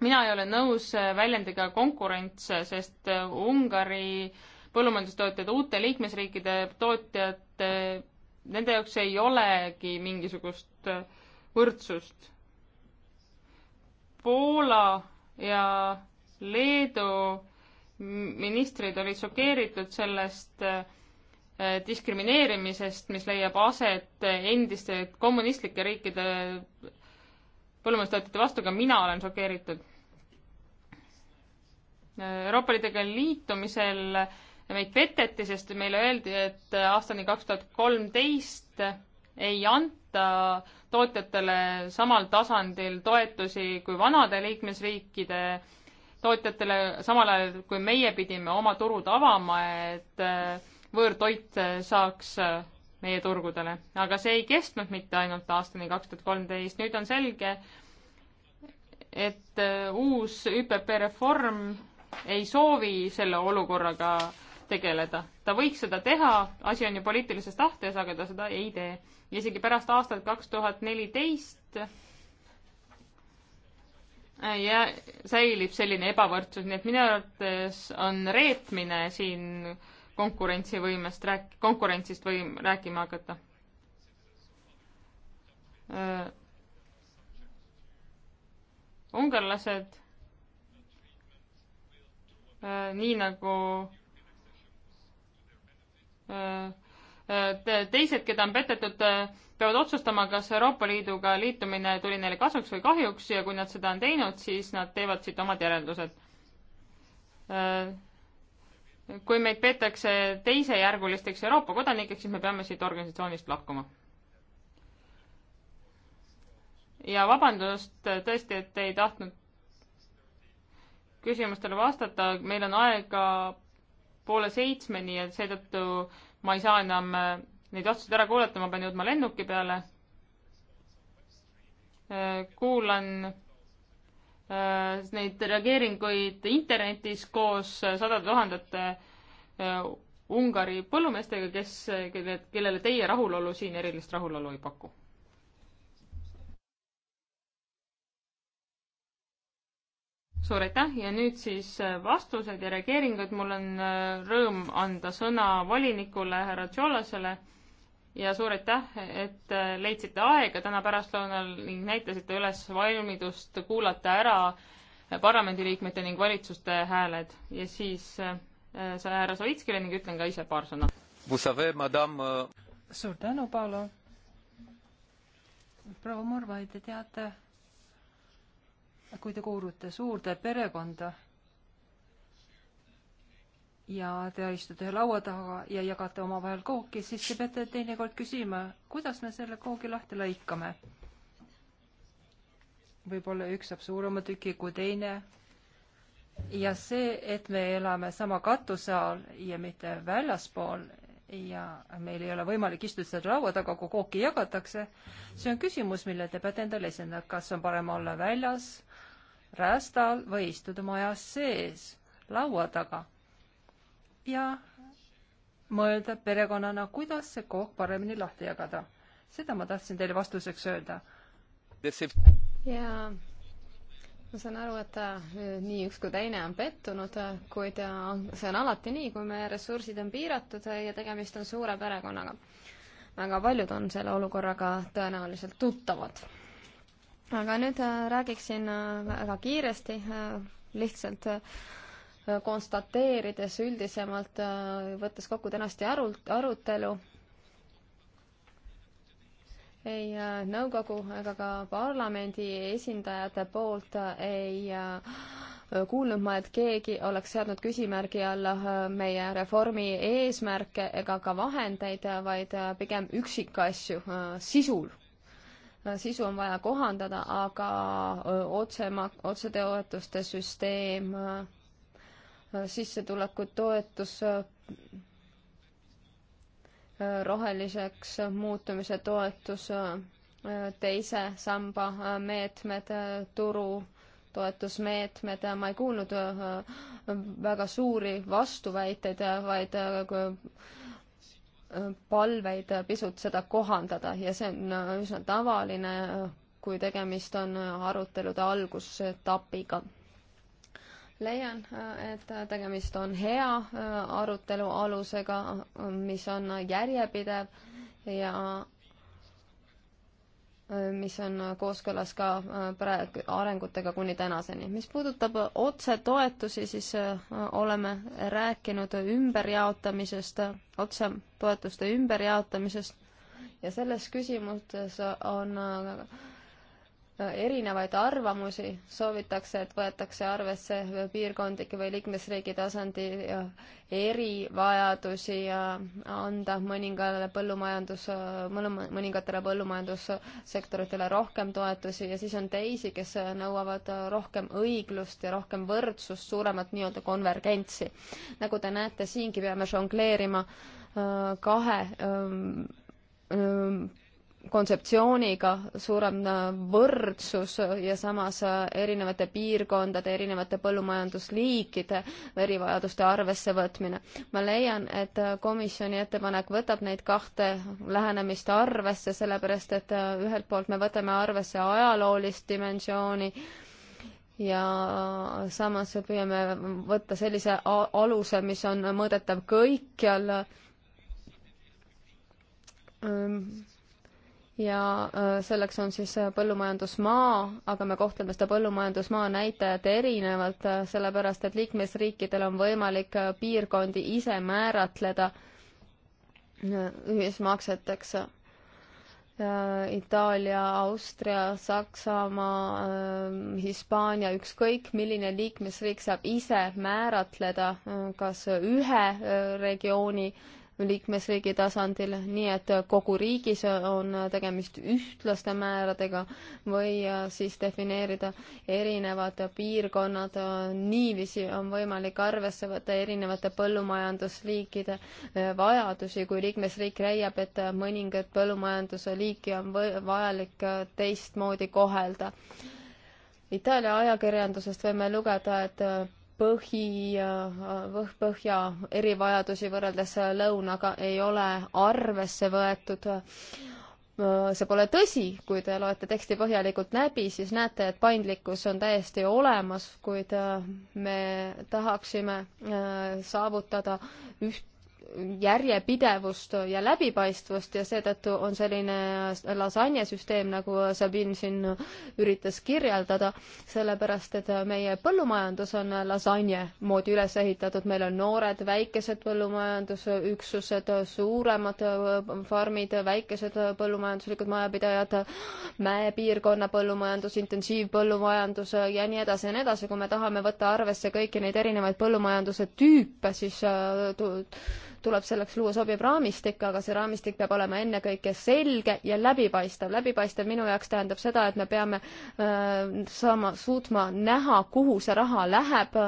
mina ei ole nõus väljendiga konkurents, sest Ungari põllumajandustootjad, uute liikmesriikide tootjad, nende jaoks ei olegi mingisugust võrdsust. Poola ja Leedu ministrid olid šokeeritud sellest äh, diskrimineerimisest, mis leiab aset endiste kommunistlike riikide põllumajandustootjate vastu, ka mina olen šokeeritud. Euroopa Liiduga liitumisel meid peteti, sest meile öeldi, et aastani kaks tuhat kolmteist ei anta tootjatele samal tasandil toetusi kui vanade liikmesriikide äh, tootjatele, samal ajal kui meie pidime oma turud avama, et äh, võõrtoit äh, saaks äh, meie turgudele. aga see ei kestnud mitte ainult aastani kaks tuhat kolmteist, nüüd on selge, et uus ÜPP reform ei soovi selle olukorraga tegeleda. ta võiks seda teha, asi on ju poliitilises tahtes, aga ta seda ei tee. isegi pärast aastat kaks tuhat neliteist ja säilib selline ebavõrdsus, nii et minu arvates on reetmine siin konkurentsivõimest rääk-, konkurentsist võim-, rääkima hakata. Äh, ungarlased, äh, nii nagu öö, äh, teised, keda on petetud, äh, peavad otsustama, kas Euroopa Liiduga liitumine tuli neile kasuks või kahjuks ja kui nad seda on teinud, siis nad teevad siit omad järeldused. Äh, kui meid peetakse teisejärgulisteks Euroopa kodanikeks, siis me peame siit organisatsioonist lahkuma. ja vabandust äh, tõesti, et ei tahtnud küsimustele vastata, meil on aega poole seitsmeni ja seetõttu ma ei saa enam äh, neid otsuseid ära kuulata, ma pean jõudma lennuki peale. Äh, kuulan äh, neid reageeringuid internetis koos sadade tuhandete Ungari põllumeestega, kes, kelle, kellele teie rahulolu siin erilist rahulolu ei paku suur aitäh ja nüüd siis äh, vastused ja reageeringud. mul on äh, rõõm anda sõna volinikule härra Tšollasele ja suur aitäh, et äh, leidsite aega täna pärastlõunal ning näitasite üles valmidust kuulata ära parlamendiliikmete ning valitsuste hääled ja siis äh, härra Savitskile ning ütlen ka ise paar sõna. suur tänu, Paolo. proua Murva, te teate kui te kuulute suurde perekonda ja te istute ühe laua taha ja jagate omavahel kooki, siis te peate teinekord küsima, kuidas me selle koogi lahti lõikame. võib-olla üks saab suurema tüki kui teine. ja see, et me elame sama katuse all ja mitte väljaspool ja meil ei ole võimalik istuda selle laua taga, kui kooki jagatakse, see on küsimus, mille te peate endale esindama, kas on parem olla väljas rästal või istuda majas sees laua taga ja mõelda perekonnana, kuidas see kook paremini lahti jagada. seda ma tahtsin teile vastuseks öelda. jaa, ma saan aru, et äh, nii üks kui teine on pettunud, äh, kuid äh, see on alati nii, kui meie ressursid on piiratud ja tegemist on suure perekonnaga. väga paljud on selle olukorraga tõenäoliselt tuttavad aga nüüd äh, räägiksin äh, väga kiiresti, äh, lihtsalt konstateerides üldisemalt, võttes kokku tänast arutelu, ei nõukogu ega ka parlamendi esindajate poolt ei kuulnud ma, et keegi oleks seadnud küsimärgi alla meie reformi eesmärke ega ka vahendeid, vaid pigem üksikasju sisul sisu on vaja kohandada, aga otsemak-, otsetoetuste süsteem, sissetulekutoetus, roheliseks muutumise toetus, teise samba meetmed, turu toetusmeetmed, ma ei kuulnud väga suuri vastuväiteid, vaid palveid pisut seda kohandada ja see on äh, üsna tavaline, äh, kui tegemist on äh, arutelude algusetapiga. leian, et tegemist on hea arutelu alusega, mis on järjepidev ja mis on kooskõlas ka äh, praegu arengutega kuni tänaseni. mis puudutab äh, otsetoetusi, siis äh, oleme rääkinud ümberjaotamisest, otsetoetuste ümberjaotamisest ja selles küsimuses on erinevaid arvamusi, soovitakse, et võetakse arvesse piirkondlikke või liikmesriigi tasandi erivajadusi ja anda mõningale põllumajandus, mõningatele põllumajandussektoritele rohkem toetusi ja siis on teisi, kes nõuavad rohkem õiglust ja rohkem võrdsust, suuremat nii-öelda konvergentsi. nagu te näete, siingi peame žongleerima äh, kahe ähm, ähm, kontseptsiooniga suurem äh, võrdsus ja samas äh, erinevate piirkondade, erinevate põllumajandusliikide verivajaduste arvessevõtmine. ma leian, et äh, komisjoni ettepanek võtab neid kahte lähenemist arvesse, sellepärast et ühelt poolt me võtame arvesse ajaloolist dimensiooni, ja samas püüame võtta sellise aluse, mis on mõõdetav kõikjal ja äh, selleks on siis äh, põllumajandusmaa, aga me kohtleme seda põllumajandusmaa näitajat erinevalt, äh, sellepärast et liikmesriikidel on võimalik piirkondi ise määratleda ühismakseteks. Itaalia, Austria, Saksamaa, Hispaania, ükskõik milline liikmesriik saab ise määratleda kas ühe regiooni liikmesriigi tasandil, nii et kogu riigis on tegemist ühtlaste määradega või siis defineerida erinevad piirkonnad, niiviisi on võimalik arvesse võtta erinevate põllumajandusliikide vajadusi, kui liikmesriik leiab, et mõningat põllumajanduse liiki on vajalik teistmoodi kohelda. Itaalia ajakirjandusest võime lugeda, et põhi, äh, põhja erivajadusi võrreldes lõunaga ei ole arvesse võetud. Äh, see pole tõsi, kui te loete teksti põhjalikult läbi, siis näete, et paindlikkus on täiesti olemas, kuid äh, me tahaksime saavutada üht järjepidevust ja läbipaistvust ja seetõttu on selline lasanjesüsteem, nagu Sabin siin üritas kirjeldada, sellepärast et meie põllumajandus on lasanje moodi üles ehitatud, meil on noored väikesed põllumajandusüksused, suuremad farmid, väikesed põllumajanduslikud majapidajad, mäepiirkonna põllumajandus, intensiivpõllumajandus ja nii edasi ja nii edasi, kui me tahame võtta arvesse kõiki neid erinevaid põllumajanduse tüüpe, siis tuleb selleks luua sobiv raamistik, aga see raamistik peab olema ennekõike selge ja läbipaistev. läbipaistev minu jaoks tähendab seda, et me peame äh, saama, suutma näha, kuhu see raha läheb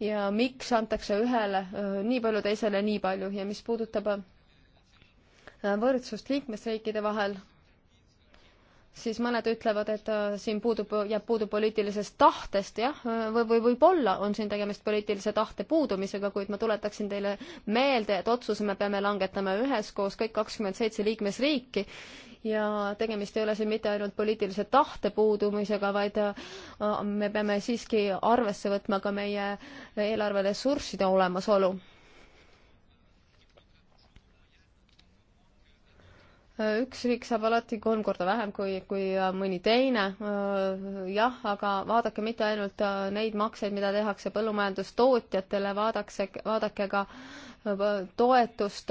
ja miks antakse ühele äh, nii palju, teisele nii palju ja mis puudutab äh, võrdsust liikmesriikide vahel, siis mõned ütlevad, et äh, siin puudub, jääb puudu poliitilisest tahtest, jah, äh, või, või võib-olla on siin tegemist poliitilise tahte puudumisega, kuid ma tuletaksin teile meelde, et otsuse me peame langetama üheskoos kõik kakskümmend seitse liikmesriiki ja tegemist ei ole siin mitte ainult poliitilise tahte puudumisega, vaid äh, me peame siiski arvesse võtma ka meie eelarveressursside olemasolu üks riik saab alati kolm korda vähem kui, kui äh, mõni teine, äh, jah, aga vaadake mitte ainult äh, neid makseid, mida tehakse põllumajandustootjatele, vaadakse, vaadake ka toetust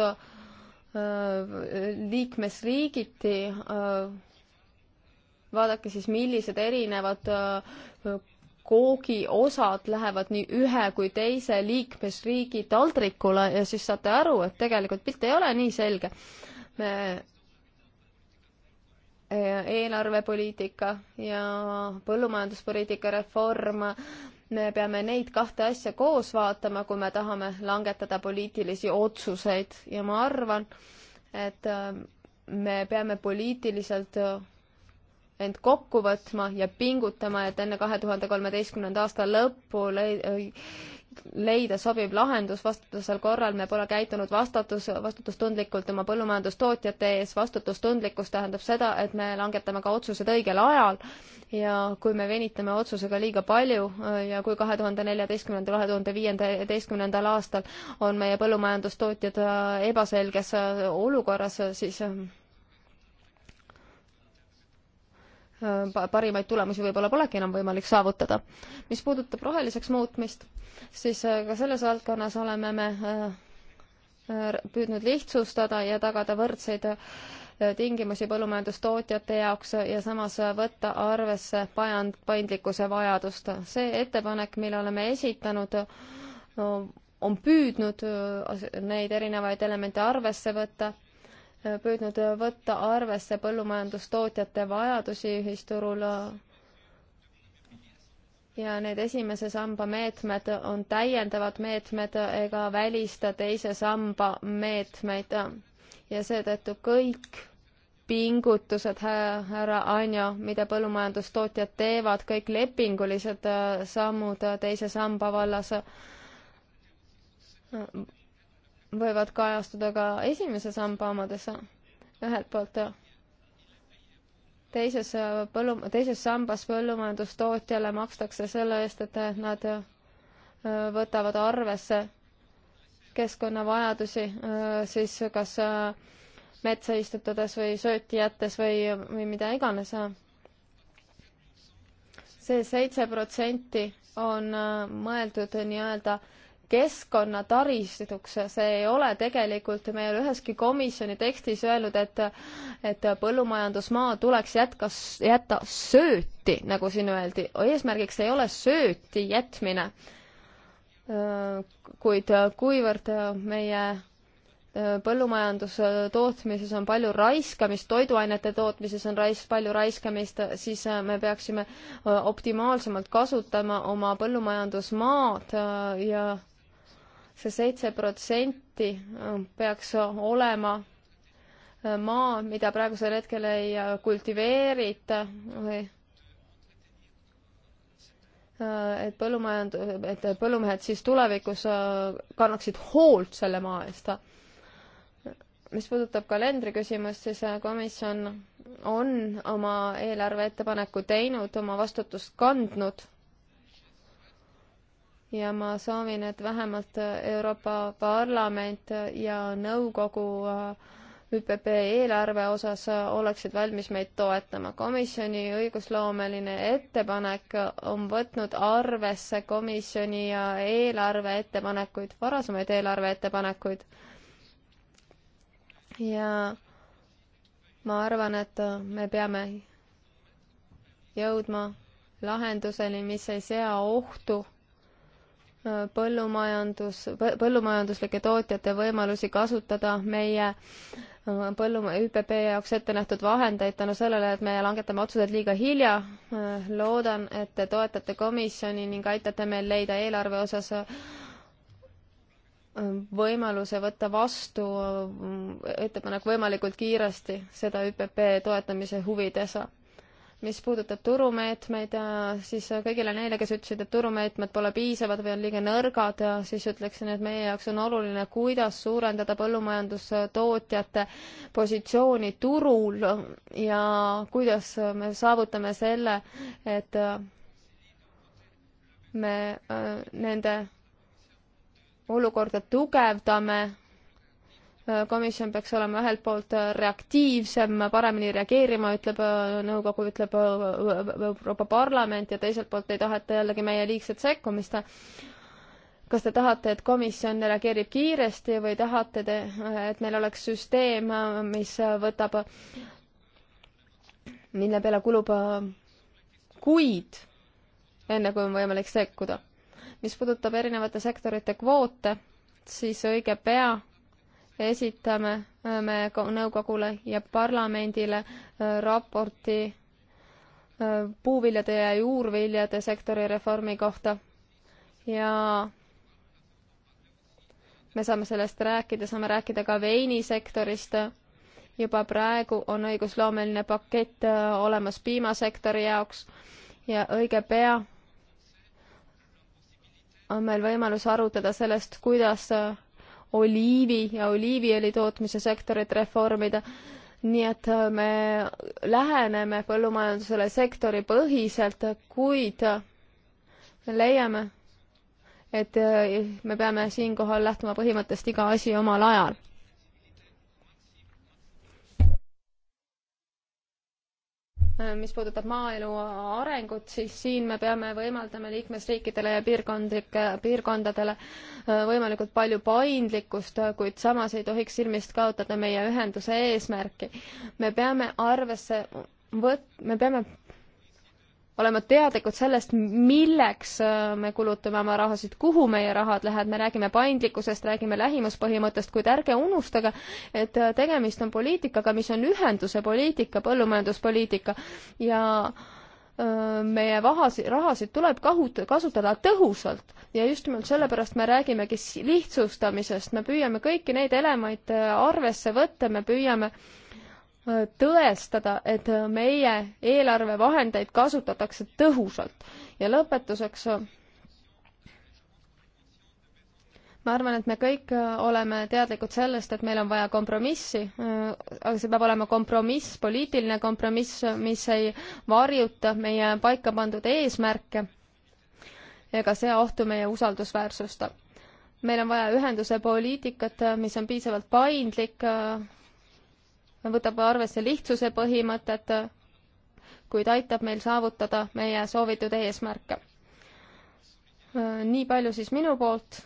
liikmesriigiti, vaadake siis, millised erinevad koogi osad lähevad nii ühe kui teise liikmesriigi taldrikule ja siis saate aru, et tegelikult pilt ei ole nii selge. me Eh, eelarvepoliitika ja põllumajanduspoliitika reform, me peame neid kahte asja koos vaatama, kui me tahame langetada poliitilisi otsuseid ja ma arvan, et eh, me peame poliitiliselt eh, end kokku võtma ja pingutama, et enne kahe tuhande kolmeteistkümnenda aasta lõppu leida sobiv lahendus, vastutusel korral me pole käitunud vastutus, vastutustundlikult oma põllumajandustootjate ees, vastutustundlikkus tähendab seda, et me langetame ka otsused õigel ajal ja kui me venitame otsusega liiga palju äh, ja kui kahe tuhande neljateistkümnendal, kahe tuhande viieteistkümnendal aastal on meie põllumajandustootjad äh, ebaselges äh, olukorras, siis Äh, parimaid tulemusi võib-olla polegi enam võimalik saavutada. mis puudutab roheliseks muutmist, siis äh, ka selles valdkonnas oleme me äh, püüdnud lihtsustada ja tagada võrdseid tingimusi põllumajandustootjate jaoks ja samas võtta arvesse pajand, paindlikkuse vajadust. see ettepanek, mille oleme esitanud, on püüdnud neid erinevaid elemente arvesse võtta püüdnud võtta arvesse põllumajandustootjate vajadusi ühisturul ja need esimese samba meetmed on täiendavad meetmed ega välista teise samba meetmeid ja seetõttu kõik pingutused, härra Anjo, mida põllumajandustootjad teevad, kõik lepingulised sammud teise samba vallas võivad kajastuda ka esimese samba omades ühelt poolt teises äh, põllu, teises sambas põllumajandustootjale makstakse selle eest, et nad äh, võtavad arvesse keskkonnavajadusi äh, siis kas metsa istutades või sööti jättes või, või mida iganes. see seitse protsenti on mõeldud nii-öelda äh, keskkonnataristuks, see ei ole tegelikult, me ei ole üheski komisjoni tekstis öelnud, et et põllumajandusmaa tuleks jätka, jätta sööti, nagu siin öeldi. eesmärgiks ei ole sööti jätmine. kuid kuivõrd meie põllumajandustootmises on palju raiskamist, toiduainete tootmises on rais-, palju raiskamist, siis me peaksime optimaalsemalt kasutama oma põllumajandusmaad ja see seitse protsenti äh, peaks olema äh, maa, mida praegusel hetkel ei äh, kultiveerita või et põllumajand-, et põllumehed siis tulevikus kannaksid hoolt selle maa eest. mis puudutab kalendri küsimust, siis komisjon on oma eelarveettepaneku teinud, oma vastutust kandnud ja ma soovin, et vähemalt Euroopa Parlament ja nõukogu äh, ÜPP eelarve osas äh, oleksid valmis meid toetama. komisjoni õigusloomeline ettepanek on võtnud arvesse komisjoni ja eelarve ettepanekuid, varasemaid eelarve ettepanekuid. ja ma arvan, et äh, me peame jõudma lahenduseni, mis ei sea ohtu põllumajandus, põllumajanduslike tootjate võimalusi kasutada meie äh, põllu, ÜPP jaoks ette nähtud vahendeid tänu sellele, et me langetame otsused liiga hilja. Äh, loodan, et te toetate komisjoni ning aitate meil leida eelarve osas äh, võimaluse võtta vastu ettepanek võimalikult kiiresti, seda ÜPP toetamise huvides mis puudutab turumeetmeid, äh, siis äh, kõigile neile, kes ütlesid, et turumeetmed pole piisavad või on liiga nõrgad, äh, siis ütleksin, et meie jaoks on oluline, kuidas suurendada põllumajandustootjate positsiooni turul ja kuidas me saavutame selle, et me nende olukorda tugevdame komisjon peaks olema ühelt poolt reaktiivsem, paremini reageerima, ütleb äh, nõukogu, ütleb äh, äh, Euroopa Parlament ja teiselt poolt ei taheta jällegi meie liigset sekkumist. kas te tahate, et komisjon reageerib kiiresti või tahate te, et meil oleks süsteem, mis võtab, mille peale kulub kuid, enne kui on võimalik sekkuda? mis puudutab erinevate sektorite kvoote, siis õige pea esitame äh, me nõukogule ja parlamendile äh, raporti äh, puuviljade ja juurviljade sektori reformi kohta ja me saame sellest rääkida, saame rääkida ka veinisektorist. juba praegu on õigusloomeline pakett olemas piimasektori jaoks ja õige pea on meil võimalus arutada sellest, kuidas oliivi ja oliiviõli tootmise sektorit reformida. nii et äh, me läheneme põllumajandusele sektoripõhiselt, kuid me leiame, et äh, me peame siinkohal lähtuma põhimõttest iga asi omal ajal Äh, mis puudutab maaelu arengut, siis siin me peame võimaldama liikmesriikidele ja piirkondlike, piirkondadele äh, võimalikult palju paindlikkust, kuid samas ei tohiks silmist kaotada meie ühenduse eesmärki. me peame arvesse võt-, me peame olema teadlikud sellest, milleks äh, me kulutame oma rahasid, kuhu meie rahad lähevad, me räägime paindlikkusest, räägime lähimuspõhimõttest, kuid ärge unustage, et äh, tegemist on poliitikaga, mis on ühenduse poliitika, põllumajanduspoliitika ja äh, meie vahasid, rahasid tuleb kahut-, kasutada tõhusalt ja just nimelt sellepärast me räägimegi lihtsustamisest, me püüame kõiki neid elemente arvesse võtta, me püüame äh, tõestada, et meie eelarvevahendeid kasutatakse tõhusalt. ja lõpetuseks ma arvan, et me kõik oleme teadlikud sellest, et meil on vaja kompromissi, aga see peab olema kompromiss, poliitiline kompromiss, mis ei varjuta meie paika pandud eesmärke ega sea ohtu meie usaldusväärsust. meil on vaja ühenduse poliitikat, mis on piisavalt paindlik võtab arvesse lihtsuse põhimõtet, kuid aitab meil saavutada meie soovitud eesmärke. nii palju siis minu poolt.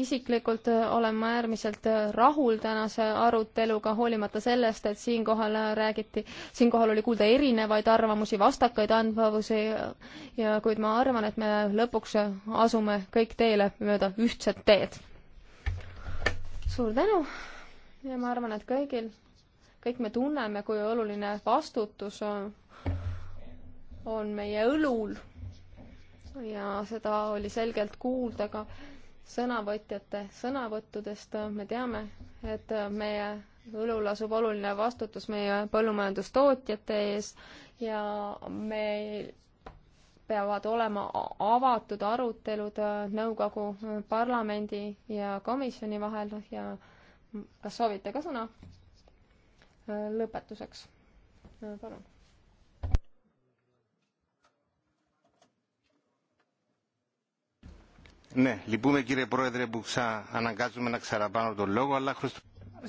isiklikult olen ma äärmiselt rahul tänase aruteluga, hoolimata sellest, et siinkohal räägiti, siinkohal oli kuulda erinevaid arvamusi, vastakaid andmavusi ja kuid ma arvan, et me lõpuks asume kõik teele mööda ühtset teed. suur tänu ja ma arvan, et kõigil, kõik me tunneme, kui oluline vastutus on, on meie õlul. ja seda oli selgelt kuulda ka sõnavõtjate sõnavõttudest. me teame, et meie õlul asub oluline vastutus meie põllumajandustootjate ees ja meil peavad olema avatud arutelud nõukogu, parlamendi ja komisjoni vahel ja kas soovite ka sõna? lõpetuseks, palun. Ναι, λυπούμε κύριε Πρόεδρε που ξαναγκάζουμε να ξαναπάνω τον λόγο, αλλά Χριστό...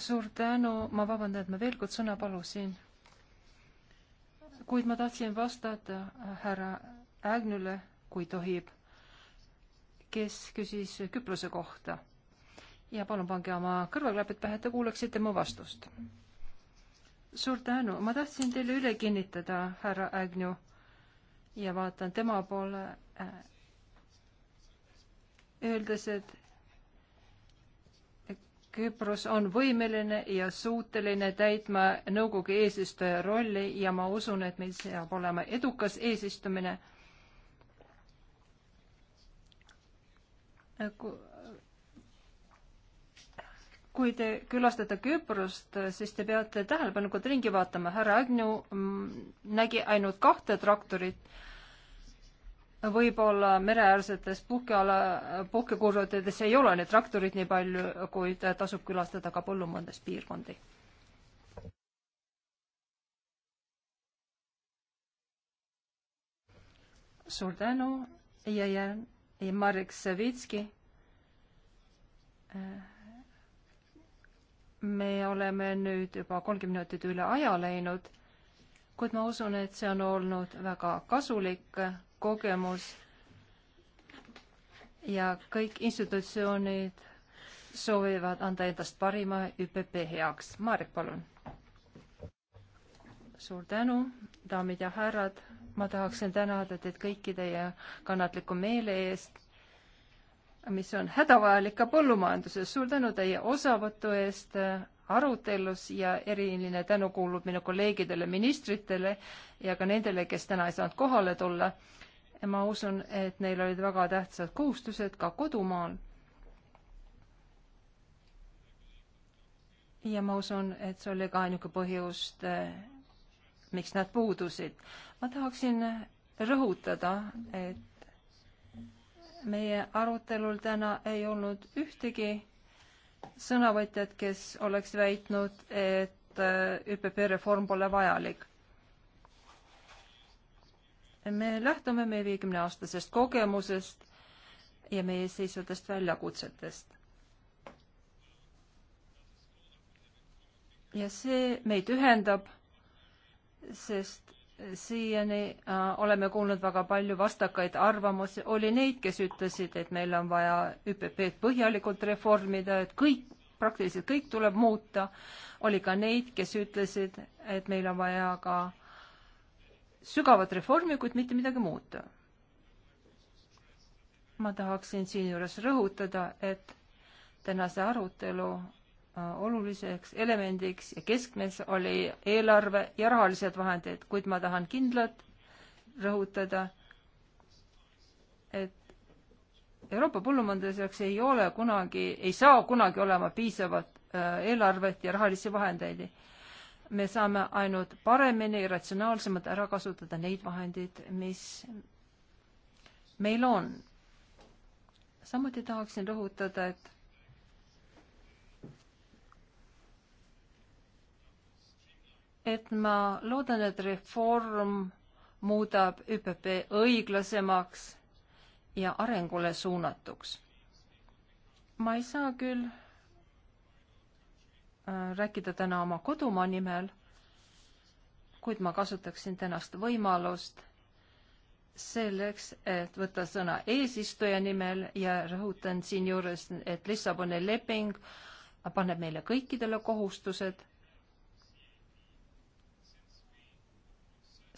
Suur tänu, ma vabandan, et ma veel kord sõna palusin. Kuid ma tahtsin vastata härra Ägnule, kui tohib, kes küsis Küprose kohta ja palun pange oma kõrvaklapid pähe, et te kuuleksite mu vastust. suur tänu, ma tahtsin teile üle kinnitada, härra Agnew, ja vaatan tema poole äh,, öeldes, et Küpros on võimeline ja suuteline täitma nõukogu eesistuja rolli ja ma usun, et meil saab olema edukas eesistumine. Äh, kui te külastate Küprost, siis te peate tähelepanelikult ringi vaatama. härra Agnew mm, nägi ainult kahte traktorit. võib-olla mereäärsetes puhkeala, puhkekurvades ei ole neid traktoreid nii palju, kuid tasub külastada ka põllumajanduspiirkondi. suur tänu ja jään Marek Savitski äh, me oleme nüüd juba kolmkümmend minutit üle aja läinud, kuid ma usun, et see on olnud väga kasulik kogemus ja kõik institutsioonid soovivad anda endast parima ÜPP heaks. Marek, palun. suur tänu, daamid ja härrad, ma tahaksin tänada teid kõiki teie kannatliku meele eest mis on hädavajalik ka põllumajanduses. suur tänu teie osavõtu eest arutelus ja eriline tänu kuulub minu kolleegidele ministritele ja ka nendele, kes täna ei saanud kohale tulla. ma usun, et neil olid väga tähtsad kohustused ka kodumaal. ja ma usun, et see oli ka ainuke põhjus, miks nad puudusid. ma tahaksin rõhutada, et meie arutelul täna ei olnud ühtegi sõnavõtjat, kes oleks väitnud, et äh, ÜPP reform pole vajalik. me lähtume meie viiekümne aastasest kogemusest ja meie seisvatest väljakutsetest. ja see meid ühendab, sest siiani äh, oleme kuulnud väga palju vastakaid arvamusi, oli neid, kes ütlesid, et meil on vaja ÜPP-d põhjalikult reformida, et kõik, praktiliselt kõik tuleb muuta, oli ka neid, kes ütlesid, et meil on vaja ka sügavat reformi, kuid mitte midagi muuta. ma tahaksin siinjuures rõhutada, et tänase arutelu Äh, oluliseks elemendiks ja keskmes oli eelarve ja rahalised vahendid, kuid ma tahan kindlalt rõhutada, et Euroopa põllumajanduseks ei ole kunagi, ei saa kunagi olema piisavat äh, eelarvet ja rahalisi vahendeid. me saame ainult paremini ja ratsionaalsemalt ära kasutada neid vahendeid, mis meil on. samuti tahaksin rõhutada, et et ma loodan, et reform muudab ÜPP õiglasemaks ja arengule suunatuks. ma ei saa küll äh, rääkida täna oma kodumaa nimel, kuid ma kasutaksin tänast võimalust selleks, et võtta sõna eesistuja nimel ja rõhutan siinjuures, et Lissaboni leping paneb meile kõikidele kohustused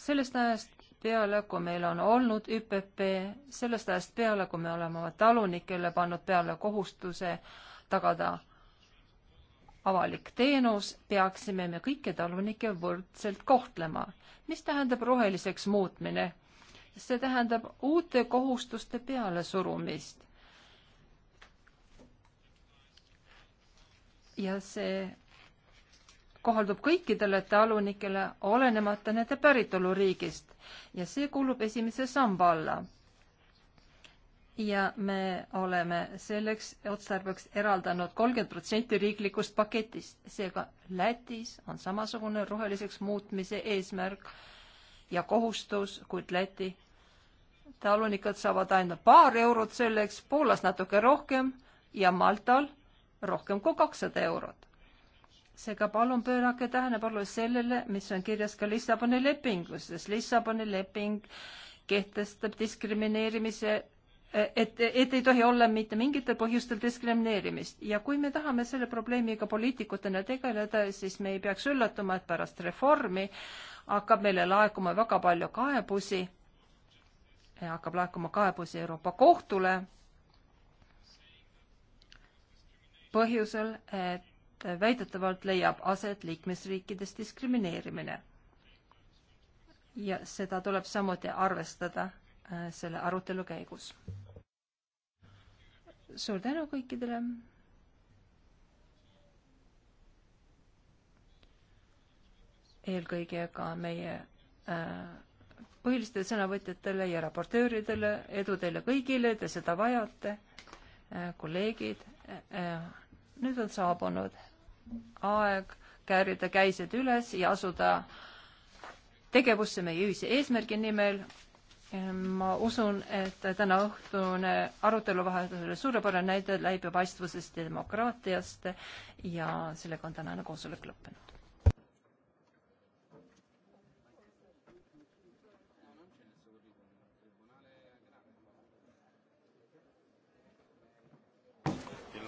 sellest ajast peale, kui meil on olnud ÜPP, sellest ajast peale, kui me oleme oma talunikele pannud peale kohustuse tagada avalik teenus, peaksime me kõiki talunikke võrdselt kohtlema. mis tähendab roheliseks muutmine? see tähendab uute kohustuste pealesurumist. ja see kohaldub kõikidele talunikele, olenemata nende päritoluriigist ja see kuulub esimese samba alla. ja me oleme selleks otstarbeks eraldanud kolmkümmend protsenti riiklikust paketist, seega Lätis on samasugune roheliseks muutmise eesmärk ja kohustus, kuid Läti talunikud saavad ainult paar eurot selleks, Poolas natuke rohkem ja Maltal rohkem kui kakssada eurot seega palun pöörake tähelepanu sellele, mis on kirjas ka Lissaboni lepingus, sest Lissaboni leping kehtestab diskrimineerimise e, et, et ei tohi olla mitte mingitel põhjustel diskrimineerimist ja kui me tahame selle probleemiga poliitikutena tegeleda, siis me ei peaks üllatuma, et pärast reformi hakkab meile laekuma väga palju kaebusi, hakkab laekuma kaebusi Euroopa Kohtule põhjusel, et väidetavalt leiab aset liikmesriikides diskrimineerimine. ja seda tuleb samuti arvestada äh, selle arutelu käigus. suur tänu kõikidele. eelkõige ka meie äh, põhilistele sõnavõtjatele ja raportööridele, edu teile kõigile, te seda vajate, äh, kolleegid. nüüd on saabunud aeg käärida käised üles ja asuda tegevusse meie ühise eesmärgi nimel. ma usun, et täna õhtune arutelu vahetus oli suurepärane näide läbipaistvusest ja demokraatiast ja sellega on tänane koosolek lõppenud.